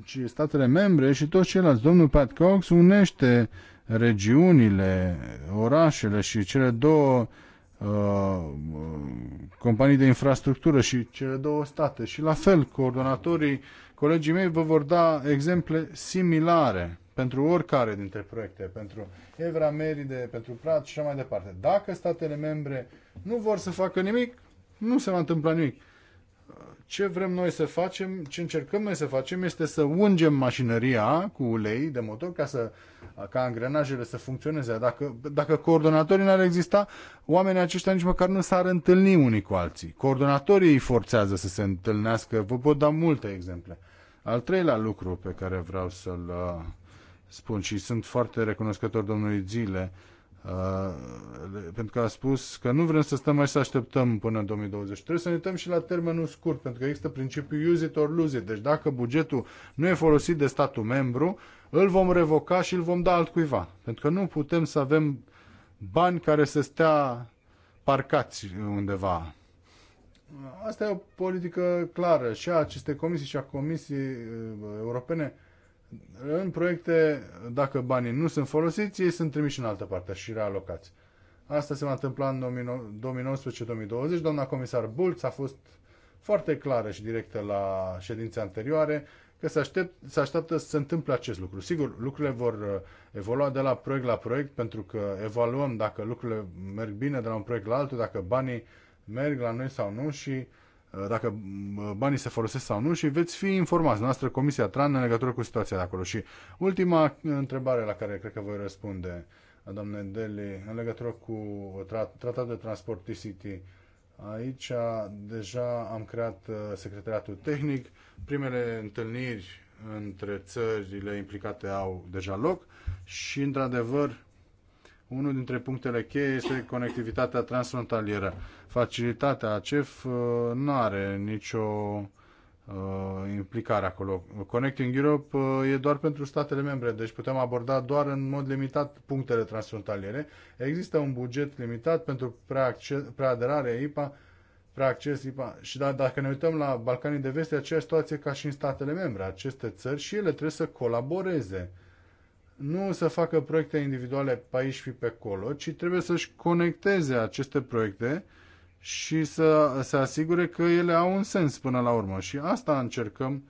ci statele membre și toți ceilalți. Domnul Pat Cox unește regiunile, orașele și cele două uh, uh, companii de infrastructură și cele două state. Și la fel, coordonatorii, colegii mei vă vor da exemple similare pentru oricare dintre proiecte, pentru Evra Meride, pentru Prat și așa mai departe. Dacă statele membre nu vor să facă nimic, nu se va întâmpla nimic. Ce vrem noi să facem, ce încercăm noi să facem este să ungem mașinăria cu ulei de motor ca să ca angrenajele să funcționeze. Dacă, dacă coordonatorii n-ar exista, oamenii aceștia nici măcar nu s-ar întâlni unii cu alții. Coordonatorii îi forțează să se întâlnească. Vă pot da multe exemple. Al treilea lucru pe care vreau să-l spun și sunt foarte recunoscător domnului Zile uh, pentru că a spus că nu vrem să stăm mai să așteptăm până în 2020. Trebuie să ne uităm și la termenul scurt, pentru că există principiul use it or lose it. Deci dacă bugetul nu e folosit de statul membru, îl vom revoca și îl vom da altcuiva. Pentru că nu putem să avem bani care să stea parcați undeva. Asta e o politică clară și a acestei comisii și a comisiei uh, europene în proiecte, dacă banii nu sunt folosiți, ei sunt trimiși în altă parte și realocați. Asta se va întâmpla în 2019-2020. Doamna comisar Bulț a fost foarte clară și directă la ședințe anterioare că se, aștept, se așteaptă să se întâmple acest lucru. Sigur, lucrurile vor uh, evolua de la proiect la proiect, pentru că evaluăm dacă lucrurile merg bine de la un proiect la altul, dacă banii merg la noi sau nu și Uh, dacă uh, banii se folosesc sau nu și veți fi informați noastră Comisia Tran în legătură cu situația de acolo. Și ultima uh, întrebare la care cred că voi răspunde, doamne Deli, în legătură cu tratatul de transport TCT, aici deja am creat secretariatul tehnic, primele întâlniri între țările implicate au deja loc și, într-adevăr, unul dintre punctele cheie este conectivitatea transfrontalieră. Facilitatea ACEF uh, nu are nicio uh, implicare acolo. Connecting Europe uh, e doar pentru statele membre, deci putem aborda doar în mod limitat punctele transfrontaliere. Există un buget limitat pentru preaderare IPA, preacces IPA și da, dacă ne uităm la Balcanii de Vest, e aceeași situație ca și în statele membre. Aceste țări și ele trebuie să colaboreze. Uh, nu să facă proiecte individuale pe aici și pe acolo, ci trebuie să-și conecteze aceste proiecte și să se asigure că ele au un sens până la urmă. Și asta încercăm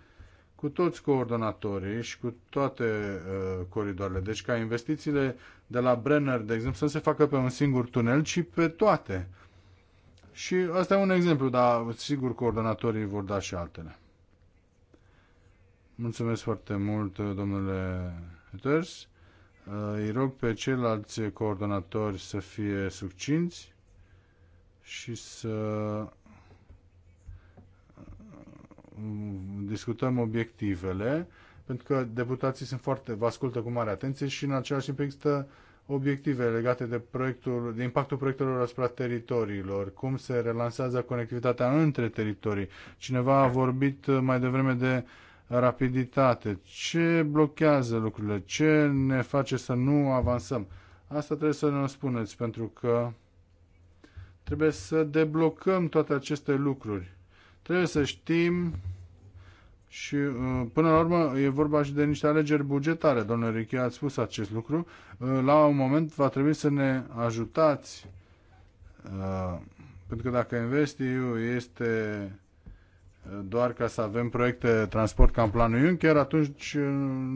cu toți coordonatorii și cu toate uh, coridoarele. Deci ca investițiile de la Brenner, de exemplu, să nu se facă pe un singur tunel, ci pe toate. Și asta e un exemplu, dar sigur coordonatorii vor da și altele. Mulțumesc foarte mult, domnule Reuters. Uh, îi rog pe ceilalți coordonatori să fie succinți și să uh, discutăm obiectivele, pentru că deputații sunt foarte, vă ascultă cu mare atenție și în același timp există obiective legate de, proiectul, de impactul proiectelor asupra teritoriilor, cum se relansează conectivitatea între teritorii. Cineva a vorbit mai devreme de uh, rapiditate, ce blochează lucrurile, ce ne face să nu avansăm. Asta trebuie să ne spuneți, pentru că trebuie să deblocăm toate aceste lucruri. Trebuie să știm și uh, până la urmă e vorba și de niște alegeri bugetare. Domnule Richie, ați spus acest lucru. Uh, la un moment va trebui să ne ajutați uh, pentru că dacă investiu este doar ca să avem proiecte transport ca în planul Juncker, atunci uh,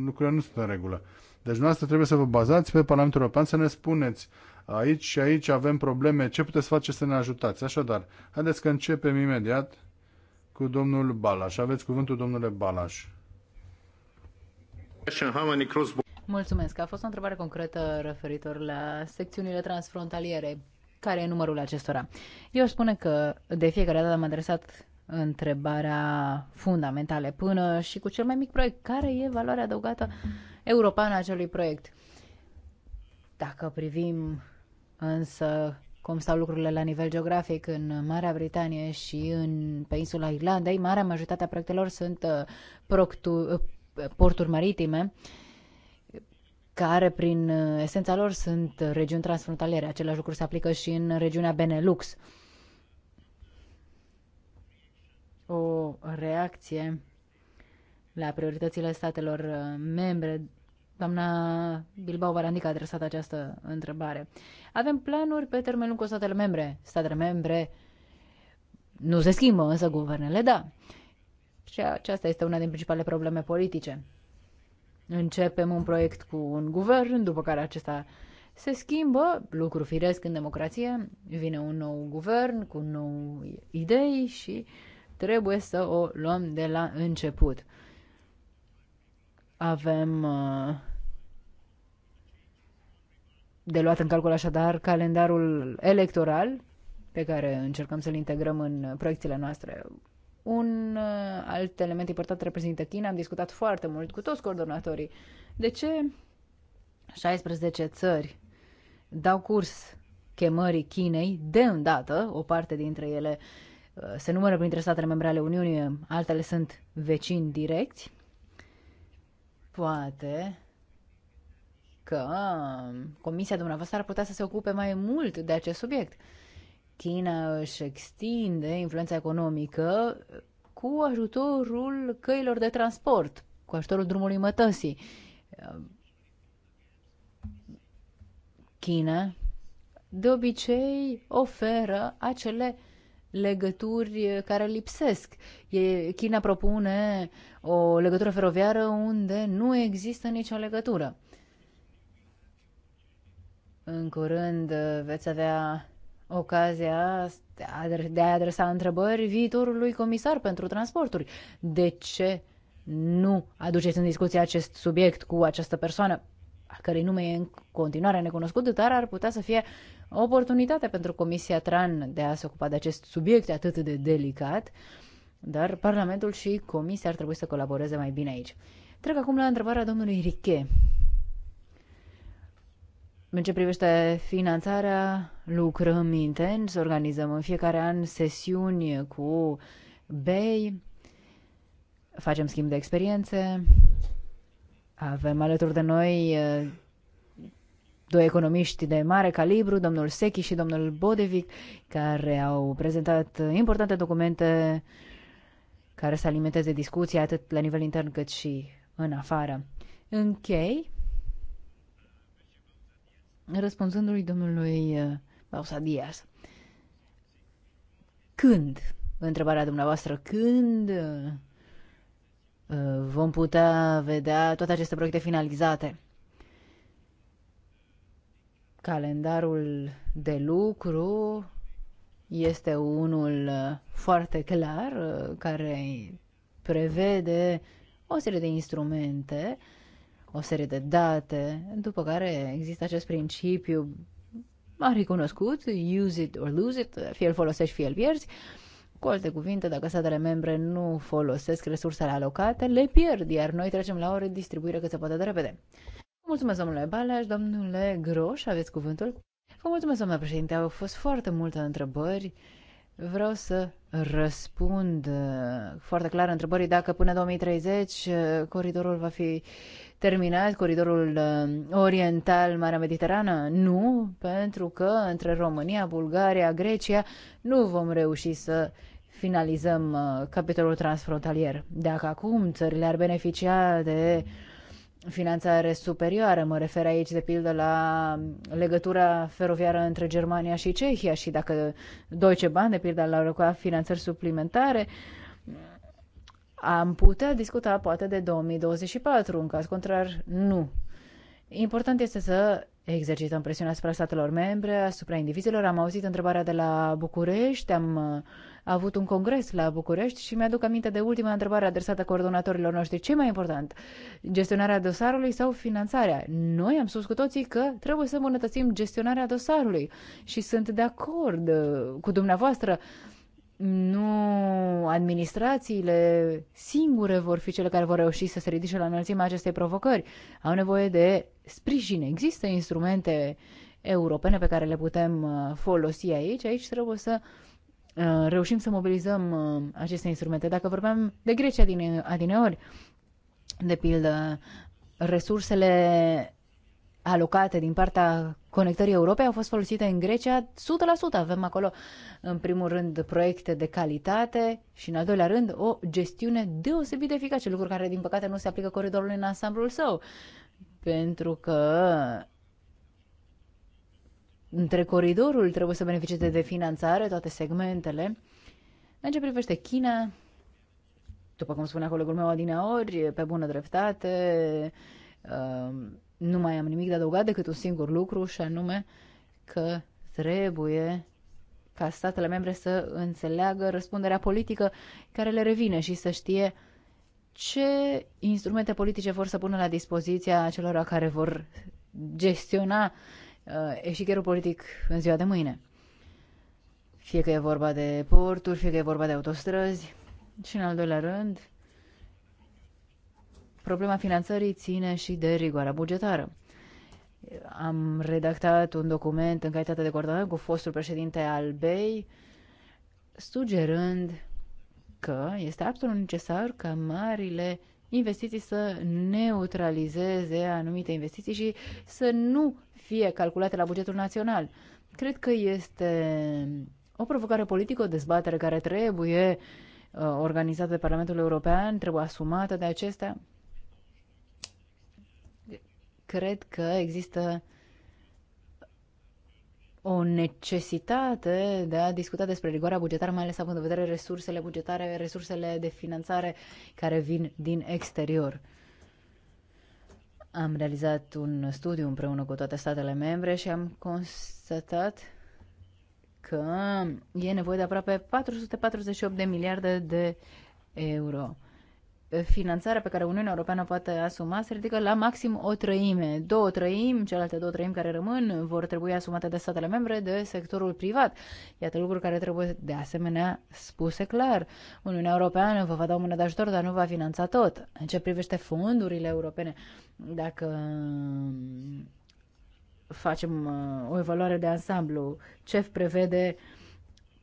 lucrurile nu sunt în regulă. Deci dumneavoastră trebuie să vă bazați pe Parlamentul European să ne spuneți aici și aici avem probleme, ce puteți face să ne ajutați? Așadar, haideți că începem imediat cu domnul Balaș. Aveți cuvântul, domnule Balaș. Mulțumesc. A fost o întrebare concretă referitor la secțiunile transfrontaliere. Care e numărul acestora? Eu spune că de fiecare dată am adresat întrebarea fundamentală până și cu cel mai mic proiect. Care e valoarea adăugată europeană a acelui proiect? Dacă privim însă cum stau lucrurile la nivel geografic în Marea Britanie și în peninsula Irlandei, marea majoritate a proiectelor sunt uh, proctu- uh, porturi maritime care prin uh, esența lor sunt regiuni transfrontaliere. Același lucru se aplică și în regiunea Benelux. Uh, o reacție la prioritățile statelor uh, membre. Doamna Bilbao Barandica a adresat această întrebare. Avem planuri pe termen lung cu statele membre. Statele membre nu se schimbă, însă guvernele da. Și aceasta este una din principalele probleme politice. Începem un proiect cu un guvern, după care acesta se schimbă, lucru firesc în democrație, vine un nou guvern cu noi idei și uh, trebuie să o luăm de la început. Avem uh, de luat în calcul așadar calendarul electoral pe care încercăm să-l integrăm în proiecțiile noastre. Un uh, alt element important reprezintă China. Am discutat foarte mult cu toți coordonatorii. De ce 16 țări dau curs chemării Chinei de îndată, o parte dintre ele uh, Uh, se numără printre statele membre ale Uniunii, uh, altele sunt vecini direcți, poate că um, comisia dumneavoastră ar putea să se ocupe mai mult de acest subiect. China își extinde influența economică uh, cu ajutorul căilor de transport, cu ajutorul drumului mătăsii. China de obicei oferă acele uh, legături care lipsesc. China propune o legătură feroviară unde nu există nicio legătură. În curând uh, veți avea ocazia de a adresa întrebări viitorului comisar pentru transporturi. De ce nu aduceți în discuție acest subiect cu această persoană, a cărei nume e în continuare necunoscut, dar ar putea să fie uh, oportunitate pentru Comisia TRAN de a se ocupa de acest subiect atât de delicat, dar Parlamentul și Comisia ar trebui să colaboreze mai bine aici. Trec acum la întrebarea domnului Riche. În ce privește finanțarea, lucrăm intens, organizăm în fiecare an sesiuni cu BEI, facem schimb de experiențe, avem alături de noi doi economiști de mare calibru, domnul Sechi și domnul Bodevic, care au prezentat importante documente care să alimenteze discuția atât la nivel intern cât și în afară. Închei răspunzându-lui domnului uh, Diaz, Când? Întrebarea dumneavoastră, când uh, uh, vom putea vedea toate aceste proiecte finalizate? Calendarul de lucru este unul uh, foarte clar uh, care prevede o serie de instrumente, o serie de date, după care există acest principiu mai recunoscut, use it or lose it, fie îl folosești, fie îl pierzi. Cu alte cuvinte, dacă statele membre nu folosesc resursele alocate, le pierd, iar noi trecem la o redistribuire cât se poate de repede. Mulțumesc, domnule Balaș, domnule Groș, aveți cuvântul. Vă mulțumesc, domnule președinte, au fost foarte multe întrebări. Vreau să răspund uh, foarte clar întrebării dacă până 2030 uh, coridorul va fi terminat, coridorul uh, oriental Marea Mediterană? Nu, pentru că între România, Bulgaria, Grecia nu vom reuși să finalizăm capitolul transfrontalier. Dacă acum țările ar beneficia de finanțare superioară. Mă refer aici, de pildă, la legătura feroviară între Germania și Cehia și dacă Deutsche Bahn, de pildă, l-au recuat finanțări suplimentare, am putea discuta poate de 2024, în caz contrar, nu. Important este să exercităm presiunea asupra statelor membre, asupra indivizilor. Am auzit întrebarea de la București, am uh, a avut un congres la București și mi-aduc aminte de ultima întrebare adresată coordonatorilor noștri. Ce mai important? Gestionarea dosarului sau finanțarea? Noi am spus cu toții că trebuie să îmbunătățim gestionarea dosarului și sunt de acord uh, cu dumneavoastră nu administrațiile singure vor fi cele care vor reuși să se ridice la înălțimea acestei provocări. Au nevoie de sprijin. Există instrumente europene pe care le putem uh, folosi aici. Aici trebuie să uh, Uh, reușim să mobilizăm uh, aceste instrumente. Dacă vorbeam de Grecia din adineori, de pildă, resursele alocate din partea conectării Europei au fost folosite în Grecia 100%. Avem acolo, în primul rând, proiecte de calitate și, în al doilea rând, o gestiune deosebit de eficace, Lucruri care, din păcate, nu se aplică coridorului în ansamblul său. Pentru că între coridorul trebuie să beneficieze de finanțare, toate segmentele. În ce privește China, după cum spunea colegul meu Ori, pe bună dreptate, um, nu mai am nimic de adăugat decât un singur lucru și anume că trebuie ca statele membre să înțeleagă răspunderea politică care le revine și să știe ce instrumente politice vor să pună la dispoziția celor care vor gestiona uh, Uh, eșicherul politic în ziua de mâine. Fie că e vorba de porturi, fie că e vorba de autostrăzi. Și în al doilea rând, problema finanțării ține și de rigoarea bugetară. Am redactat un document în calitate de coordonare cu fostul președinte al BEI, sugerând că este absolut necesar ca marile investiții să neutralizeze anumite investiții și să nu fie calculate la bugetul național. Cred că este o provocare politică, o dezbatere care trebuie uh, organizată de Parlamentul European, trebuie asumată de acestea. Cred că există o necesitate de a discuta despre rigoarea bugetară, mai ales având în vedere resursele bugetare, resursele de finanțare care vin din exterior. Am realizat un studiu împreună cu toate statele membre și am constatat că e nevoie de aproape 448 de miliarde de euro finanțarea pe care Uniunea Europeană poate asuma se ridică la maxim o trăime. Două trăimi, celelalte două trăimi care rămân, vor trebui asumate de statele membre, de sectorul privat. Iată lucruri care trebuie de asemenea spuse clar. Uniunea Europeană vă va da o mână de ajutor, dar nu va finanța tot. În ce privește fondurile europene, dacă facem uh, o evaluare de ansamblu, ce prevede uh,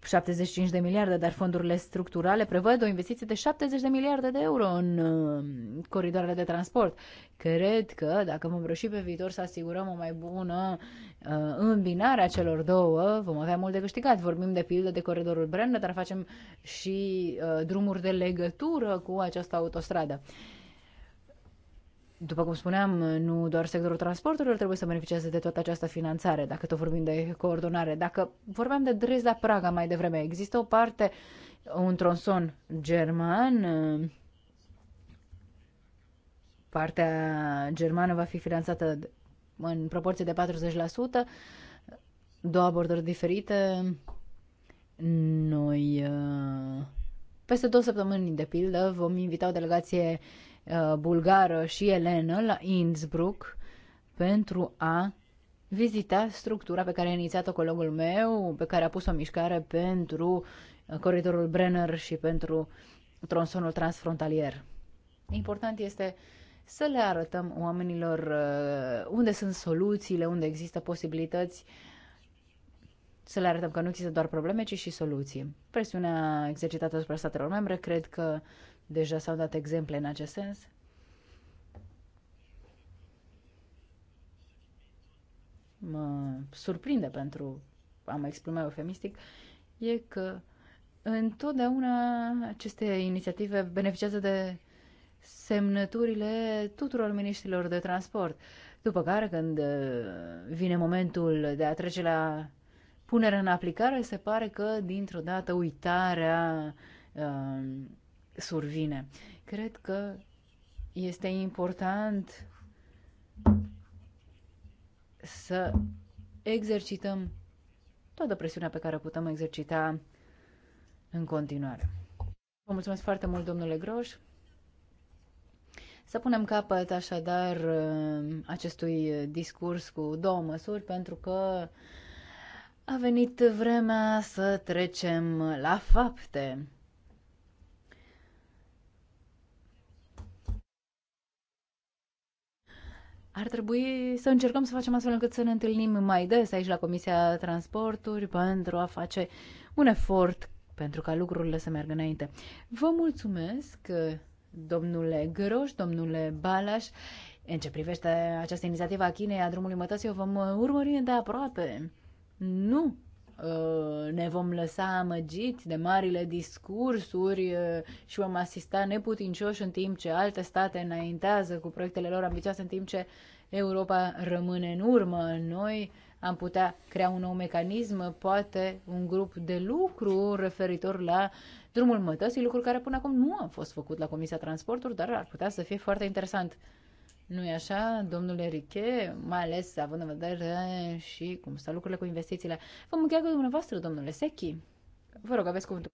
75 de miliarde, dar fondurile structurale prevăd o investiție de 70 de miliarde de euro în uh, coridoarele de transport. Cred că dacă vom reuși pe viitor să asigurăm o mai bună uh, îmbinare a celor două, vom avea mult de câștigat. Vorbim de pildă de coridorul Brenner, dar facem și uh, drumuri de legătură cu această autostradă. Uh, după cum spuneam, nu doar sectorul transporturilor trebuie să beneficieze de toată această finanțare, dacă tot vorbim de coordonare. Dacă vorbeam de la praga mai devreme, există o parte, un tronson german, partea germană va fi finanțată în proporție de 40%, două abordări diferite. Noi peste două săptămâni, de pildă, vom invita o delegație Uh, bulgară și elenă la Innsbruck pentru a vizita structura pe care a inițiat-o colegul meu, pe care a pus-o mișcare pentru uh, coridorul Brenner și pentru tronsonul transfrontalier. Important este să le arătăm oamenilor uh, unde sunt soluțiile, unde există posibilități, să le arătăm că nu există doar probleme, ci și soluții. Presiunea exercitată asupra statelor membre cred că Deja s-au dat exemple în acest sens. Mă surprinde pentru a mă exprima eufemistic, e că întotdeauna aceste inițiative beneficiază de semnăturile tuturor miniștrilor de transport. După care, când uh, vine momentul de a trece la punerea în aplicare, se pare că, dintr-o dată, uitarea uh, survine. Cred că este important să exercităm toată presiunea pe care putem exercita în continuare. Vă mulțumesc foarte mult, domnule Groș. Să punem capăt așadar acestui discurs cu două măsuri, pentru că a venit vremea să trecem la fapte. ar trebui să încercăm să facem astfel încât să ne întâlnim mai des aici la Comisia Transporturi pentru a face un efort pentru ca lucrurile să meargă înainte. Vă mulțumesc, domnule Găroș, domnule Balaș. În ce privește această inițiativă a Chinei a drumului mătăsii, o vom urmări de aproape. Nu Uh, ne vom lăsa amăgiți de marile discursuri uh, și vom asista neputincioși în timp ce alte state înaintează cu proiectele lor ambițioase, în timp ce Europa rămâne în urmă. Noi am putea crea un nou mecanism, poate un grup de lucru referitor la drumul mătăsii, lucruri care până acum nu au fost făcut la Comisia Transporturi, dar ar putea să fie foarte interesant. Nu-i așa, domnule Riche, mai ales având în vedere și cum stau lucrurile cu investițiile. Vom mulțumesc cu dumneavoastră, domnule Sechi. Vă rog, aveți cuvântul.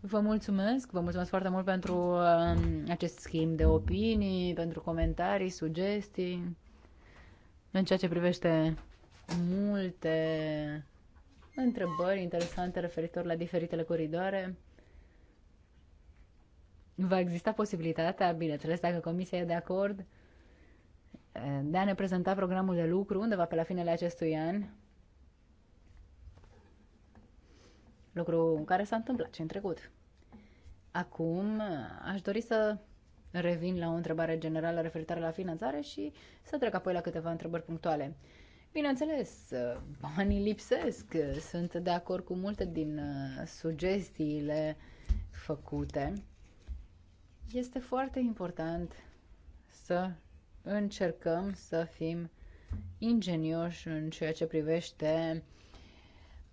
Vă mulțumesc, vă mulțumesc foarte mult pentru um, acest schimb de opinii, pentru comentarii, sugestii. În ceea ce privește multe întrebări interesante referitor la diferitele coridoare va exista posibilitatea, bineînțeles, dacă comisia e de acord, eh, de a ne prezenta programul de lucru undeva pe la finele acestui an. Lucru care s-a întâmplat și în trecut. Acum eh, aș dori să revin la o întrebare generală referitoare la finanțare și să trec apoi la câteva întrebări punctuale. Bineînțeles, eh, banii lipsesc. Sunt de acord cu multe din sugestiile făcute. Este foarte important să încercăm să fim ingenioși în ceea ce privește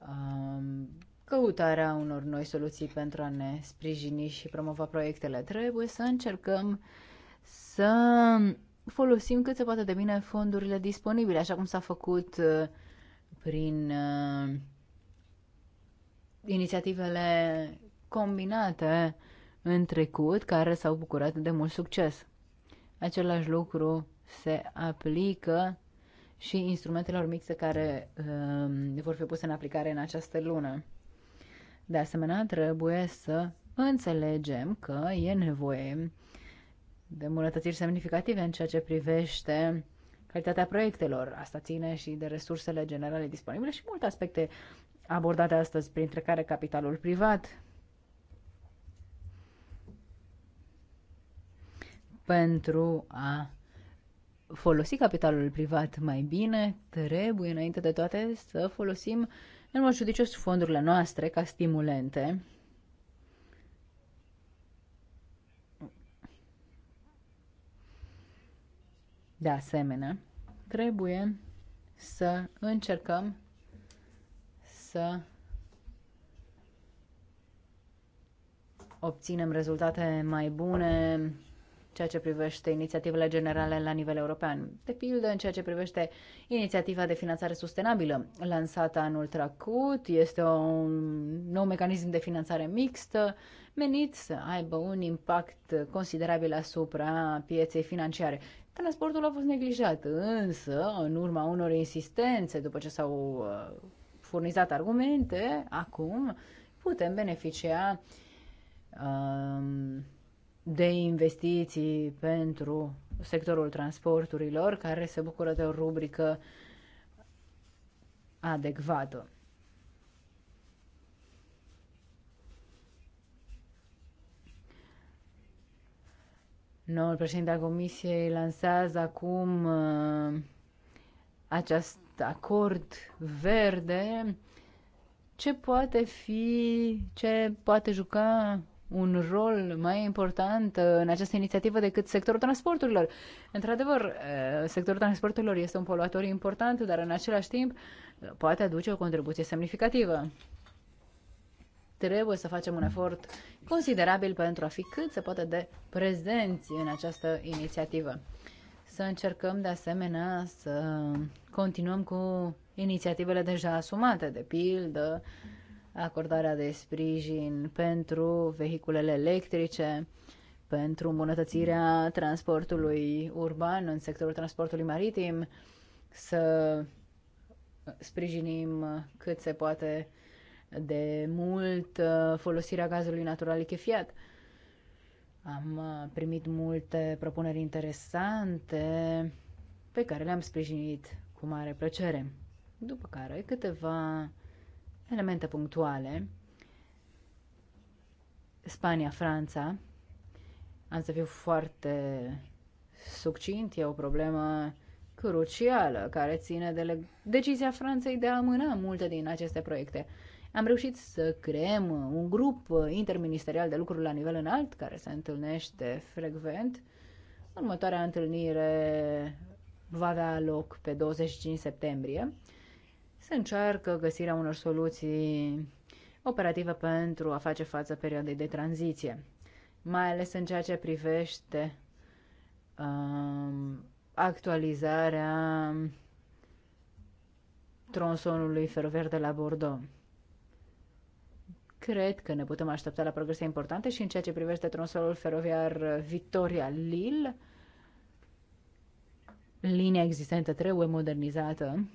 um, căutarea unor noi soluții pentru a ne sprijini și promova proiectele. Trebuie să încercăm să folosim cât se poate de bine fondurile disponibile, așa cum s-a făcut uh, prin uh, inițiativele combinate în trecut care s-au bucurat de mult succes. Același lucru se aplică și instrumentelor mixte care uh, vor fi puse în aplicare în această lună. De asemenea, trebuie să înțelegem că e nevoie de îmbunătățiri semnificative în ceea ce privește calitatea proiectelor. Asta ține și de resursele generale disponibile și multe aspecte abordate astăzi, printre care capitalul privat, pentru a folosi capitalul privat mai bine, trebuie înainte de toate să folosim în mod judicios fondurile noastre ca stimulente. De asemenea, trebuie să încercăm să obținem rezultate mai bune ceea ce privește inițiativele generale la nivel european. De pildă, în ceea ce privește inițiativa de finanțare sustenabilă lansată anul trecut, este un nou mecanism de finanțare mixtă menit să aibă un impact considerabil asupra pieței financiare. Transportul a fost neglijat, însă, în urma unor insistențe, după ce s-au uh, furnizat argumente, acum putem beneficia um, de investiții pentru sectorul transporturilor, care se bucură de o rubrică adecvată. Noul președinte al Comisiei lansează acum uh, acest acord verde ce poate fi, ce poate juca un rol mai important în această inițiativă decât sectorul transporturilor. Într-adevăr, eh, sectorul transporturilor este un poluator important, dar în același timp eh, poate aduce o contribuție semnificativă. Trebuie să facem un efort considerabil pentru a fi cât se poate de prezenți în această inițiativă. Să încercăm de asemenea să continuăm cu inițiativele deja asumate, de pildă, acordarea de sprijin pentru vehiculele electrice, pentru îmbunătățirea transportului urban în sectorul transportului maritim, să sprijinim cât se poate de mult uh, folosirea gazului natural lichefiat. Am uh, primit multe propuneri interesante pe care le-am sprijinit cu mare plăcere. După care câteva elemente punctuale. Spania, Franța. Am să fiu foarte succint, e o problemă crucială care ține de decizia Franței de a amâna multe din aceste proiecte. Am reușit să creăm un grup interministerial de lucruri la nivel înalt care se întâlnește frecvent. Următoarea întâlnire va avea loc pe 25 septembrie se încearcă găsirea unor soluții operative pentru a face față perioadei de tranziție, mai ales în ceea ce privește um, actualizarea tronsonului feroviar de la Bordeaux. Cred că ne putem aștepta la progrese importante și în ceea ce privește tronsonul feroviar Victoria-Lille, linia existentă trebuie modernizată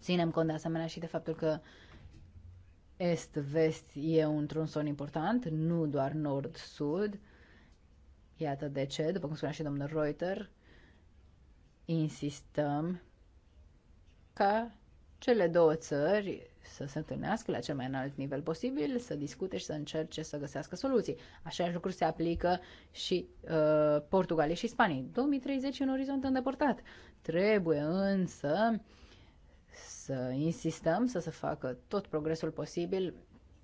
Ținem cont de asemenea și de faptul că est-vest e un son important, nu doar nord-sud. Iată de ce, după cum spunea și domnul Reuter, insistăm ca cele două țări să se întâlnească la cel mai înalt nivel posibil, să discute și să încerce să găsească soluții. Așa lucru se aplică și uh, Portugaliei și Spania. 2030 e un orizont îndepărtat. Trebuie însă să insistăm să se facă tot progresul posibil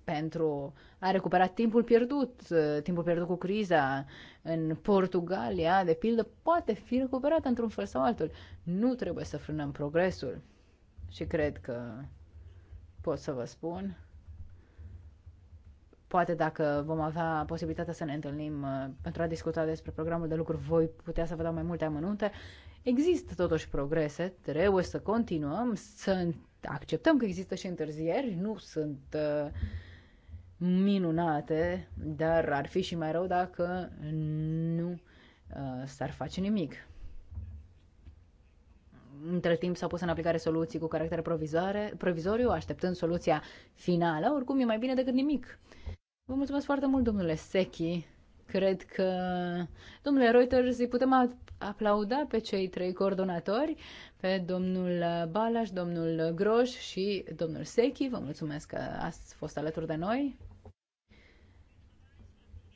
pentru a recupera timpul pierdut, timpul pierdut cu criza în Portugalia, de pildă, poate fi recuperat într-un fel sau altul. Nu trebuie să frânăm progresul. Și cred că pot să vă spun, poate dacă vom avea posibilitatea să ne întâlnim uh, pentru a discuta despre programul de lucru, voi putea să vă dau mai multe amănunte. Există totuși progrese, trebuie să continuăm, să acceptăm că există și întârzieri, nu sunt uh, minunate, dar ar fi și mai rău dacă nu uh, s-ar face nimic. Între timp s-au pus în aplicare soluții cu caracter provizoriu, așteptând soluția finală, oricum e mai bine decât nimic. Vă mulțumesc foarte mult, domnule Sechi, Cred că, domnule Reuters, îi putem aplauda pe cei trei coordonatori, pe domnul Balas, domnul Groș și domnul Sechi. Vă mulțumesc că ați fost alături de noi.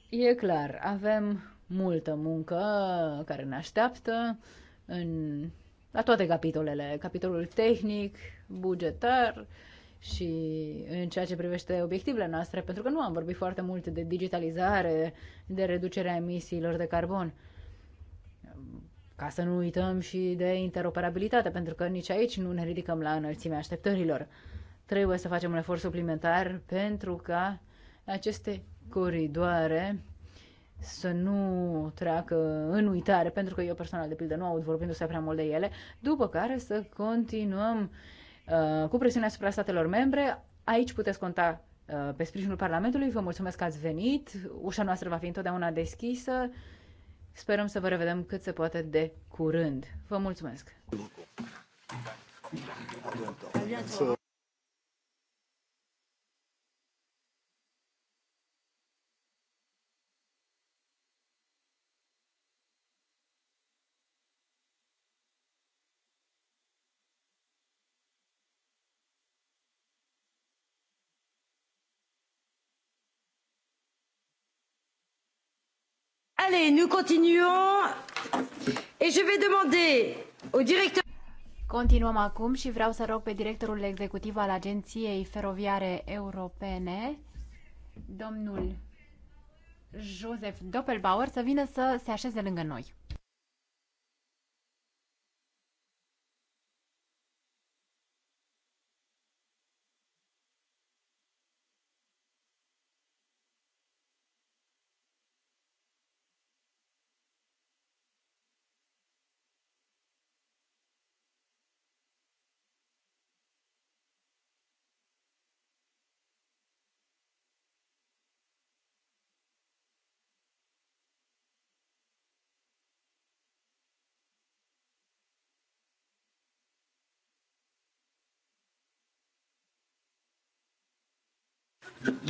E clar, avem multă muncă care ne așteaptă în, la toate capitolele. Capitolul tehnic, bugetar, și în ceea ce privește obiectivele noastre, pentru că nu am vorbit foarte mult de digitalizare, de reducerea emisiilor de carbon. Ca să nu uităm și de interoperabilitate, pentru că nici aici nu ne ridicăm la înălțimea așteptărilor. Trebuie să facem un efort suplimentar pentru ca aceste coridoare să nu treacă în uitare, pentru că eu personal, de pildă, nu aud vorbindu-se prea mult de ele, după care să continuăm uh, Uh, cu presiunea asupra statelor membre. Aici puteți conta uh, pe sprijinul Parlamentului. Vă mulțumesc că ați venit. Ușa noastră va fi întotdeauna deschisă. Sperăm să vă revedem cât se poate de curând. Vă mulțumesc! nous continuons. Et je vais demander au directeur... Continuăm acum și vreau să rog pe directorul executiv al Agenției Feroviare Europene, domnul Joseph Doppelbauer, să vină să se așeze lângă noi.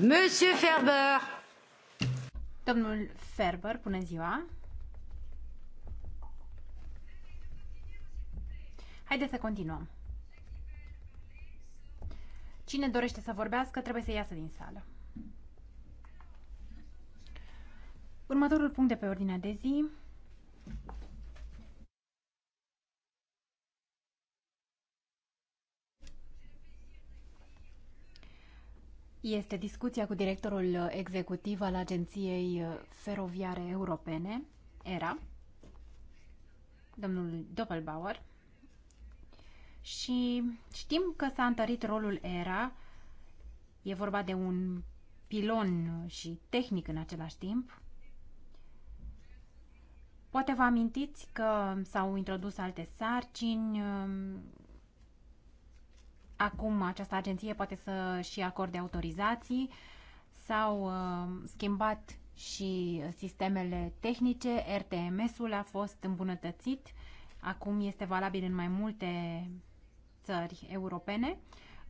Monsieur Ferber! Domnul Ferber, bună ziua! Haideți să continuăm. Cine dorește să vorbească trebuie să iasă din sală. Următorul punct de pe ordinea de zi Este discuția cu directorul executiv al Agenției Feroviare Europene, ERA, domnul Doppelbauer, și știm că s-a întărit rolul ERA, e vorba de un pilon și tehnic în același timp. Poate vă amintiți că s-au introdus alte sarcini, acum această agenție poate să și acorde autorizații, s-au uh, schimbat și sistemele tehnice, RTMS-ul a fost îmbunătățit, acum este valabil în mai multe țări europene,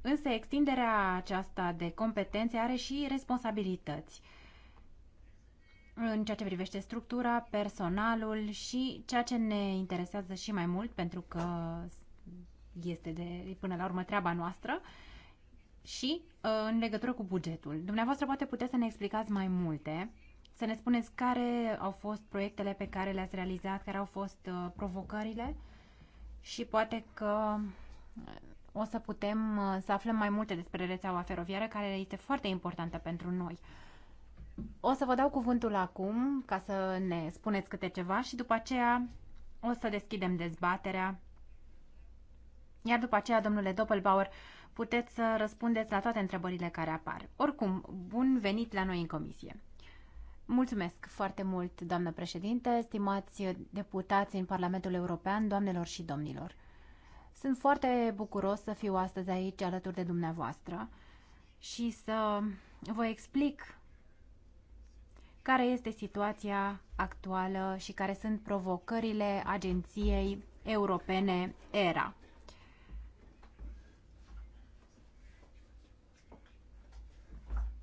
însă extinderea aceasta de competențe are și responsabilități în ceea ce privește structura, personalul și ceea ce ne interesează și mai mult, pentru că este de, până la urmă treaba noastră, și uh, în legătură cu bugetul. Dumneavoastră poate puteți să ne explicați mai multe, să ne spuneți care au fost proiectele pe care le-ați realizat, care au fost uh, provocările și poate că uh, o să putem să aflăm mai multe despre rețeaua feroviară, care este foarte importantă pentru noi. O să vă dau cuvântul acum ca să ne spuneți câte ceva și după aceea o să deschidem dezbaterea iar după aceea, domnule Doppelbauer, puteți să răspundeți la toate întrebările care apar. Oricum, bun venit la noi în comisie. Mulțumesc foarte mult, doamnă președinte, stimați deputați în Parlamentul European, doamnelor și domnilor. Sunt foarte bucuros să fiu astăzi aici alături de dumneavoastră și să vă explic care este situația actuală și care sunt provocările Agenției Europene ERA.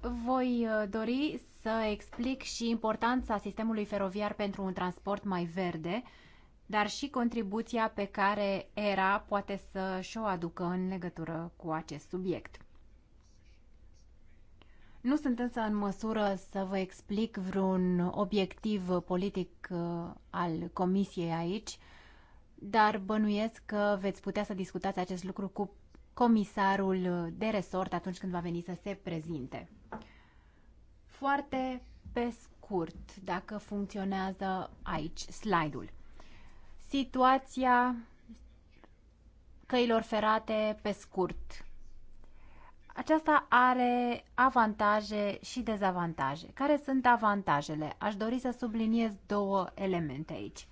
voi uh, dori să explic și importanța sistemului feroviar pentru un transport mai verde, dar și contribuția pe care ERA poate să și-o aducă în legătură cu acest subiect. Nu sunt însă în măsură să vă explic vreun obiectiv politic uh, al Comisiei aici, dar bănuiesc că veți putea să discutați acest lucru cu comisarul de resort atunci când va veni să se prezinte. Foarte pe scurt, dacă funcționează aici slide-ul. Situația căilor ferate pe scurt. Aceasta are avantaje și dezavantaje. Care sunt avantajele? Aș dori să subliniez două elemente aici.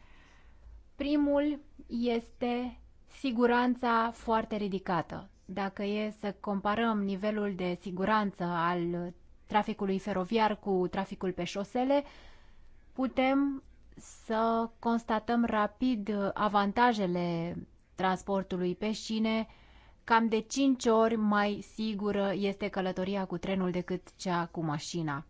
Primul este siguranța foarte ridicată. Dacă e să comparăm nivelul de siguranță al traficului feroviar cu traficul pe șosele, putem să constatăm rapid avantajele transportului pe șine. Cam de 5 ori mai sigură este călătoria cu trenul decât cea cu mașina.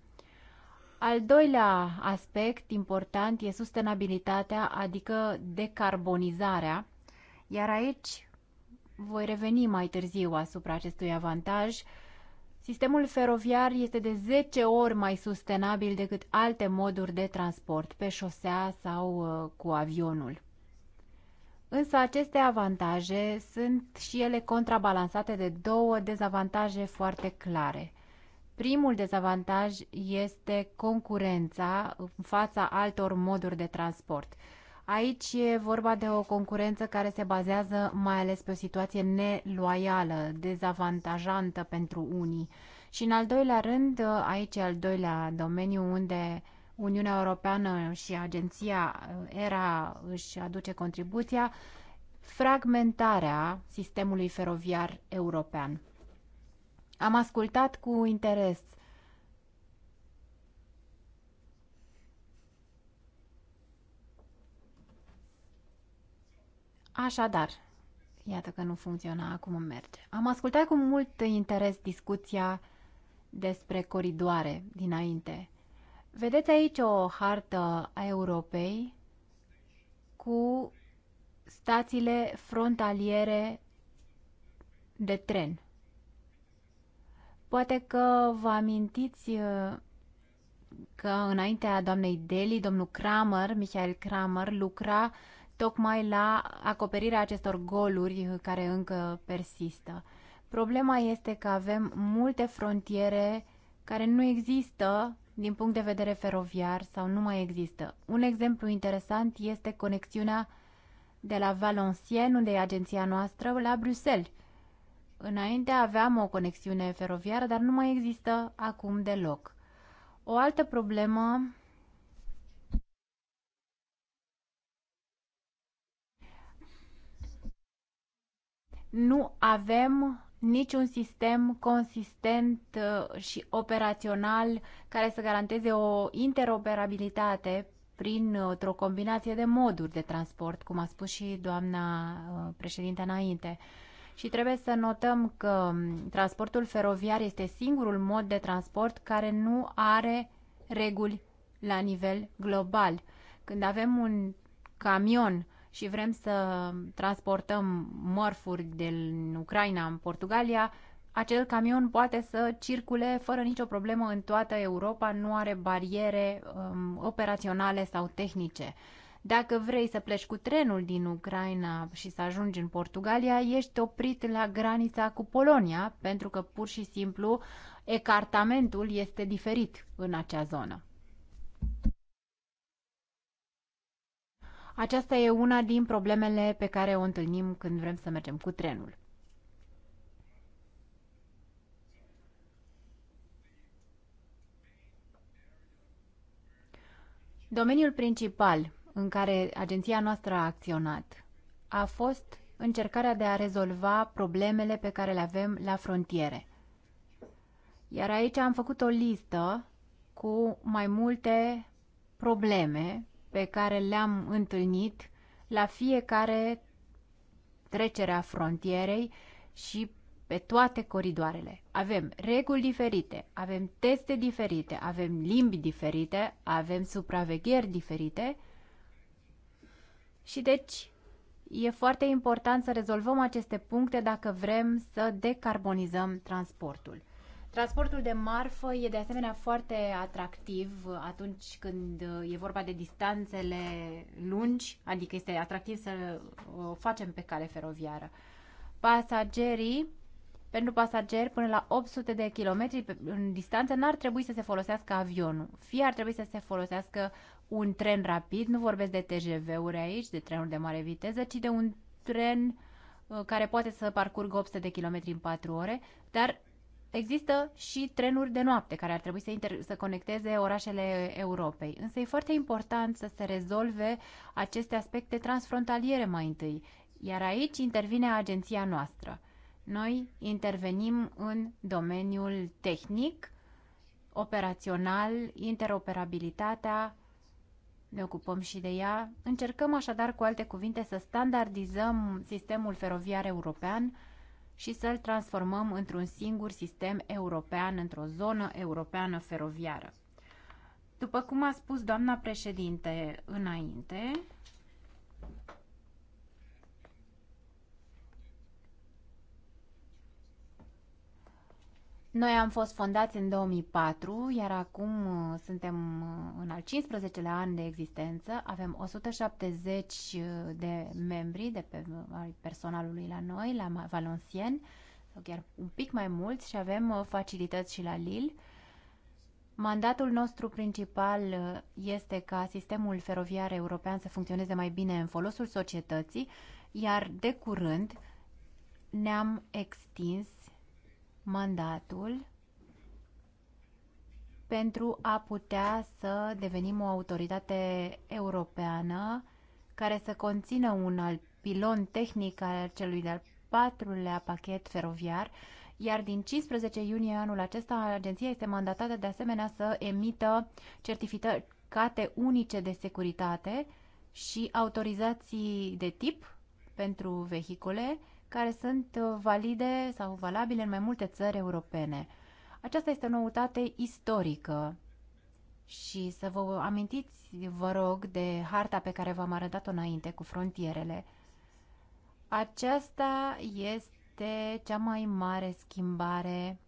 Al doilea aspect important e sustenabilitatea, adică decarbonizarea, iar aici voi reveni mai târziu asupra acestui avantaj. Sistemul feroviar este de 10 ori mai sustenabil decât alte moduri de transport, pe șosea sau uh, cu avionul. Însă aceste avantaje sunt și ele contrabalansate de două dezavantaje foarte clare. Primul dezavantaj este concurența în fața altor moduri de transport. Aici e vorba de o concurență care se bazează mai ales pe o situație neloială, dezavantajantă pentru unii. Și în al doilea rând, aici e al doilea domeniu unde Uniunea Europeană și agenția ERA își aduce contribuția, fragmentarea sistemului feroviar european. Am ascultat cu interes uh, Așadar, iată că nu funcționa, acum merge. Am ascultat cu mult interes discuția despre coridoare dinainte. Vedeți aici o hartă a Europei cu stațiile frontaliere de tren. Poate că vă amintiți uh, că înaintea doamnei Deli, domnul Kramer, Michael Kramer, lucra tocmai la acoperirea acestor goluri care încă persistă. Problema este că avem multe frontiere care nu există din punct de vedere feroviar sau nu mai există. Un exemplu interesant este conexiunea de la Valenciennes, unde e agenția noastră, la Bruxelles. Înainte aveam o conexiune feroviară, dar nu mai există acum deloc. O altă problemă nu avem niciun sistem consistent uh, și operațional care să garanteze o interoperabilitate prin uh, o combinație de moduri de transport, cum a spus și doamna uh, președinte înainte. Și trebuie să notăm că um, transportul feroviar este singurul mod de transport care nu are reguli la nivel global. Când avem un camion și vrem să transportăm mărfuri din Ucraina în Portugalia, acel camion poate să circule fără nicio problemă în toată Europa, nu are bariere um, operaționale sau tehnice. Dacă vrei să pleci cu trenul din Ucraina și să ajungi în Portugalia, ești oprit la granița cu Polonia, pentru că pur și simplu ecartamentul este diferit în acea zonă. Aceasta e una din problemele pe care o întâlnim când vrem să mergem cu trenul. Domeniul principal în care agenția noastră a acționat a fost încercarea de a rezolva problemele pe care le avem la frontiere. Iar aici am făcut o listă cu mai multe probleme pe care le-am întâlnit la fiecare trecere a frontierei și pe toate coridoarele. Avem reguli diferite, avem teste diferite, avem limbi diferite, avem supravegheri diferite și deci e foarte important să rezolvăm aceste puncte dacă vrem să decarbonizăm transportul. Transportul de marfă e de asemenea foarte atractiv atunci când uh, e vorba de distanțele lungi, adică este atractiv să uh, o facem pe cale feroviară. Pasagerii, pentru pasageri până la 800 de kilometri în distanță, n-ar trebui să se folosească avionul. Fie ar trebui să se folosească un tren rapid, nu vorbesc de TGV-uri aici, de trenuri de mare viteză, ci de un tren uh, care poate să parcurgă 800 de kilometri în 4 ore, dar Există și trenuri de noapte care ar trebui să, inter- să conecteze orașele Europei, însă e foarte important să se rezolve aceste aspecte transfrontaliere mai întâi, iar aici intervine agenția noastră. Noi intervenim în domeniul tehnic, operațional, interoperabilitatea, ne ocupăm și de ea. Încercăm așadar, cu alte cuvinte, să standardizăm sistemul feroviar european și să-l transformăm într-un singur sistem european, într-o zonă europeană feroviară. După cum a spus doamna președinte înainte, Noi am fost fondați în 2004, iar acum uh, suntem uh, în al 15-lea an de existență. Avem 170 uh, de membri de pe personalului la noi, la Valenciennes, sau chiar un pic mai mulți și avem facilități și la Lille. Mandatul nostru principal este ca sistemul feroviar european să funcționeze mai bine în folosul societății, iar de curând ne-am extins mandatul pentru a putea să devenim o autoritate europeană care să conțină un alt pilon tehnic al celui de-al patrulea pachet feroviar, iar din 15 iunie anul acesta agenția este mandatată de asemenea să emită certificate unice de securitate și autorizații de tip pentru vehicule, care sunt uh, valide sau valabile în mai multe țări europene. Aceasta este o noutate istorică și să vă amintiți, vă rog, de harta pe care v-am arătat-o înainte cu frontierele. Aceasta este cea mai mare schimbare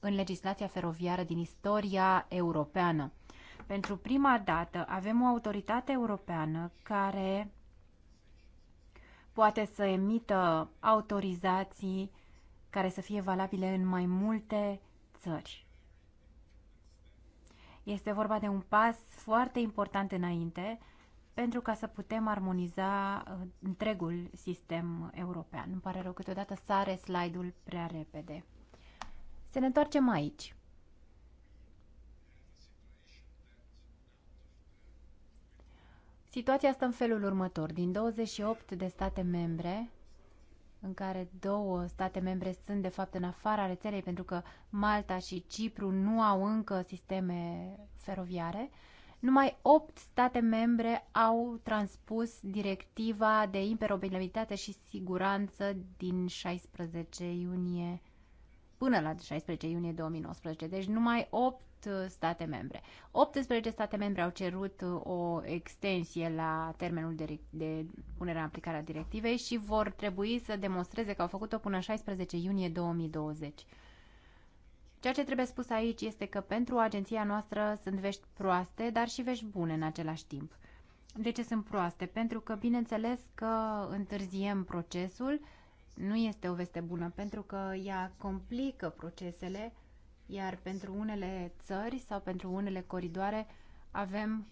în legislația feroviară din istoria europeană. Pentru prima dată avem o autoritate europeană care poate să emită autorizații care să fie valabile în mai multe țări. Este vorba de un pas foarte important înainte pentru ca să putem armoniza uh, întregul sistem european. Îmi pare rău, câteodată sare slide-ul prea repede. Să ne întoarcem aici. Situația stă în felul următor. Din 28 de state membre, în care două state membre sunt de fapt în afara rețelei pentru că Malta și Cipru nu au încă sisteme feroviare, numai 8 state membre au transpus directiva de imperobilitate și siguranță din 16 iunie până la 16 iunie 2019. Deci numai 8 Uh, state membre. 18 state membre au cerut uh, o extensie la termenul de, de punere în aplicare a directivei și vor trebui să demonstreze că au făcut-o până 16 iunie 2020. Ceea ce trebuie spus aici este că pentru agenția noastră sunt vești proaste, dar și vești bune în același timp. De ce sunt proaste? Pentru că, bineînțeles, că întârziem procesul, nu este o veste bună, pentru că ea complică procesele iar pentru unele țări sau pentru unele coridoare avem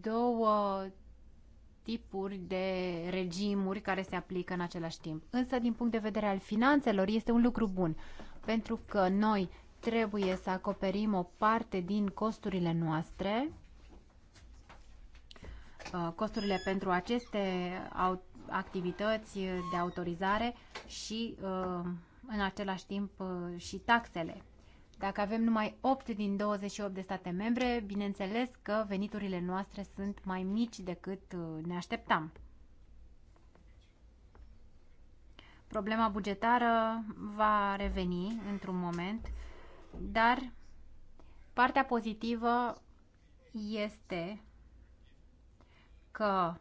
două tipuri de regimuri care se aplică în același timp. Însă, din punct de vedere al finanțelor, este un lucru bun, pentru că noi trebuie să acoperim o parte din costurile noastre, uh, costurile pentru aceste activități de autorizare și, uh, în același timp, uh, și taxele dacă avem numai 8 din 28 de state membre, bineînțeles că veniturile noastre sunt mai mici decât uh, ne așteptam. Problema bugetară va reveni într-un moment, dar partea pozitivă este că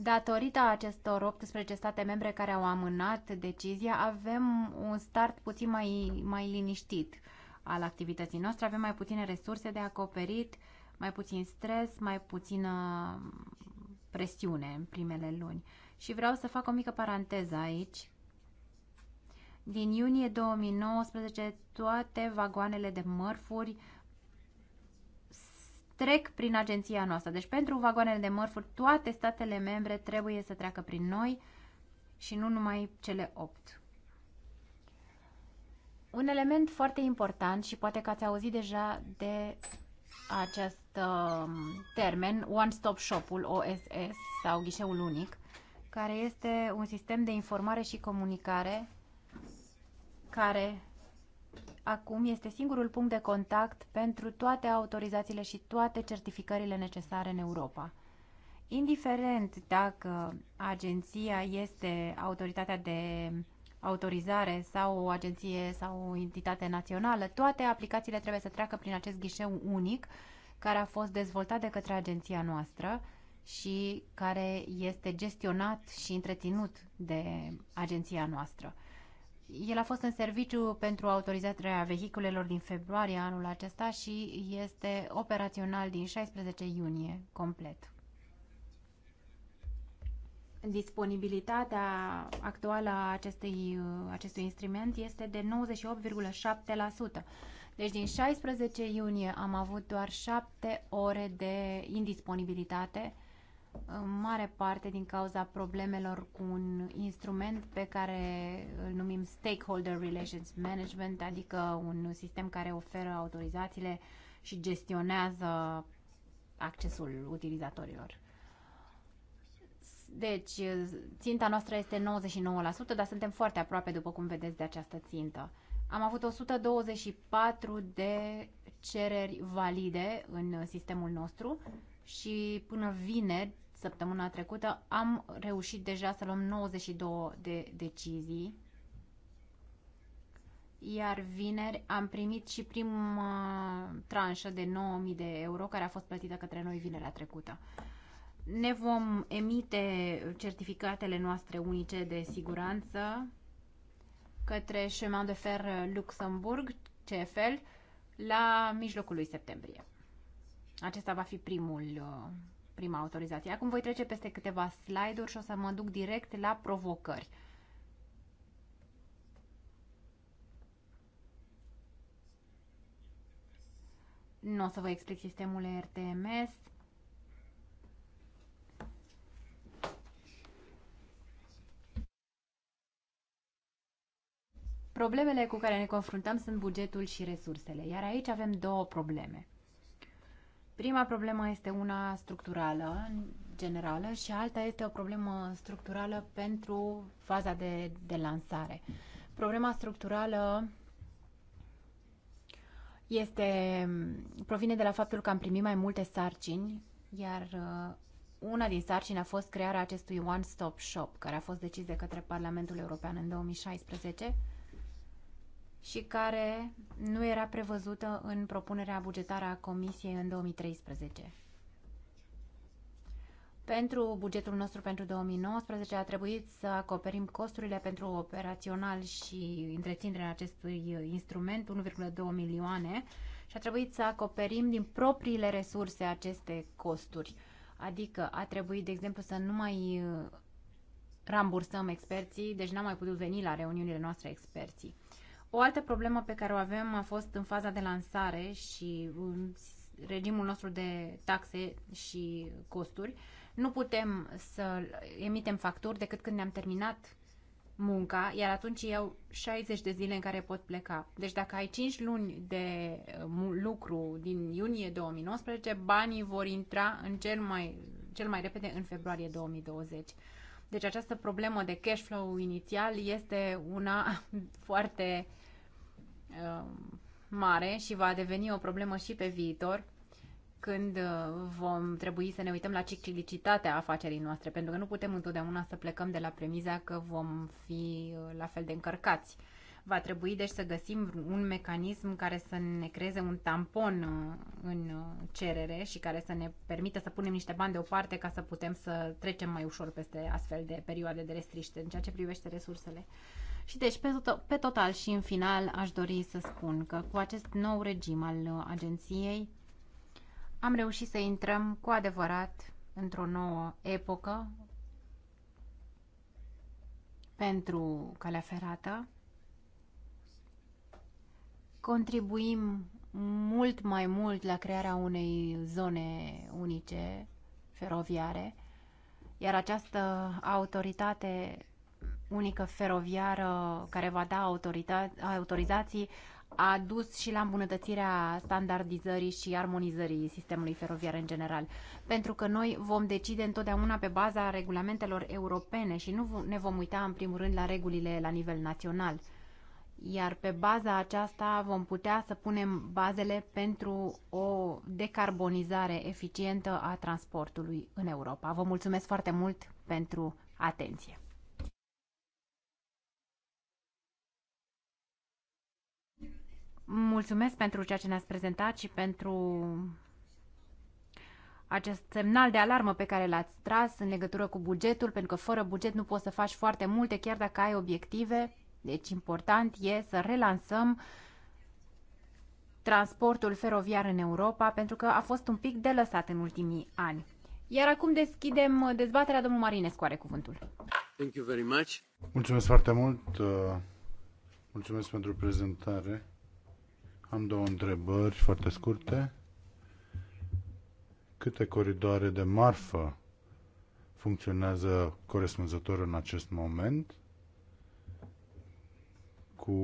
Datorită acestor 18 state membre care au amânat decizia, avem un start puțin mai, mai liniștit al activității noastre, avem mai puține resurse de acoperit, mai puțin stres, mai puțină presiune în primele luni. Și vreau să fac o mică paranteză aici. Din iunie 2019, toate vagoanele de mărfuri trec prin agenția noastră. Deci pentru vagoanele de mărfuri, toate statele membre trebuie să treacă prin noi și nu numai cele 8. Un element foarte important și poate că ați auzit deja de acest um, termen, One Stop Shop-ul, OSS sau ghișeul unic, care este un sistem de informare și comunicare care acum este singurul punct de contact pentru toate autorizațiile și toate certificările necesare în Europa. Indiferent dacă agenția este autoritatea de autorizare sau o agenție sau o entitate națională, toate aplicațiile trebuie să treacă prin acest ghișeu unic care a fost dezvoltat de către agenția noastră și care este gestionat și întreținut de agenția noastră. El a fost în serviciu pentru autorizarea vehiculelor din februarie anul acesta și este operațional din 16 iunie complet. Disponibilitatea actuală a acestui, acestui instrument este de 98,7%. Deci din 16 iunie am avut doar 7 ore de indisponibilitate în mare parte din cauza problemelor cu un instrument pe care îl numim Stakeholder Relations Management, adică un sistem care oferă autorizațiile și gestionează accesul utilizatorilor. Deci, ținta noastră este 99%, dar suntem foarte aproape, după cum vedeți, de această țintă. Am avut 124 de cereri valide în sistemul nostru și până vineri săptămâna trecută, am reușit deja să luăm 92 de decizii, iar vineri am primit și prima tranșă de 9.000 de euro care a fost plătită către noi vinerea trecută. Ne vom emite certificatele noastre unice de siguranță către Chemin de Fer Luxemburg, CFL, la mijlocul lui septembrie. Acesta va fi primul uh, prima autorizație. Acum voi trece peste câteva slide-uri și o să mă duc direct la provocări. Nu o să vă explic sistemul RTMS. Problemele cu care ne confruntăm sunt bugetul și resursele, iar aici avem două probleme. Prima problemă este una structurală, generală, și alta este o problemă structurală pentru faza de, de lansare. Problema structurală este, provine de la faptul că am primit mai multe sarcini, iar uh, una din sarcini a fost crearea acestui one-stop shop, care a fost decis de către Parlamentul European în 2016 și care nu era prevăzută în propunerea bugetară a Comisiei în 2013. Pentru bugetul nostru pentru 2019 a trebuit să acoperim costurile pentru operațional și întreținerea acestui instrument, 1,2 milioane, și a trebuit să acoperim din propriile resurse aceste costuri. Adică a trebuit, de exemplu, să nu mai uh, rambursăm experții, deci n-am mai putut veni la reuniunile noastre experții. O altă problemă pe care o avem a fost în faza de lansare și în regimul nostru de taxe și costuri. Nu putem să emitem facturi decât când ne-am terminat munca, iar atunci iau 60 de zile în care pot pleca. Deci dacă ai 5 luni de uh, lucru din iunie 2019, banii vor intra în cel mai, cel mai repede în februarie 2020. Deci această problemă de cash flow inițial este una foarte Um, mare și va deveni o problemă și pe viitor când uh, vom trebui să ne uităm la ciclicitatea afacerii noastre, pentru că nu putem întotdeauna să plecăm de la premiza că vom fi uh, la fel de încărcați. Va trebui deci să găsim un mecanism care să ne creeze un tampon uh, în cerere și care să ne permită să punem niște bani deoparte ca să putem să trecem mai ușor peste astfel de perioade de restriște în ceea ce privește resursele. Și deci pe, tot, pe total și în final aș dori să spun că cu acest nou regim al uh, agenției am reușit să intrăm cu adevărat într-o nouă epocă pentru calea ferată. Contribuim mult mai mult la crearea unei zone unice feroviare, iar această autoritate unică feroviară care va da autorizații a dus și la îmbunătățirea standardizării și armonizării sistemului feroviar în general. Pentru că noi vom decide întotdeauna pe baza regulamentelor europene și nu ne vom uita în primul rând la regulile la nivel național. Iar pe baza aceasta vom putea să punem bazele pentru o decarbonizare eficientă a transportului în Europa. Vă mulțumesc foarte mult pentru atenție! Mulțumesc pentru ceea ce ne-ați prezentat și pentru acest semnal de alarmă pe care l-ați tras în legătură cu bugetul, pentru că fără buget nu poți să faci foarte multe, chiar dacă ai obiective. Deci important e să relansăm transportul feroviar în Europa, pentru că a fost un pic de lăsat în ultimii ani. Iar acum deschidem dezbaterea. Domnul Marinescu are cuvântul. Thank you very much. Mulțumesc foarte mult. Uh, mulțumesc pentru prezentare. Am două întrebări foarte scurte. Câte coridoare de marfă funcționează corespunzător în acest moment cu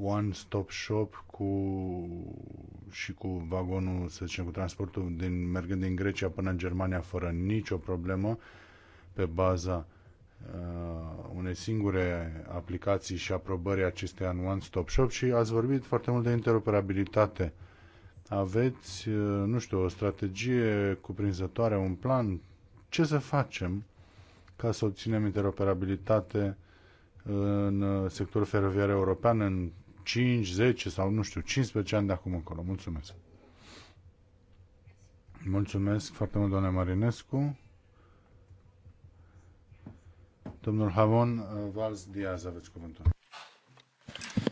one-stop shop cu, și cu vagonul, să zicem, cu transportul din, mergând din Grecia până în Germania fără nicio problemă pe baza uh, Uh, unei singure aplicații și aprobării acesteia în One Stop Shop și ați vorbit foarte mult de interoperabilitate. Aveți, uh, nu știu, o strategie cuprinzătoare, un plan? Ce să facem ca să obținem interoperabilitate în uh, sectorul feroviar european în 5, 10 sau, nu știu, 15 ani de acum încolo? Mulțumesc! Mulțumesc foarte mult, doamne Marinescu. Domnul Hamon uh, Valls Diaz, aveți cuvântul.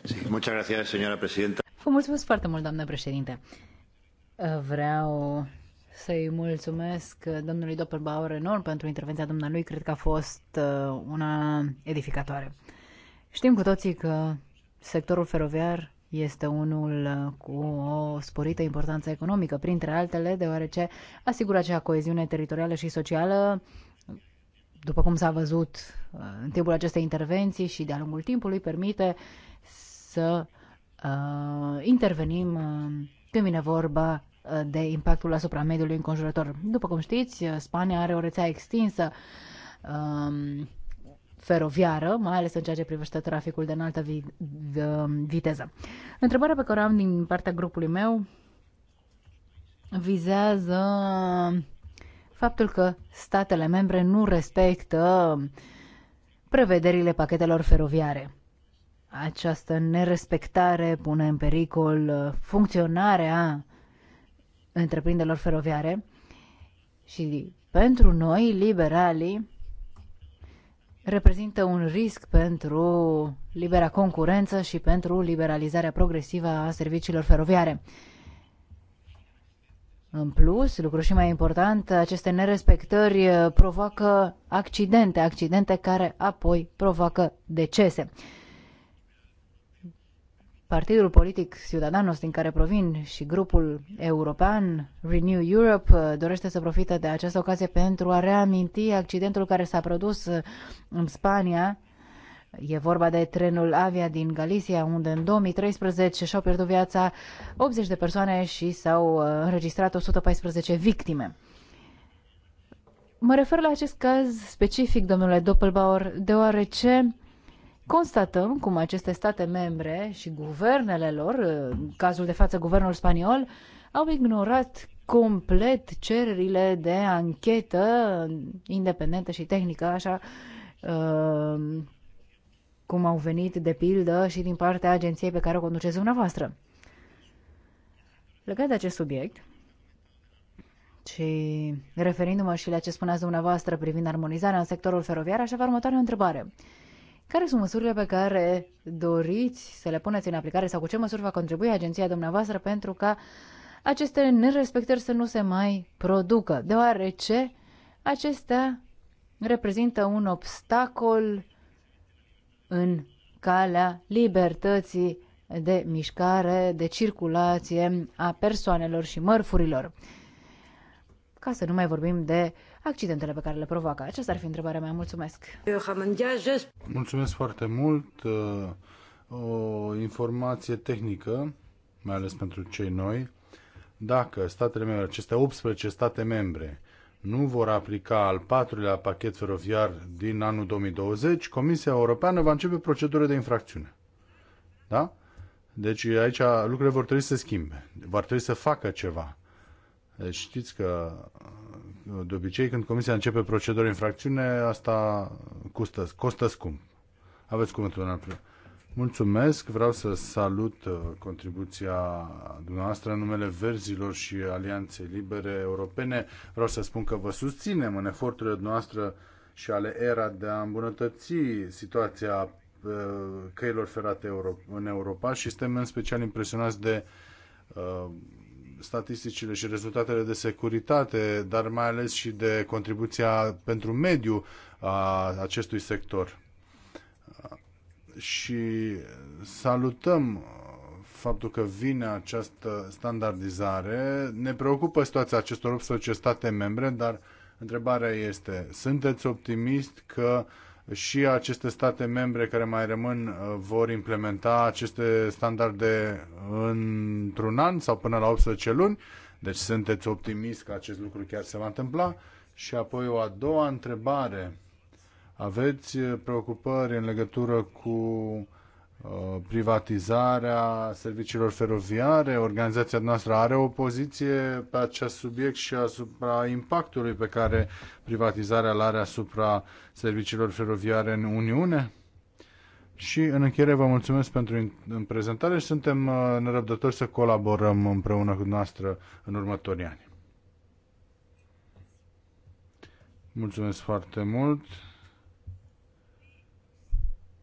Sí, muchas gracias, señora presidenta. Vă mulțumesc foarte mult, doamnă președinte. Uh, vreau să-i mulțumesc domnului Doppelbauer enorm pentru intervenția dumnealui. Cred că a fost uh, una edificatoare. Știm cu toții că sectorul feroviar este unul cu o sporită importanță economică, printre altele, deoarece asigură acea coeziune teritorială și socială după cum s-a văzut uh, în timpul acestei intervenții și de-a lungul timpului, permite să uh, intervenim uh, când vine vorba uh, de impactul asupra mediului înconjurător. După cum știți, uh, Spania are o rețea extinsă um, feroviară, mai ales în ceea ce privește traficul de înaltă vi- vi- um, viteză. Întrebarea pe care o am din partea grupului meu vizează faptul că statele membre nu respectă prevederile pachetelor feroviare. Această nerespectare pune în pericol funcționarea întreprinderilor feroviare și pentru noi, liberalii, reprezintă un risc pentru libera concurență și pentru liberalizarea progresivă a serviciilor feroviare. În plus, lucru și mai important, aceste nerespectări uh, provoacă accidente, accidente care apoi provoacă decese. Partidul politic Ciudadanos din care provin și grupul european Renew Europe uh, dorește să profite de această ocazie pentru a reaminti accidentul care s-a produs uh, în Spania E vorba de trenul Avia din Galicia, unde în 2013 și-au pierdut viața 80 de persoane și s-au uh, înregistrat 114 victime. Mă refer la acest caz specific, domnule Doppelbauer, deoarece constatăm cum aceste state membre și guvernele lor, uh, în cazul de față guvernul spaniol, au ignorat complet cererile de anchetă independentă și tehnică, așa, uh, cum au venit, de pildă, și din partea agenției pe care o conduceți dumneavoastră. Legat de acest subiect, și referindu-mă și la ce spuneați dumneavoastră privind armonizarea în sectorul feroviar, aș avea următoarea întrebare. Care sunt măsurile pe care doriți să le puneți în aplicare sau cu ce măsuri va contribui agenția dumneavoastră pentru ca aceste nerespectări să nu se mai producă, deoarece acestea reprezintă un obstacol în calea libertății de mișcare, de circulație a persoanelor și mărfurilor. Ca să nu mai vorbim de accidentele pe care le provoacă. Aceasta ar fi întrebarea mea. Mulțumesc! Mulțumesc foarte mult! O informație tehnică, mai ales pentru cei noi. Dacă statele membre, aceste 18 state membre, nu vor aplica al patrulea pachet feroviar din anul 2020, Comisia Europeană va începe procedură de infracțiune. Da? Deci aici lucrurile vor trebui să se schimbe. Vor trebui să facă ceva. Deci știți că de obicei când Comisia începe procedură de infracțiune, asta costă, costă scump. Aveți cuvântul, doamna Mulțumesc, vreau să salut uh, contribuția dumneavoastră în numele Verzilor și Alianței Libere Europene. Vreau să spun că vă susținem în eforturile noastre și ale ERA de a îmbunătăți situația uh, căilor ferate în Europa și suntem în special impresionați de uh, statisticile și rezultatele de securitate, dar mai ales și de contribuția pentru mediu a acestui sector și salutăm uh, faptul că vine această standardizare. Ne preocupă situația acestor 18 state membre, dar întrebarea este, sunteți optimist că și aceste state membre care mai rămân uh, vor implementa aceste standarde într-un an sau până la 18 luni? Deci sunteți optimist că acest lucru chiar se va întâmpla? Și apoi o a doua întrebare aveți eh, preocupări în legătură cu eh, privatizarea serviciilor feroviare? Organizația noastră are o poziție pe acest subiect și asupra impactului pe care privatizarea l are asupra serviciilor feroviare în Uniune? Și în încheiere vă mulțumesc pentru prezentare și suntem eh, nerăbdători să colaborăm împreună cu noastră în următorii ani. Mulțumesc foarte mult!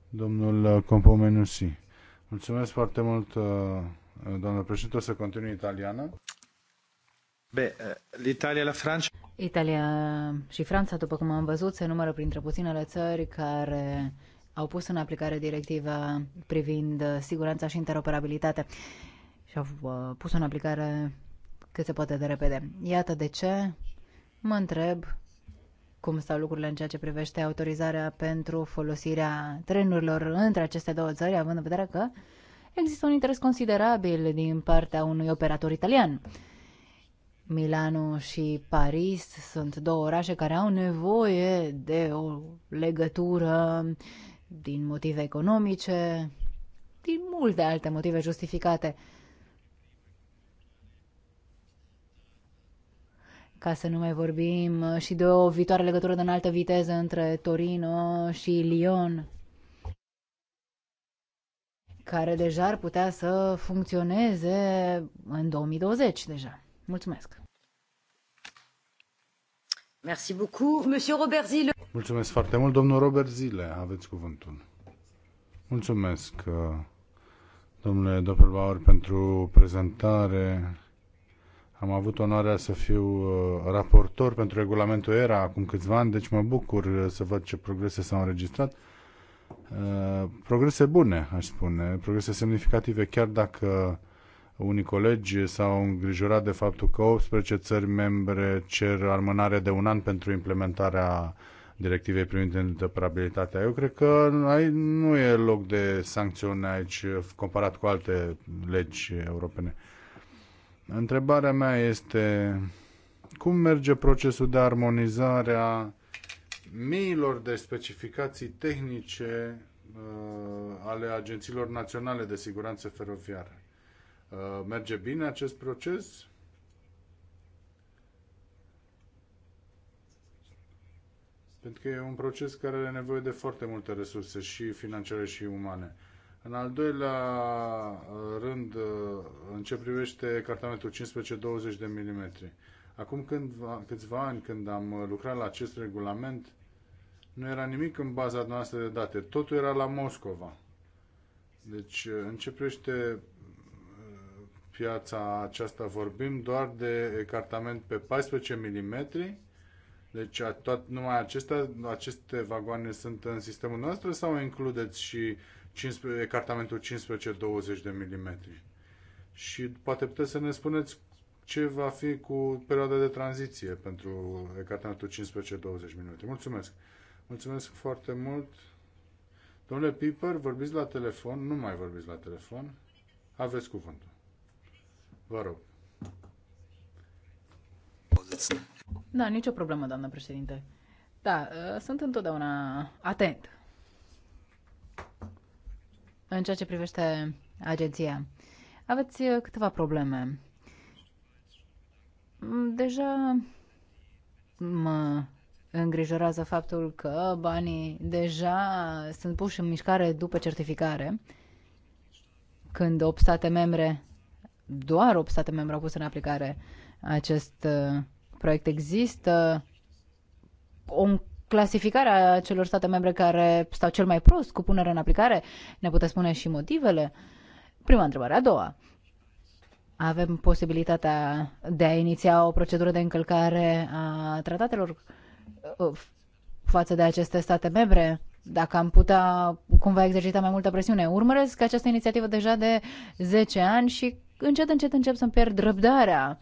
Domnul uh, Compomenusi. Mulțumesc foarte mult, uh, doamnă președinte. O să continui italiană. Be, eh, l'Italia la Francia. Italia și Franța, după cum am văzut, se numără printre puținele țări care au pus în aplicare directiva privind uh, siguranța și interoperabilitatea și au pus în aplicare cât se poate de repede. Iată de ce mă întreb cum stau lucrurile în ceea ce privește autorizarea pentru folosirea trenurilor între aceste două țări, având în vedere că există un interes considerabil din partea unui operator italian. Milano și Paris sunt două orașe care au nevoie de o legătură din motive economice, din multe alte motive justificate. ca să nu mai vorbim uh, și de o viitoare legătură de înaltă viteză între Torino și Lyon, care deja ar putea să funcționeze în 2020 deja. Mulțumesc! Merci beaucoup, Monsieur Robert Zile. Mulțumesc foarte mult, domnul Robert Zile. Aveți cuvântul. Mulțumesc, uh, domnule Doppelbauer, pentru prezentare am avut onoarea să fiu uh, raportor pentru regulamentul ERA acum câțiva ani, deci mă bucur uh, să văd ce progrese s-au înregistrat. Uh, progrese bune, aș spune, progrese semnificative, chiar dacă unii colegi s-au îngrijorat de faptul că 18 țări membre cer armânare de un an pentru implementarea directivei privind interoperabilitatea. Eu cred că nu e loc de sancțiune aici comparat cu alte legi europene. Întrebarea mea este cum merge procesul de armonizare a miilor de specificații tehnice uh, ale agențiilor naționale de siguranță feroviară. Uh, merge bine acest proces? Pentru că e un proces care are nevoie de foarte multe resurse și financiare și umane. În al doilea uh, rând, uh, în ce privește cartamentul 15-20 de mm. Acum când, câțiva ani, când am uh, lucrat la acest regulament, nu era nimic în baza noastră de date. Totul era la Moscova. Deci, în ce privește piața aceasta, vorbim doar de cartament pe 14 mm. Deci, tot, numai acestea, aceste vagoane sunt în sistemul nostru sau includeți și 15, ecartamentul 15-20 de milimetri. Și poate puteți să ne spuneți ce va fi cu perioada de tranziție pentru ecartamentul 15-20 mm. Mulțumesc! Mulțumesc foarte mult! Domnule Piper, vorbiți la telefon? Nu mai vorbiți la telefon. Aveți cuvântul. Vă rog. Da, nicio problemă, doamnă președinte. Da, ă, sunt întotdeauna atent în ceea ce privește agenția. Aveți uh, câteva probleme. Mm, deja mă îngrijorează faptul că banii deja sunt puși în mișcare după certificare, când 8 state membre, doar 8 state membre au pus în aplicare acest uh, proiect. Există un clasificarea celor state membre care stau cel mai prost cu punerea în aplicare? Ne puteți spune și motivele? Prima întrebare. A doua. Avem posibilitatea de a iniția o procedură de încălcare a tratatelor uh, față de aceste state membre? Dacă am putea cumva exercita mai multă presiune. Urmăresc această inițiativă deja de 10 ani și încet, încet încep să-mi pierd răbdarea.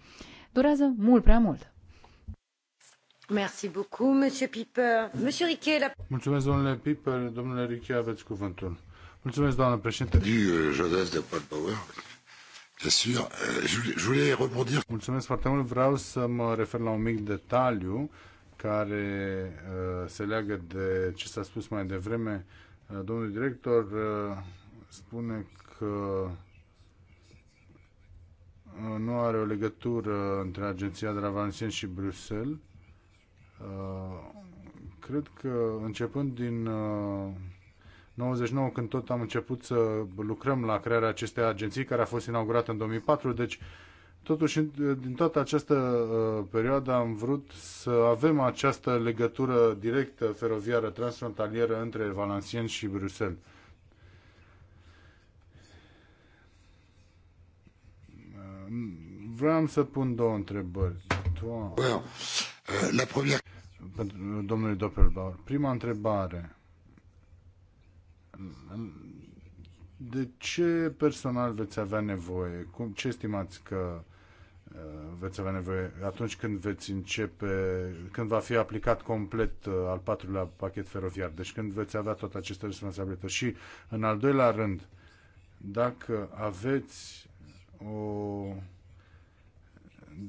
Durează mult prea mult. Merci beaucoup, Monsieur Piper. Monsieur Riquet, la... Mulțumesc, domnule Piper. Domnule Riquet, aveți cuvântul. Mulțumesc, doamnă președinte. Du euh, Joseph de Power. Sûr, euh, je voulais rebondir. Mulțumesc foarte mult. Vreau să mă refer la un mic detaliu care uh, se leagă de ce s-a spus mai devreme. Uh, domnul director uh, spune că nu are o legătură între agenția de la Valenciennes și Bruxelles Uh, cred că începând din 99, uh, când tot am început să lucrăm la crearea acestei agenții, care a fost inaugurată în 2004, deci Totuși, din toată această uh, perioadă am vrut să avem această legătură directă feroviară transfrontalieră între Valenciennes și Bruxelles. Uh, vreau să pun două întrebări. Doamne. La première... Domnului Doppelbauer, prima întrebare. De ce personal veți avea nevoie? Cum, ce estimați că uh, veți avea nevoie atunci când veți începe, când va fi aplicat complet uh, al patrulea pachet feroviar, deci când veți avea toate aceste responsabilități. Și în al doilea rând, dacă aveți o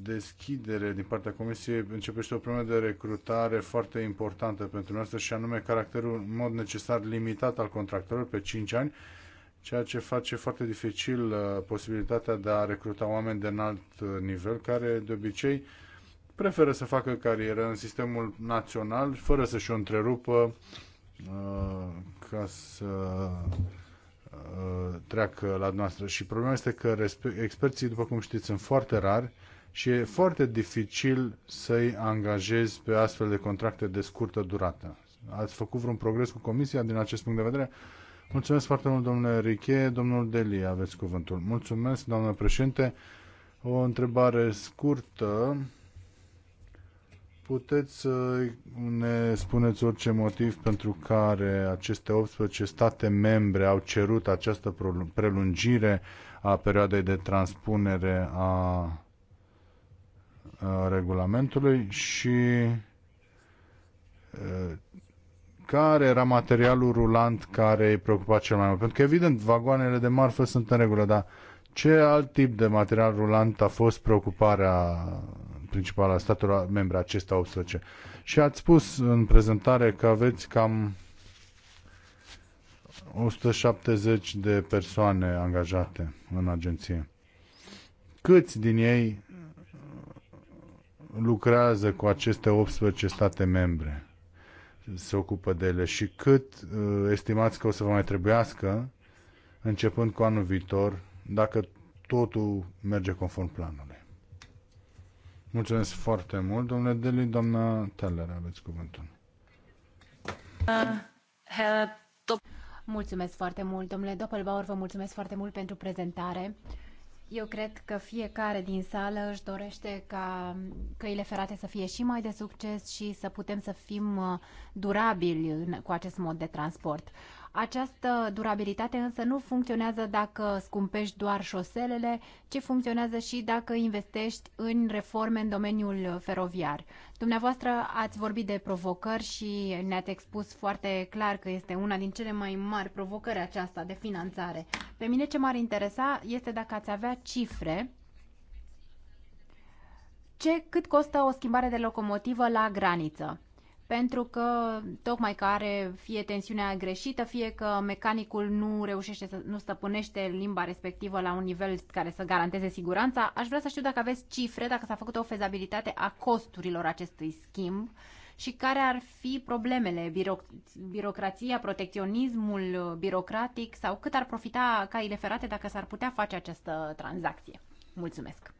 deschidere din partea Comisiei începește o problemă de recrutare foarte importantă pentru noastră și anume caracterul în mod necesar limitat al contractelor pe 5 ani, ceea ce face foarte dificil uh, posibilitatea de a recruta oameni de înalt uh, nivel care de obicei preferă să facă carieră în sistemul național fără să-și o întrerupă uh, ca să treacă la noastră. Și problema este că experții, după cum știți, sunt foarte rari și e foarte dificil să-i angajezi pe astfel de contracte de scurtă durată. Ați făcut vreun progres cu Comisia din acest punct de vedere? Mulțumesc foarte mult, domnule Riche. Domnul Deli, aveți cuvântul. Mulțumesc, doamnă președinte. O întrebare scurtă. Puteți să ne spuneți orice motiv pentru care aceste 18 state membre au cerut această prelungire a perioadei de transpunere a Uh, regulamentului și uh, care era materialul rulant care îi preocupa cel mai mult? Pentru că, evident, vagoanele de marfă sunt în regulă, dar ce alt tip de material rulant a fost preocuparea principală a statului membre acesta 18? Și ați spus în prezentare că aveți cam 170 de persoane angajate în agenție. Câți din ei lucrează cu aceste 18 state membre? Se ocupă de ele și cât uh, estimați că o să vă mai trebuiască începând cu anul viitor, dacă totul merge conform planului? Mulțumesc foarte mult, domnule Deli. Doamna Teller, aveți cuvântul. Mulțumesc foarte mult, domnule Doppelbauer, vă mulțumesc foarte mult pentru prezentare. Eu cred că fiecare din sală își dorește ca căile ferate să fie și mai de succes și să putem să fim uh, durabili cu acest mod de transport. Această durabilitate însă nu funcționează dacă scumpești doar șoselele, ci funcționează și dacă investești în reforme în domeniul feroviar. Dumneavoastră ați vorbit de provocări și ne-ați expus foarte clar că este una din cele mai mari provocări aceasta de finanțare. Pe mine ce m-ar interesa este dacă ați avea cifre ce, cât costă o schimbare de locomotivă la graniță pentru că tocmai că are fie tensiunea greșită, fie că mecanicul nu reușește să nu stăpânește limba respectivă la un nivel care să garanteze siguranța. Aș vrea să știu dacă aveți cifre, dacă s-a făcut o fezabilitate a costurilor acestui schimb și care ar fi problemele, biro- birocrația, protecționismul birocratic sau cât ar profita caile ferate dacă s-ar putea face această tranzacție. Mulțumesc!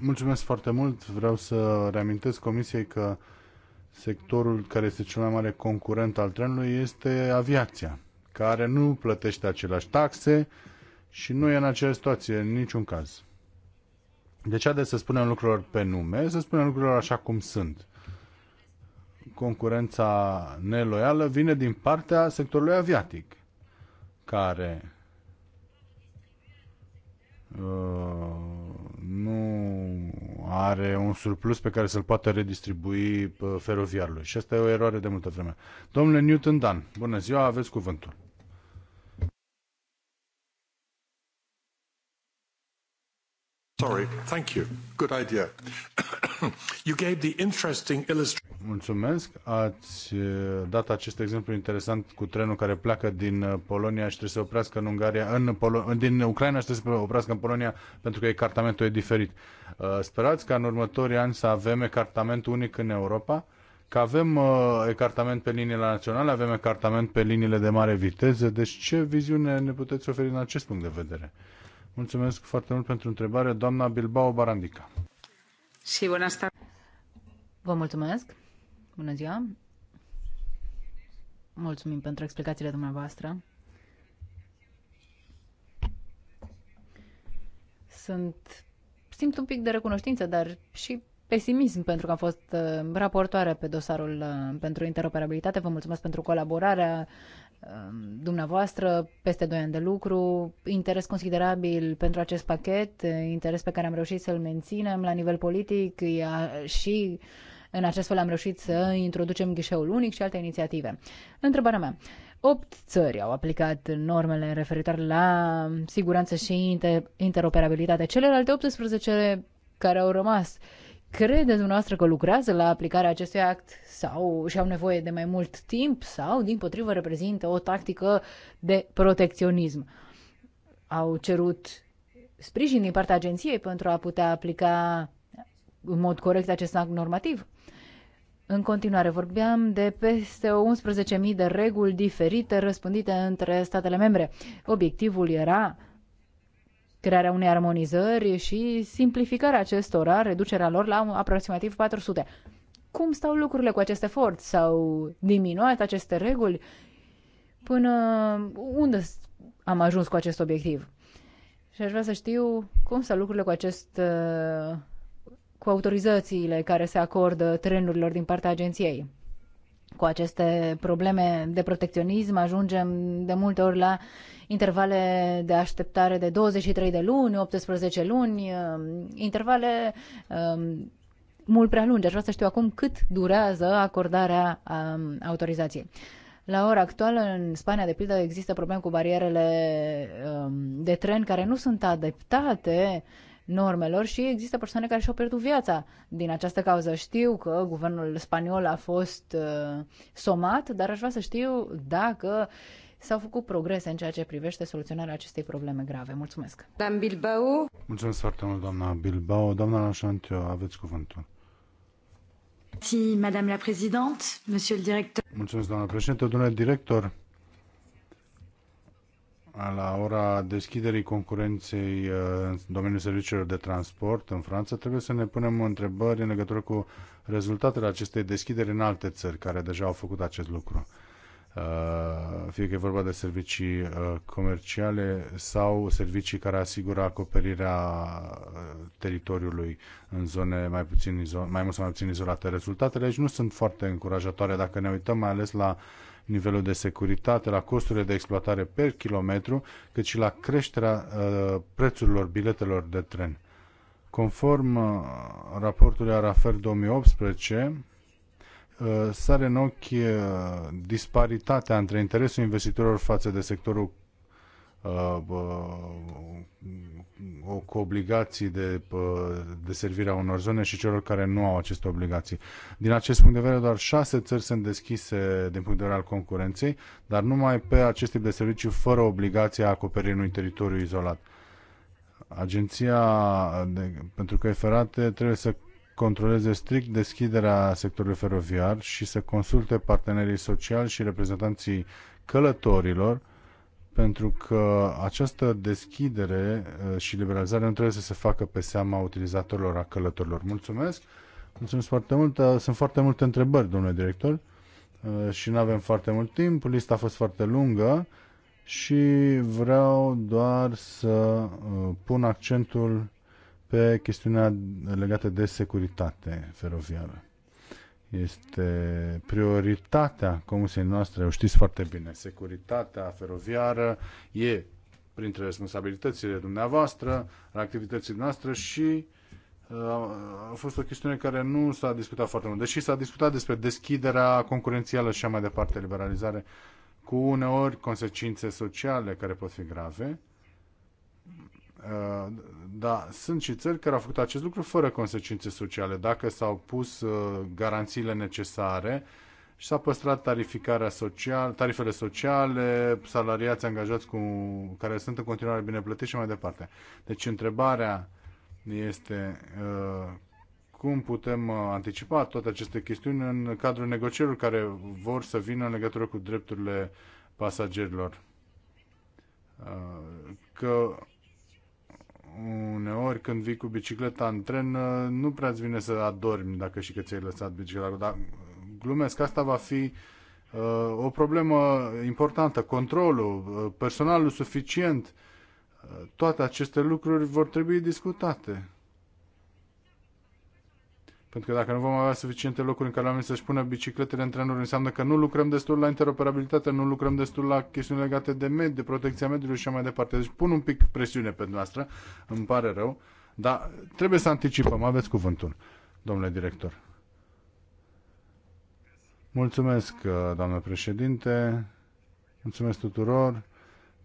Mulțumesc foarte mult! Vreau să reamintesc Comisiei că sectorul care este cel mai mare concurent al trenului este aviația, care nu plătește aceleași taxe și nu e în aceeași situație în niciun caz. Deci haideți să spunem lucrurilor pe nume, să spunem lucrurilor așa cum sunt. Concurența neloială vine din partea sectorului aviatic, care uh, nu are un surplus pe care să-l poată redistribui uh, feroviarului. Și asta e o eroare de multă vreme. Domnule Newton Dan, bună ziua, aveți cuvântul. Sorry, thank you. Good idea. you gave the interesting illustration. Mulțumesc. Ați uh, dat acest exemplu interesant cu trenul care pleacă din uh, Polonia și trebuie să oprească în Ungaria, în Polo- uh, din Ucraina și trebuie să oprească în Polonia pentru că ecartamentul e diferit. Sperați ca în următorii ani să avem ecartament unic în Europa? Că avem ecartament pe liniile naționale, avem ecartament pe liniile de mare viteză, deci ce viziune ne puteți oferi în acest punct de vedere? Mulțumesc foarte mult pentru întrebare. Doamna Bilbao Barandica. Și bună asta. Vă mulțumesc. Bună ziua. Mulțumim pentru explicațiile dumneavoastră. Sunt, simt un pic de recunoștință, dar și pesimism pentru că am fost uh, raportoare pe dosarul uh, pentru interoperabilitate. Vă mulțumesc pentru colaborarea Ehm, dumneavoastră peste 2 ani de lucru, interes considerabil pentru acest pachet, interes pe care am reușit să-l menținem la nivel politic și în acest fel am reușit să introducem ghișeul unic și alte inițiative. Întrebarea mea. Opt țări au aplicat normele referitoare la siguranță și inter- interoperabilitate. Celelalte 18 care au rămas uh, Credeți dumneavoastră că lucrează la aplicarea acestui act sau și-au nevoie de mai mult timp sau, din potrivă, reprezintă o tactică de protecționism? Au cerut sprijin din partea agenției pentru a putea aplica în mod corect acest act normativ? În continuare, vorbeam de peste 11.000 de reguli diferite răspândite între statele membre. Obiectivul era crearea unei armonizări și simplificarea acestora, reducerea lor la aproximativ 400. Cum stau lucrurile cu acest efort? S-au diminuat aceste reguli? Până unde am ajuns cu acest obiectiv? Și aș vrea să știu cum stau lucrurile cu acest uh, cu autorizațiile care se acordă trenurilor din partea agenției cu aceste probleme de protecționism ajungem de multe ori la intervale de așteptare de 23 de luni, 18 luni, um, intervale um, mult prea lungi. Aș vrea să știu acum cât durează acordarea um, autorizației. La ora actuală, în Spania, de pildă, există probleme cu barierele de tren care nu sunt adaptate normelor și există persoane care și-au pierdut viața din această cauză. Știu că guvernul spaniol a fost uh, somat, dar aș vrea să știu dacă s-au făcut progrese în ceea ce privește soluționarea acestei probleme grave. Mulțumesc! Doamna Bilbao. Mulțumesc foarte mult, doamna Bilbao. Doamna Lașantio, aveți cuvântul. Mulțumesc, doamna președinte, domnule director la ora deschiderii concurenței uh, în domeniul serviciilor de transport în Franța, trebuie să ne punem întrebări în legătură cu rezultatele acestei deschideri în alte țări care deja au făcut acest lucru. Uh, fie că e vorba de servicii uh, comerciale sau servicii care asigură acoperirea teritoriului în zone mai, puțin, mai mult sau mai puțin izolate. Rezultatele aici nu sunt foarte încurajatoare dacă ne uităm mai ales la nivelul de securitate, la costurile de exploatare per kilometru, cât și la creșterea uh, prețurilor biletelor de tren. Conform uh, raportului Arafer 2018, uh, sare în ochi uh, disparitatea între interesul investitorilor față de sectorul uh, o, cu obligații de, de servire a unor zone și celor care nu au aceste obligații. Din acest punct de vedere, doar șase țări sunt deschise din punct de vedere al concurenței, dar numai pe acest tip de serviciu fără obligația acoperirii unui teritoriu izolat. Agenția de, pentru căi ferate trebuie să controleze strict deschiderea sectorului feroviar și să consulte partenerii sociali și reprezentanții călătorilor pentru că această deschidere uh, și liberalizare nu trebuie să se facă pe seama utilizatorilor, a călătorilor. Mulțumesc! Mulțumesc foarte mult! Uh, sunt foarte multe întrebări, domnule director, uh, și nu avem foarte mult timp. Lista a fost foarte lungă și vreau doar să pun accentul pe chestiunea legată de securitate feroviară este prioritatea comisiei noastre, o știți foarte bine. Securitatea feroviară e printre responsabilitățile dumneavoastră, activității noastre și uh, a fost o chestiune care nu s-a discutat foarte mult, deși s-a discutat despre deschiderea concurențială și a mai departe, liberalizare, cu uneori consecințe sociale care pot fi grave. Da, sunt și țări care au făcut acest lucru fără consecințe sociale, dacă s-au pus uh, garanțiile necesare și s-a păstrat tarificarea social, tarifele sociale, salariați angajați cu, care sunt în continuare bine plătiți și mai departe. Deci întrebarea este uh, cum putem uh, anticipa toate aceste chestiuni în cadrul negocierilor care vor să vină în legătură cu drepturile pasagerilor. Că uneori când vii cu bicicleta în tren, uh, nu prea îți vine să adormi dacă și că ți-ai lăsat bicicleta. Dar glumesc, asta va fi uh, o problemă importantă. Controlul, uh, personalul suficient, uh, toate aceste lucruri vor trebui discutate. Pentru că dacă nu vom avea suficiente locuri în care oamenii să-și pună bicicletele în trenuri, înseamnă că nu lucrăm destul la interoperabilitate, nu lucrăm destul la chestiuni legate de mediu, de protecția mediului și așa mai departe. Deci pun un pic presiune pe noastră, îmi pare rău, dar trebuie să anticipăm. Aveți cuvântul, domnule director. Mulțumesc, uh, doamnă președinte. Mulțumesc tuturor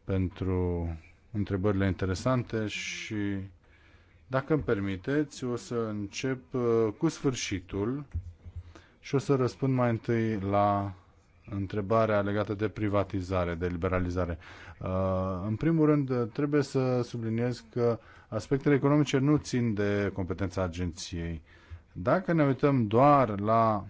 pentru întrebările interesante și dacă îmi permiteți, o să încep uh, cu sfârșitul și o să răspund mai întâi la întrebarea legată de privatizare, de liberalizare. Uh, în primul rând, uh, trebuie să subliniez că aspectele economice nu țin de competența agenției. Dacă ne uităm doar la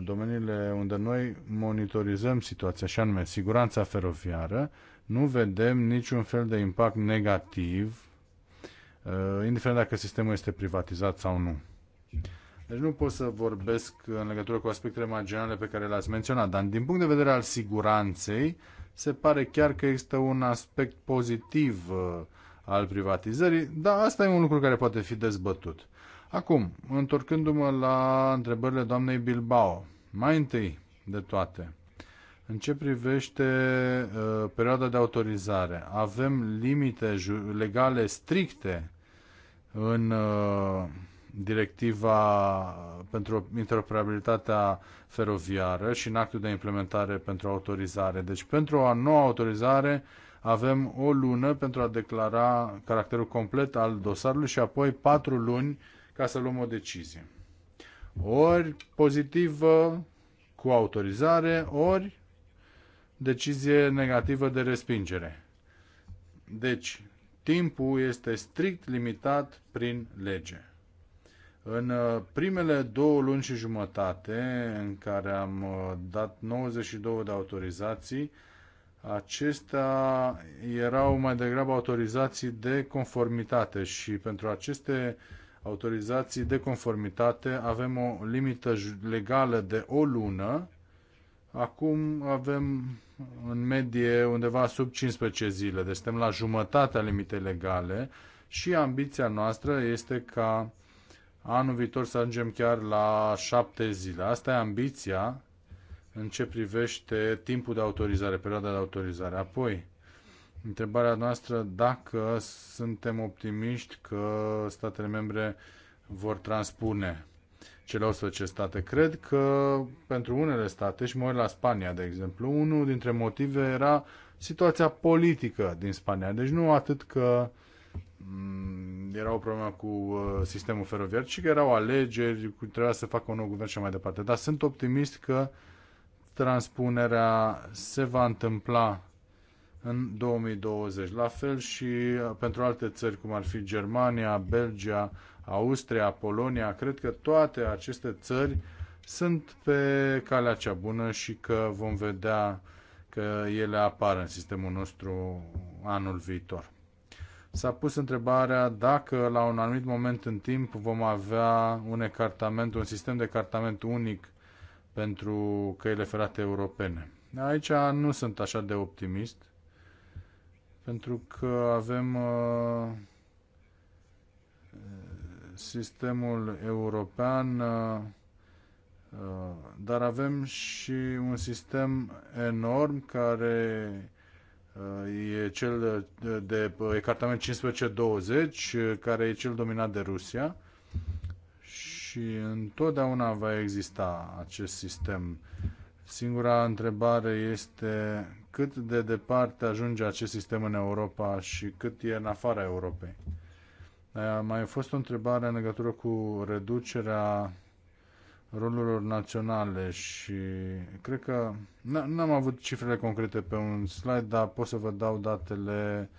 domeniile unde noi monitorizăm situația, și anume siguranța feroviară, nu vedem niciun fel de impact negativ Uh, indiferent dacă sistemul este privatizat sau nu. Deci nu pot să vorbesc în legătură cu aspectele marginale pe care le-ați menționat, dar din punct de vedere al siguranței, se pare chiar că există un aspect pozitiv uh, al privatizării, dar asta e un lucru care poate fi dezbătut. Acum, întorcându-mă la întrebările doamnei Bilbao, mai întâi de toate, în ce privește uh, perioada de autorizare, avem limite legale stricte în uh, directiva pentru interoperabilitatea feroviară și în actul de implementare pentru autorizare. Deci pentru o nouă autorizare avem o lună pentru a declara caracterul complet al dosarului și apoi patru luni ca să luăm o decizie. Ori pozitivă cu autorizare, ori decizie negativă de respingere. Deci, timpul este strict limitat prin lege. În uh, primele două luni și jumătate în care am uh, dat 92 de autorizații, acestea erau mai degrabă autorizații de conformitate și pentru aceste autorizații de conformitate avem o limită legală de o lună. Acum avem în medie undeva sub 15 zile. Deci suntem la jumătatea limitei legale și ambiția noastră este ca anul viitor să ajungem chiar la 7 zile. Asta e ambiția în ce privește timpul de autorizare, perioada de autorizare. Apoi, întrebarea noastră dacă suntem optimiști că statele membre vor transpune cele 11 state. Cred că pentru unele state, și mă uit la Spania, de exemplu, unul dintre motive era situația politică din Spania. Deci nu atât că mm, era o problemă cu uh, sistemul feroviar, ci că erau alegeri, trebuia să facă un nou guvern și mai departe. Dar sunt optimist că transpunerea se va întâmpla în 2020. La fel și uh, pentru alte țări, cum ar fi Germania, Belgia, Austria, Polonia, cred că toate aceste țări sunt pe calea cea bună și că vom vedea că ele apar în sistemul nostru anul viitor. S-a pus întrebarea dacă la un anumit moment în timp vom avea un ecartament, un sistem de cartament unic pentru căile ferate europene. Aici nu sunt așa de optimist, pentru că avem uh, sistemul european, uh, uh, dar avem și un sistem enorm care uh, e cel de ecartament 15-20, care e cel dominat de Rusia și întotdeauna va exista acest sistem. Singura întrebare este cât de departe ajunge acest sistem în Europa și cât e în afara Europei mai a fost o întrebare în legătură cu reducerea rolurilor naționale și cred că n-am avut cifrele concrete pe un slide, dar pot să vă dau datele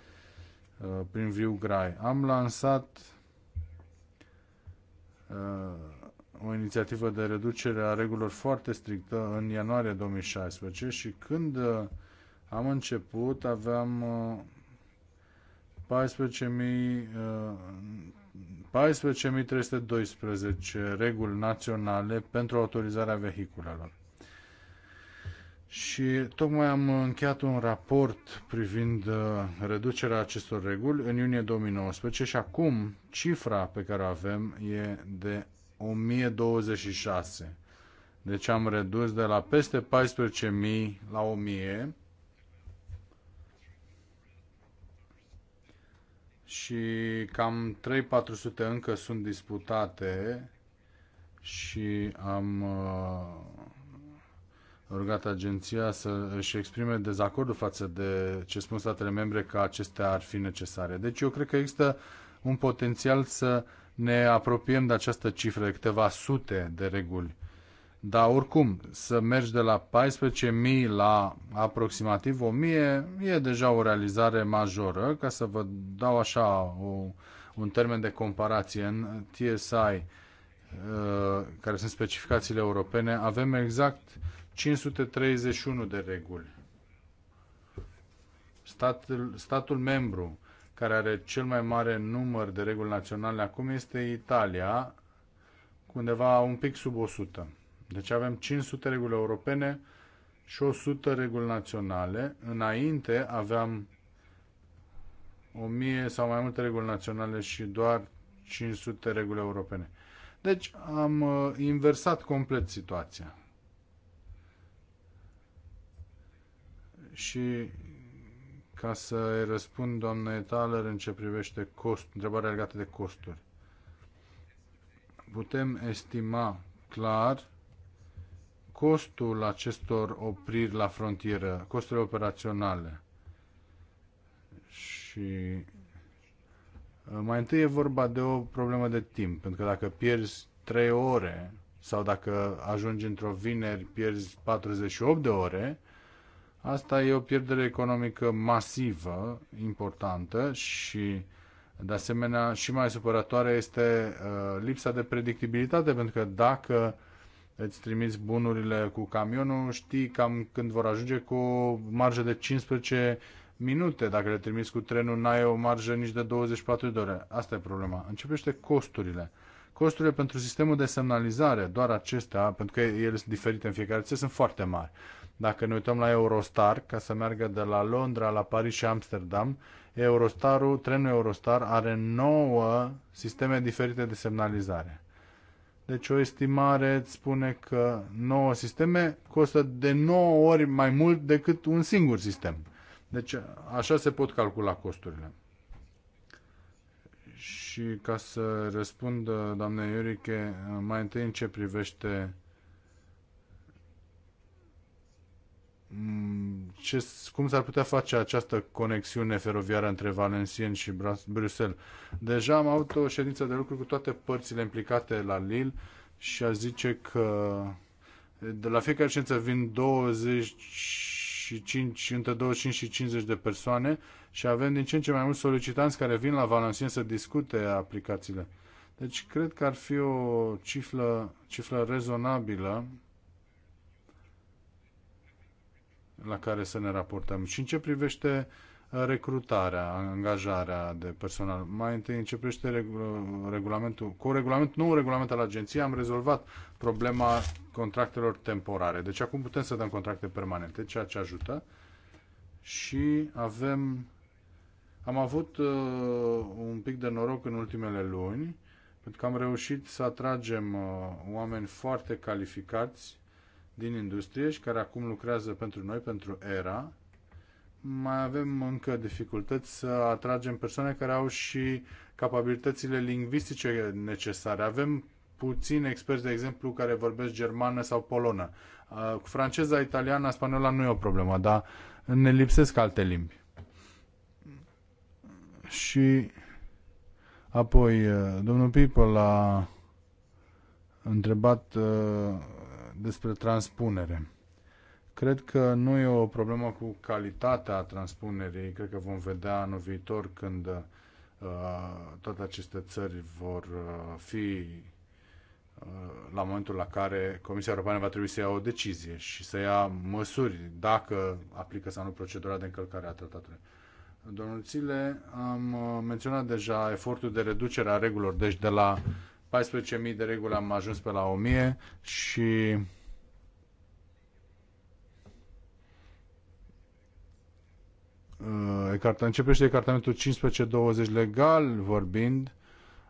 uh, prin viu grai. Am lansat uh, o inițiativă de reducere a regulilor foarte strictă în ianuarie 2016 și când uh, am început aveam uh, 14.312 uh, uh, reguli naționale pentru autorizarea vehiculelor. Și tocmai am încheiat un raport privind uh, reducerea acestor reguli în iunie 2019 și acum cifra pe care o avem e de 1026. Deci am redus de la peste 14.000 la 1000 și cam 3-400 încă sunt disputate și am uh, rugat agenția să își exprime dezacordul față de ce spun statele membre că acestea ar fi necesare. Deci eu cred că există un potențial să ne apropiem de această cifră, câteva sute de reguli dar oricum, să mergi de la 14.000 la aproximativ 1.000 e deja o realizare majoră. Ca să vă dau așa o, un termen de comparație, în TSI, uh, care sunt specificațiile europene, avem exact 531 de reguli. Statul, statul membru care are cel mai mare număr de reguli naționale acum este Italia, undeva un pic sub 100. Deci avem 500 reguli europene și 100 reguli naționale. Înainte aveam 1000 sau mai multe reguli naționale și doar 500 reguli europene. Deci am uh, inversat complet situația. Și ca să îi răspund doamne Thaler în ce privește cost, întrebarea legată de costuri. Putem estima clar costul acestor opriri la frontieră, costurile operaționale. Și mai întâi e vorba de o problemă de timp, pentru că dacă pierzi 3 ore sau dacă ajungi într-o vineri, pierzi 48 de ore, asta e o pierdere economică masivă, importantă și de asemenea și mai supărătoare este uh, lipsa de predictibilitate, pentru că dacă îți trimiți bunurile cu camionul, știi cam când vor ajunge cu marjă de 15 minute. Dacă le trimiți cu trenul, n-ai o marjă nici de 24 de ore. Asta e problema. Începește costurile. Costurile pentru sistemul de semnalizare, doar acestea, pentru că ele sunt diferite în fiecare țară, sunt foarte mari. Dacă ne uităm la Eurostar, ca să meargă de la Londra la Paris și Amsterdam, Eurostarul, trenul Eurostar are 9 sisteme diferite de semnalizare. Deci o estimare îți spune că 9 sisteme costă de 9 ori mai mult decât un singur sistem. Deci așa se pot calcula costurile. Și ca să răspund, doamne Iuriche, mai întâi în ce privește Mm, ce, cum s-ar putea face această conexiune feroviară între Valencien și Bruxelles. Deja am avut o ședință de lucru cu toate părțile implicate la Lille și a zice că de la fiecare ședință vin 25, între 25 și 50 de persoane și avem din ce în ce mai mulți solicitanți care vin la Valencien să discute aplicațiile. Deci cred că ar fi o cifră, cifră rezonabilă la care să ne raportăm. Și în ce privește uh, recrutarea, angajarea de personal. Mai întâi începește regul uh, regulamentul. Cu regulament, nou regulament al agenției am rezolvat problema contractelor temporare. Deci acum putem să dăm contracte permanente, ceea ce ajută. Și avem am avut uh, un pic de noroc în ultimele luni, pentru că am reușit să atragem uh, oameni foarte calificați din industrie și care acum lucrează pentru noi, pentru ERA. Mai avem încă dificultăți să atragem persoane care au și capabilitățile lingvistice necesare. Avem puțini experți, de exemplu, care vorbesc germană sau polonă. Cu franceza, italiana, spaniola nu e o problemă, dar ne lipsesc alte limbi. Și apoi, domnul Pipă l-a întrebat despre transpunere. Cred că nu e o problemă cu calitatea transpunerii. Cred că vom vedea în viitor când uh, toate aceste țări vor uh, fi uh, la momentul la care Comisia Europeană va trebui să ia o decizie și să ia măsuri dacă aplică sau nu procedura de încălcare a tratatului. Domnul Țile, am uh, menționat deja efortul de reducere a regulilor, deci de la 14.000 de reguli am ajuns pe la 1.000 și începe și ecartamentul 15-20 legal vorbind,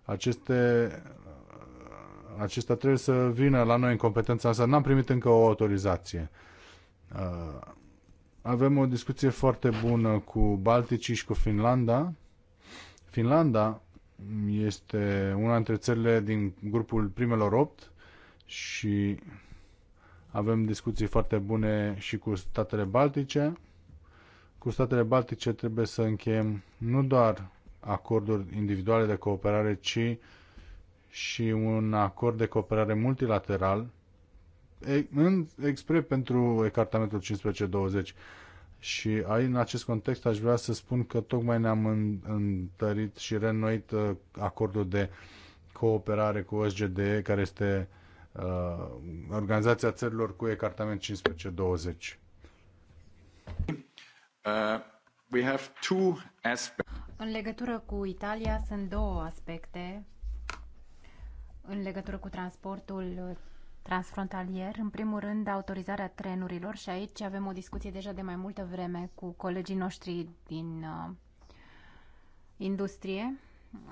aceste, uh, acesta trebuie să vină la noi în competența asta. N-am primit încă o autorizație. Uh, avem o discuție foarte bună cu Balticii și cu Finlanda. Finlanda este una dintre țările din grupul primelor opt și avem discuții foarte bune și cu statele baltice. Cu statele baltice trebuie să încheiem nu doar acorduri individuale de cooperare, ci și un acord de cooperare multilateral în, expre pentru ecartamentul 1520 și aici în acest context aș vrea să spun că tocmai ne-am întărit și reînnoit uh, acordul de cooperare cu OSGDE, care este uh, Organizația Țărilor cu Ecartament 1520. Uh, we have two În legătură cu Italia sunt două aspecte în legătură cu transportul transfrontalier. În primul rând, autorizarea trenurilor și aici avem o discuție deja de mai multă vreme cu colegii noștri din uh, industrie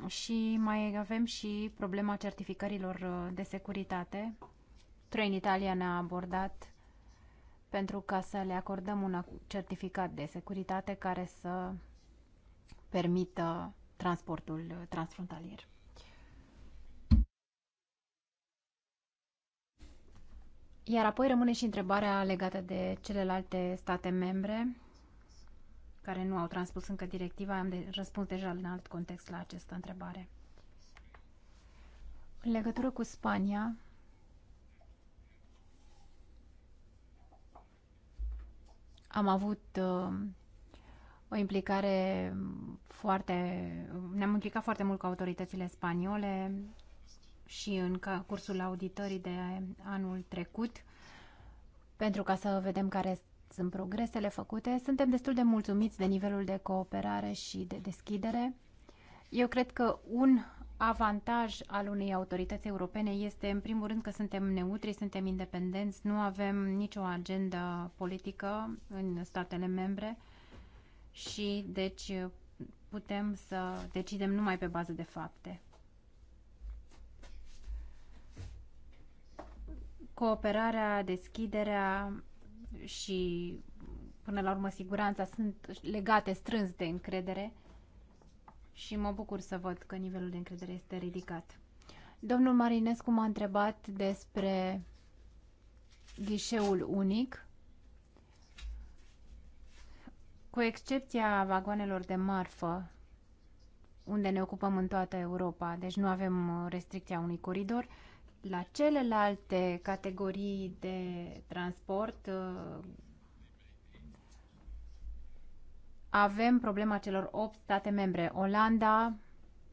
și mai avem și problema certificărilor uh, de securitate. Train Italia ne-a abordat pentru ca să le acordăm un certificat de securitate care să permită transportul uh, transfrontalier. Iar apoi rămâne și întrebarea legată de celelalte state membre care nu au transpus încă directiva. Am de răspuns deja în alt context la această întrebare. În legătură cu Spania, am avut uh, o implicare foarte... Ne-am implicat foarte mult cu autoritățile spaniole, și în cursul auditorii de anul trecut, pentru ca să vedem care sunt progresele făcute. Suntem destul de mulțumiți de nivelul de cooperare și de deschidere. Eu cred că un avantaj al unei autorități europene este, în primul rând, că suntem neutri, suntem independenți, nu avem nicio agendă politică în statele membre și, deci, putem să decidem numai pe bază de fapte. cooperarea, deschiderea și, până la urmă, siguranța sunt legate strâns de încredere și mă bucur să văd că nivelul de încredere este ridicat. Domnul Marinescu m-a întrebat despre ghișeul unic. Cu excepția vagoanelor de marfă, unde ne ocupăm în toată Europa, deci nu avem restricția unui coridor, la celelalte categorii de transport uh, avem problema celor 8 state membre. Olanda,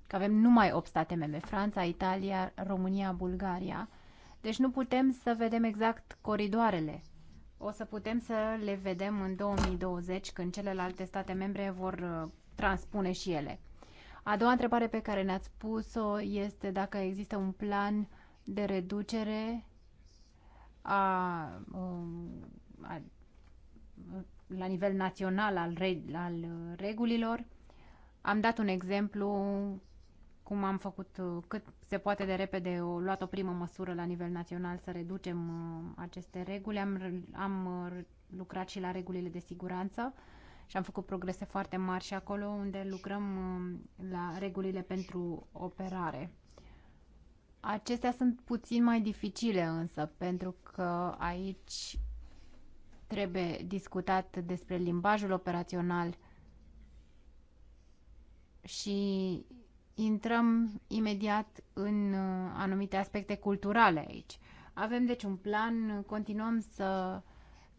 că avem numai 8 state membre, Franța, Italia, România, Bulgaria. Deci nu putem să vedem exact coridoarele. O să putem să le vedem în 2020 când celelalte state membre vor uh, transpune și ele. A doua întrebare pe care ne-ați pus-o este dacă există un plan de reducere a, um, a, la nivel național al, re, al regulilor. Am dat un exemplu cum am făcut cât se poate de repede, o luat o primă măsură la nivel național să reducem uh, aceste reguli. Am, am uh, lucrat și la regulile de siguranță și am făcut progrese foarte mari și acolo unde lucrăm uh, la regulile pentru operare. Acestea sunt puțin mai dificile însă, pentru că aici trebuie discutat despre limbajul operațional și intrăm imediat în uh, anumite aspecte culturale aici. Avem deci un plan, continuăm să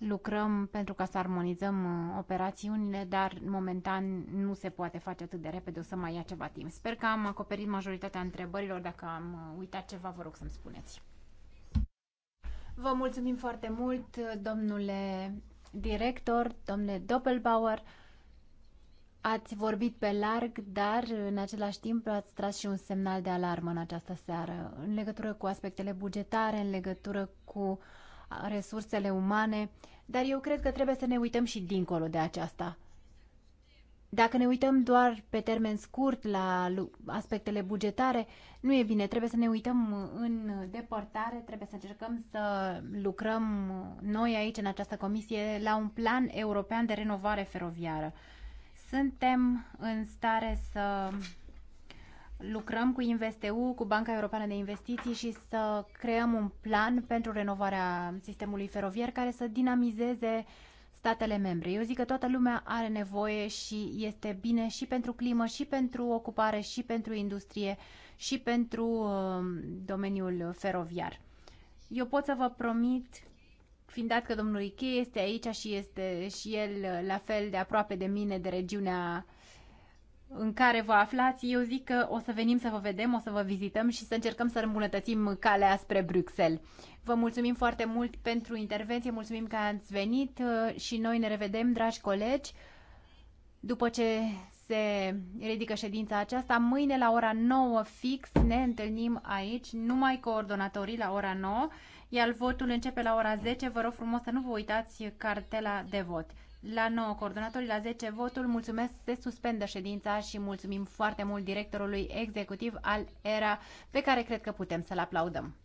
lucrăm pentru ca să armonizăm uh, operațiunile, dar momentan nu se poate face atât de repede, o să mai ia ceva timp. Sper că am acoperit majoritatea întrebărilor, dacă am uh, uitat ceva, vă rog să-mi spuneți. Vă mulțumim foarte mult, domnule director, domnule Doppelbauer. Ați vorbit pe larg, dar în același timp ați tras și un semnal de alarmă în această seară în legătură cu aspectele bugetare, în legătură cu uh, resursele umane, dar eu cred că trebuie să ne uităm și dincolo de aceasta. Dacă ne uităm doar pe termen scurt la aspectele bugetare, nu e bine, trebuie să ne uităm în depărtare, trebuie să încercăm să lucrăm noi aici, în această comisie, la un plan european de renovare feroviară. Suntem în stare să lucrăm cu InvestEU, cu Banca Europeană de Investiții și să creăm un plan pentru renovarea sistemului feroviar care să dinamizeze statele membre. Eu zic că toată lumea are nevoie și este bine și pentru climă, și pentru ocupare, și pentru industrie, și pentru um, domeniul feroviar. Eu pot să vă promit fiind dat că domnul Iche este aici și este și el la fel de aproape de mine, de regiunea în care vă aflați, eu zic că o să venim să vă vedem, o să vă vizităm și să încercăm să îmbunătățim calea spre Bruxelles. Vă mulțumim foarte mult pentru intervenție, mulțumim că ați venit uh, și noi ne revedem, dragi colegi, după ce se ridică ședința aceasta. Mâine la ora 9 fix ne întâlnim aici, numai coordonatorii la ora 9, iar votul începe la ora 10. Vă rog frumos să nu vă uitați cartela de vot la 9 coordonatorii, la 10 votul. Mulțumesc, se suspendă ședința și mulțumim foarte mult directorului executiv al ERA, pe care cred că putem să-l aplaudăm.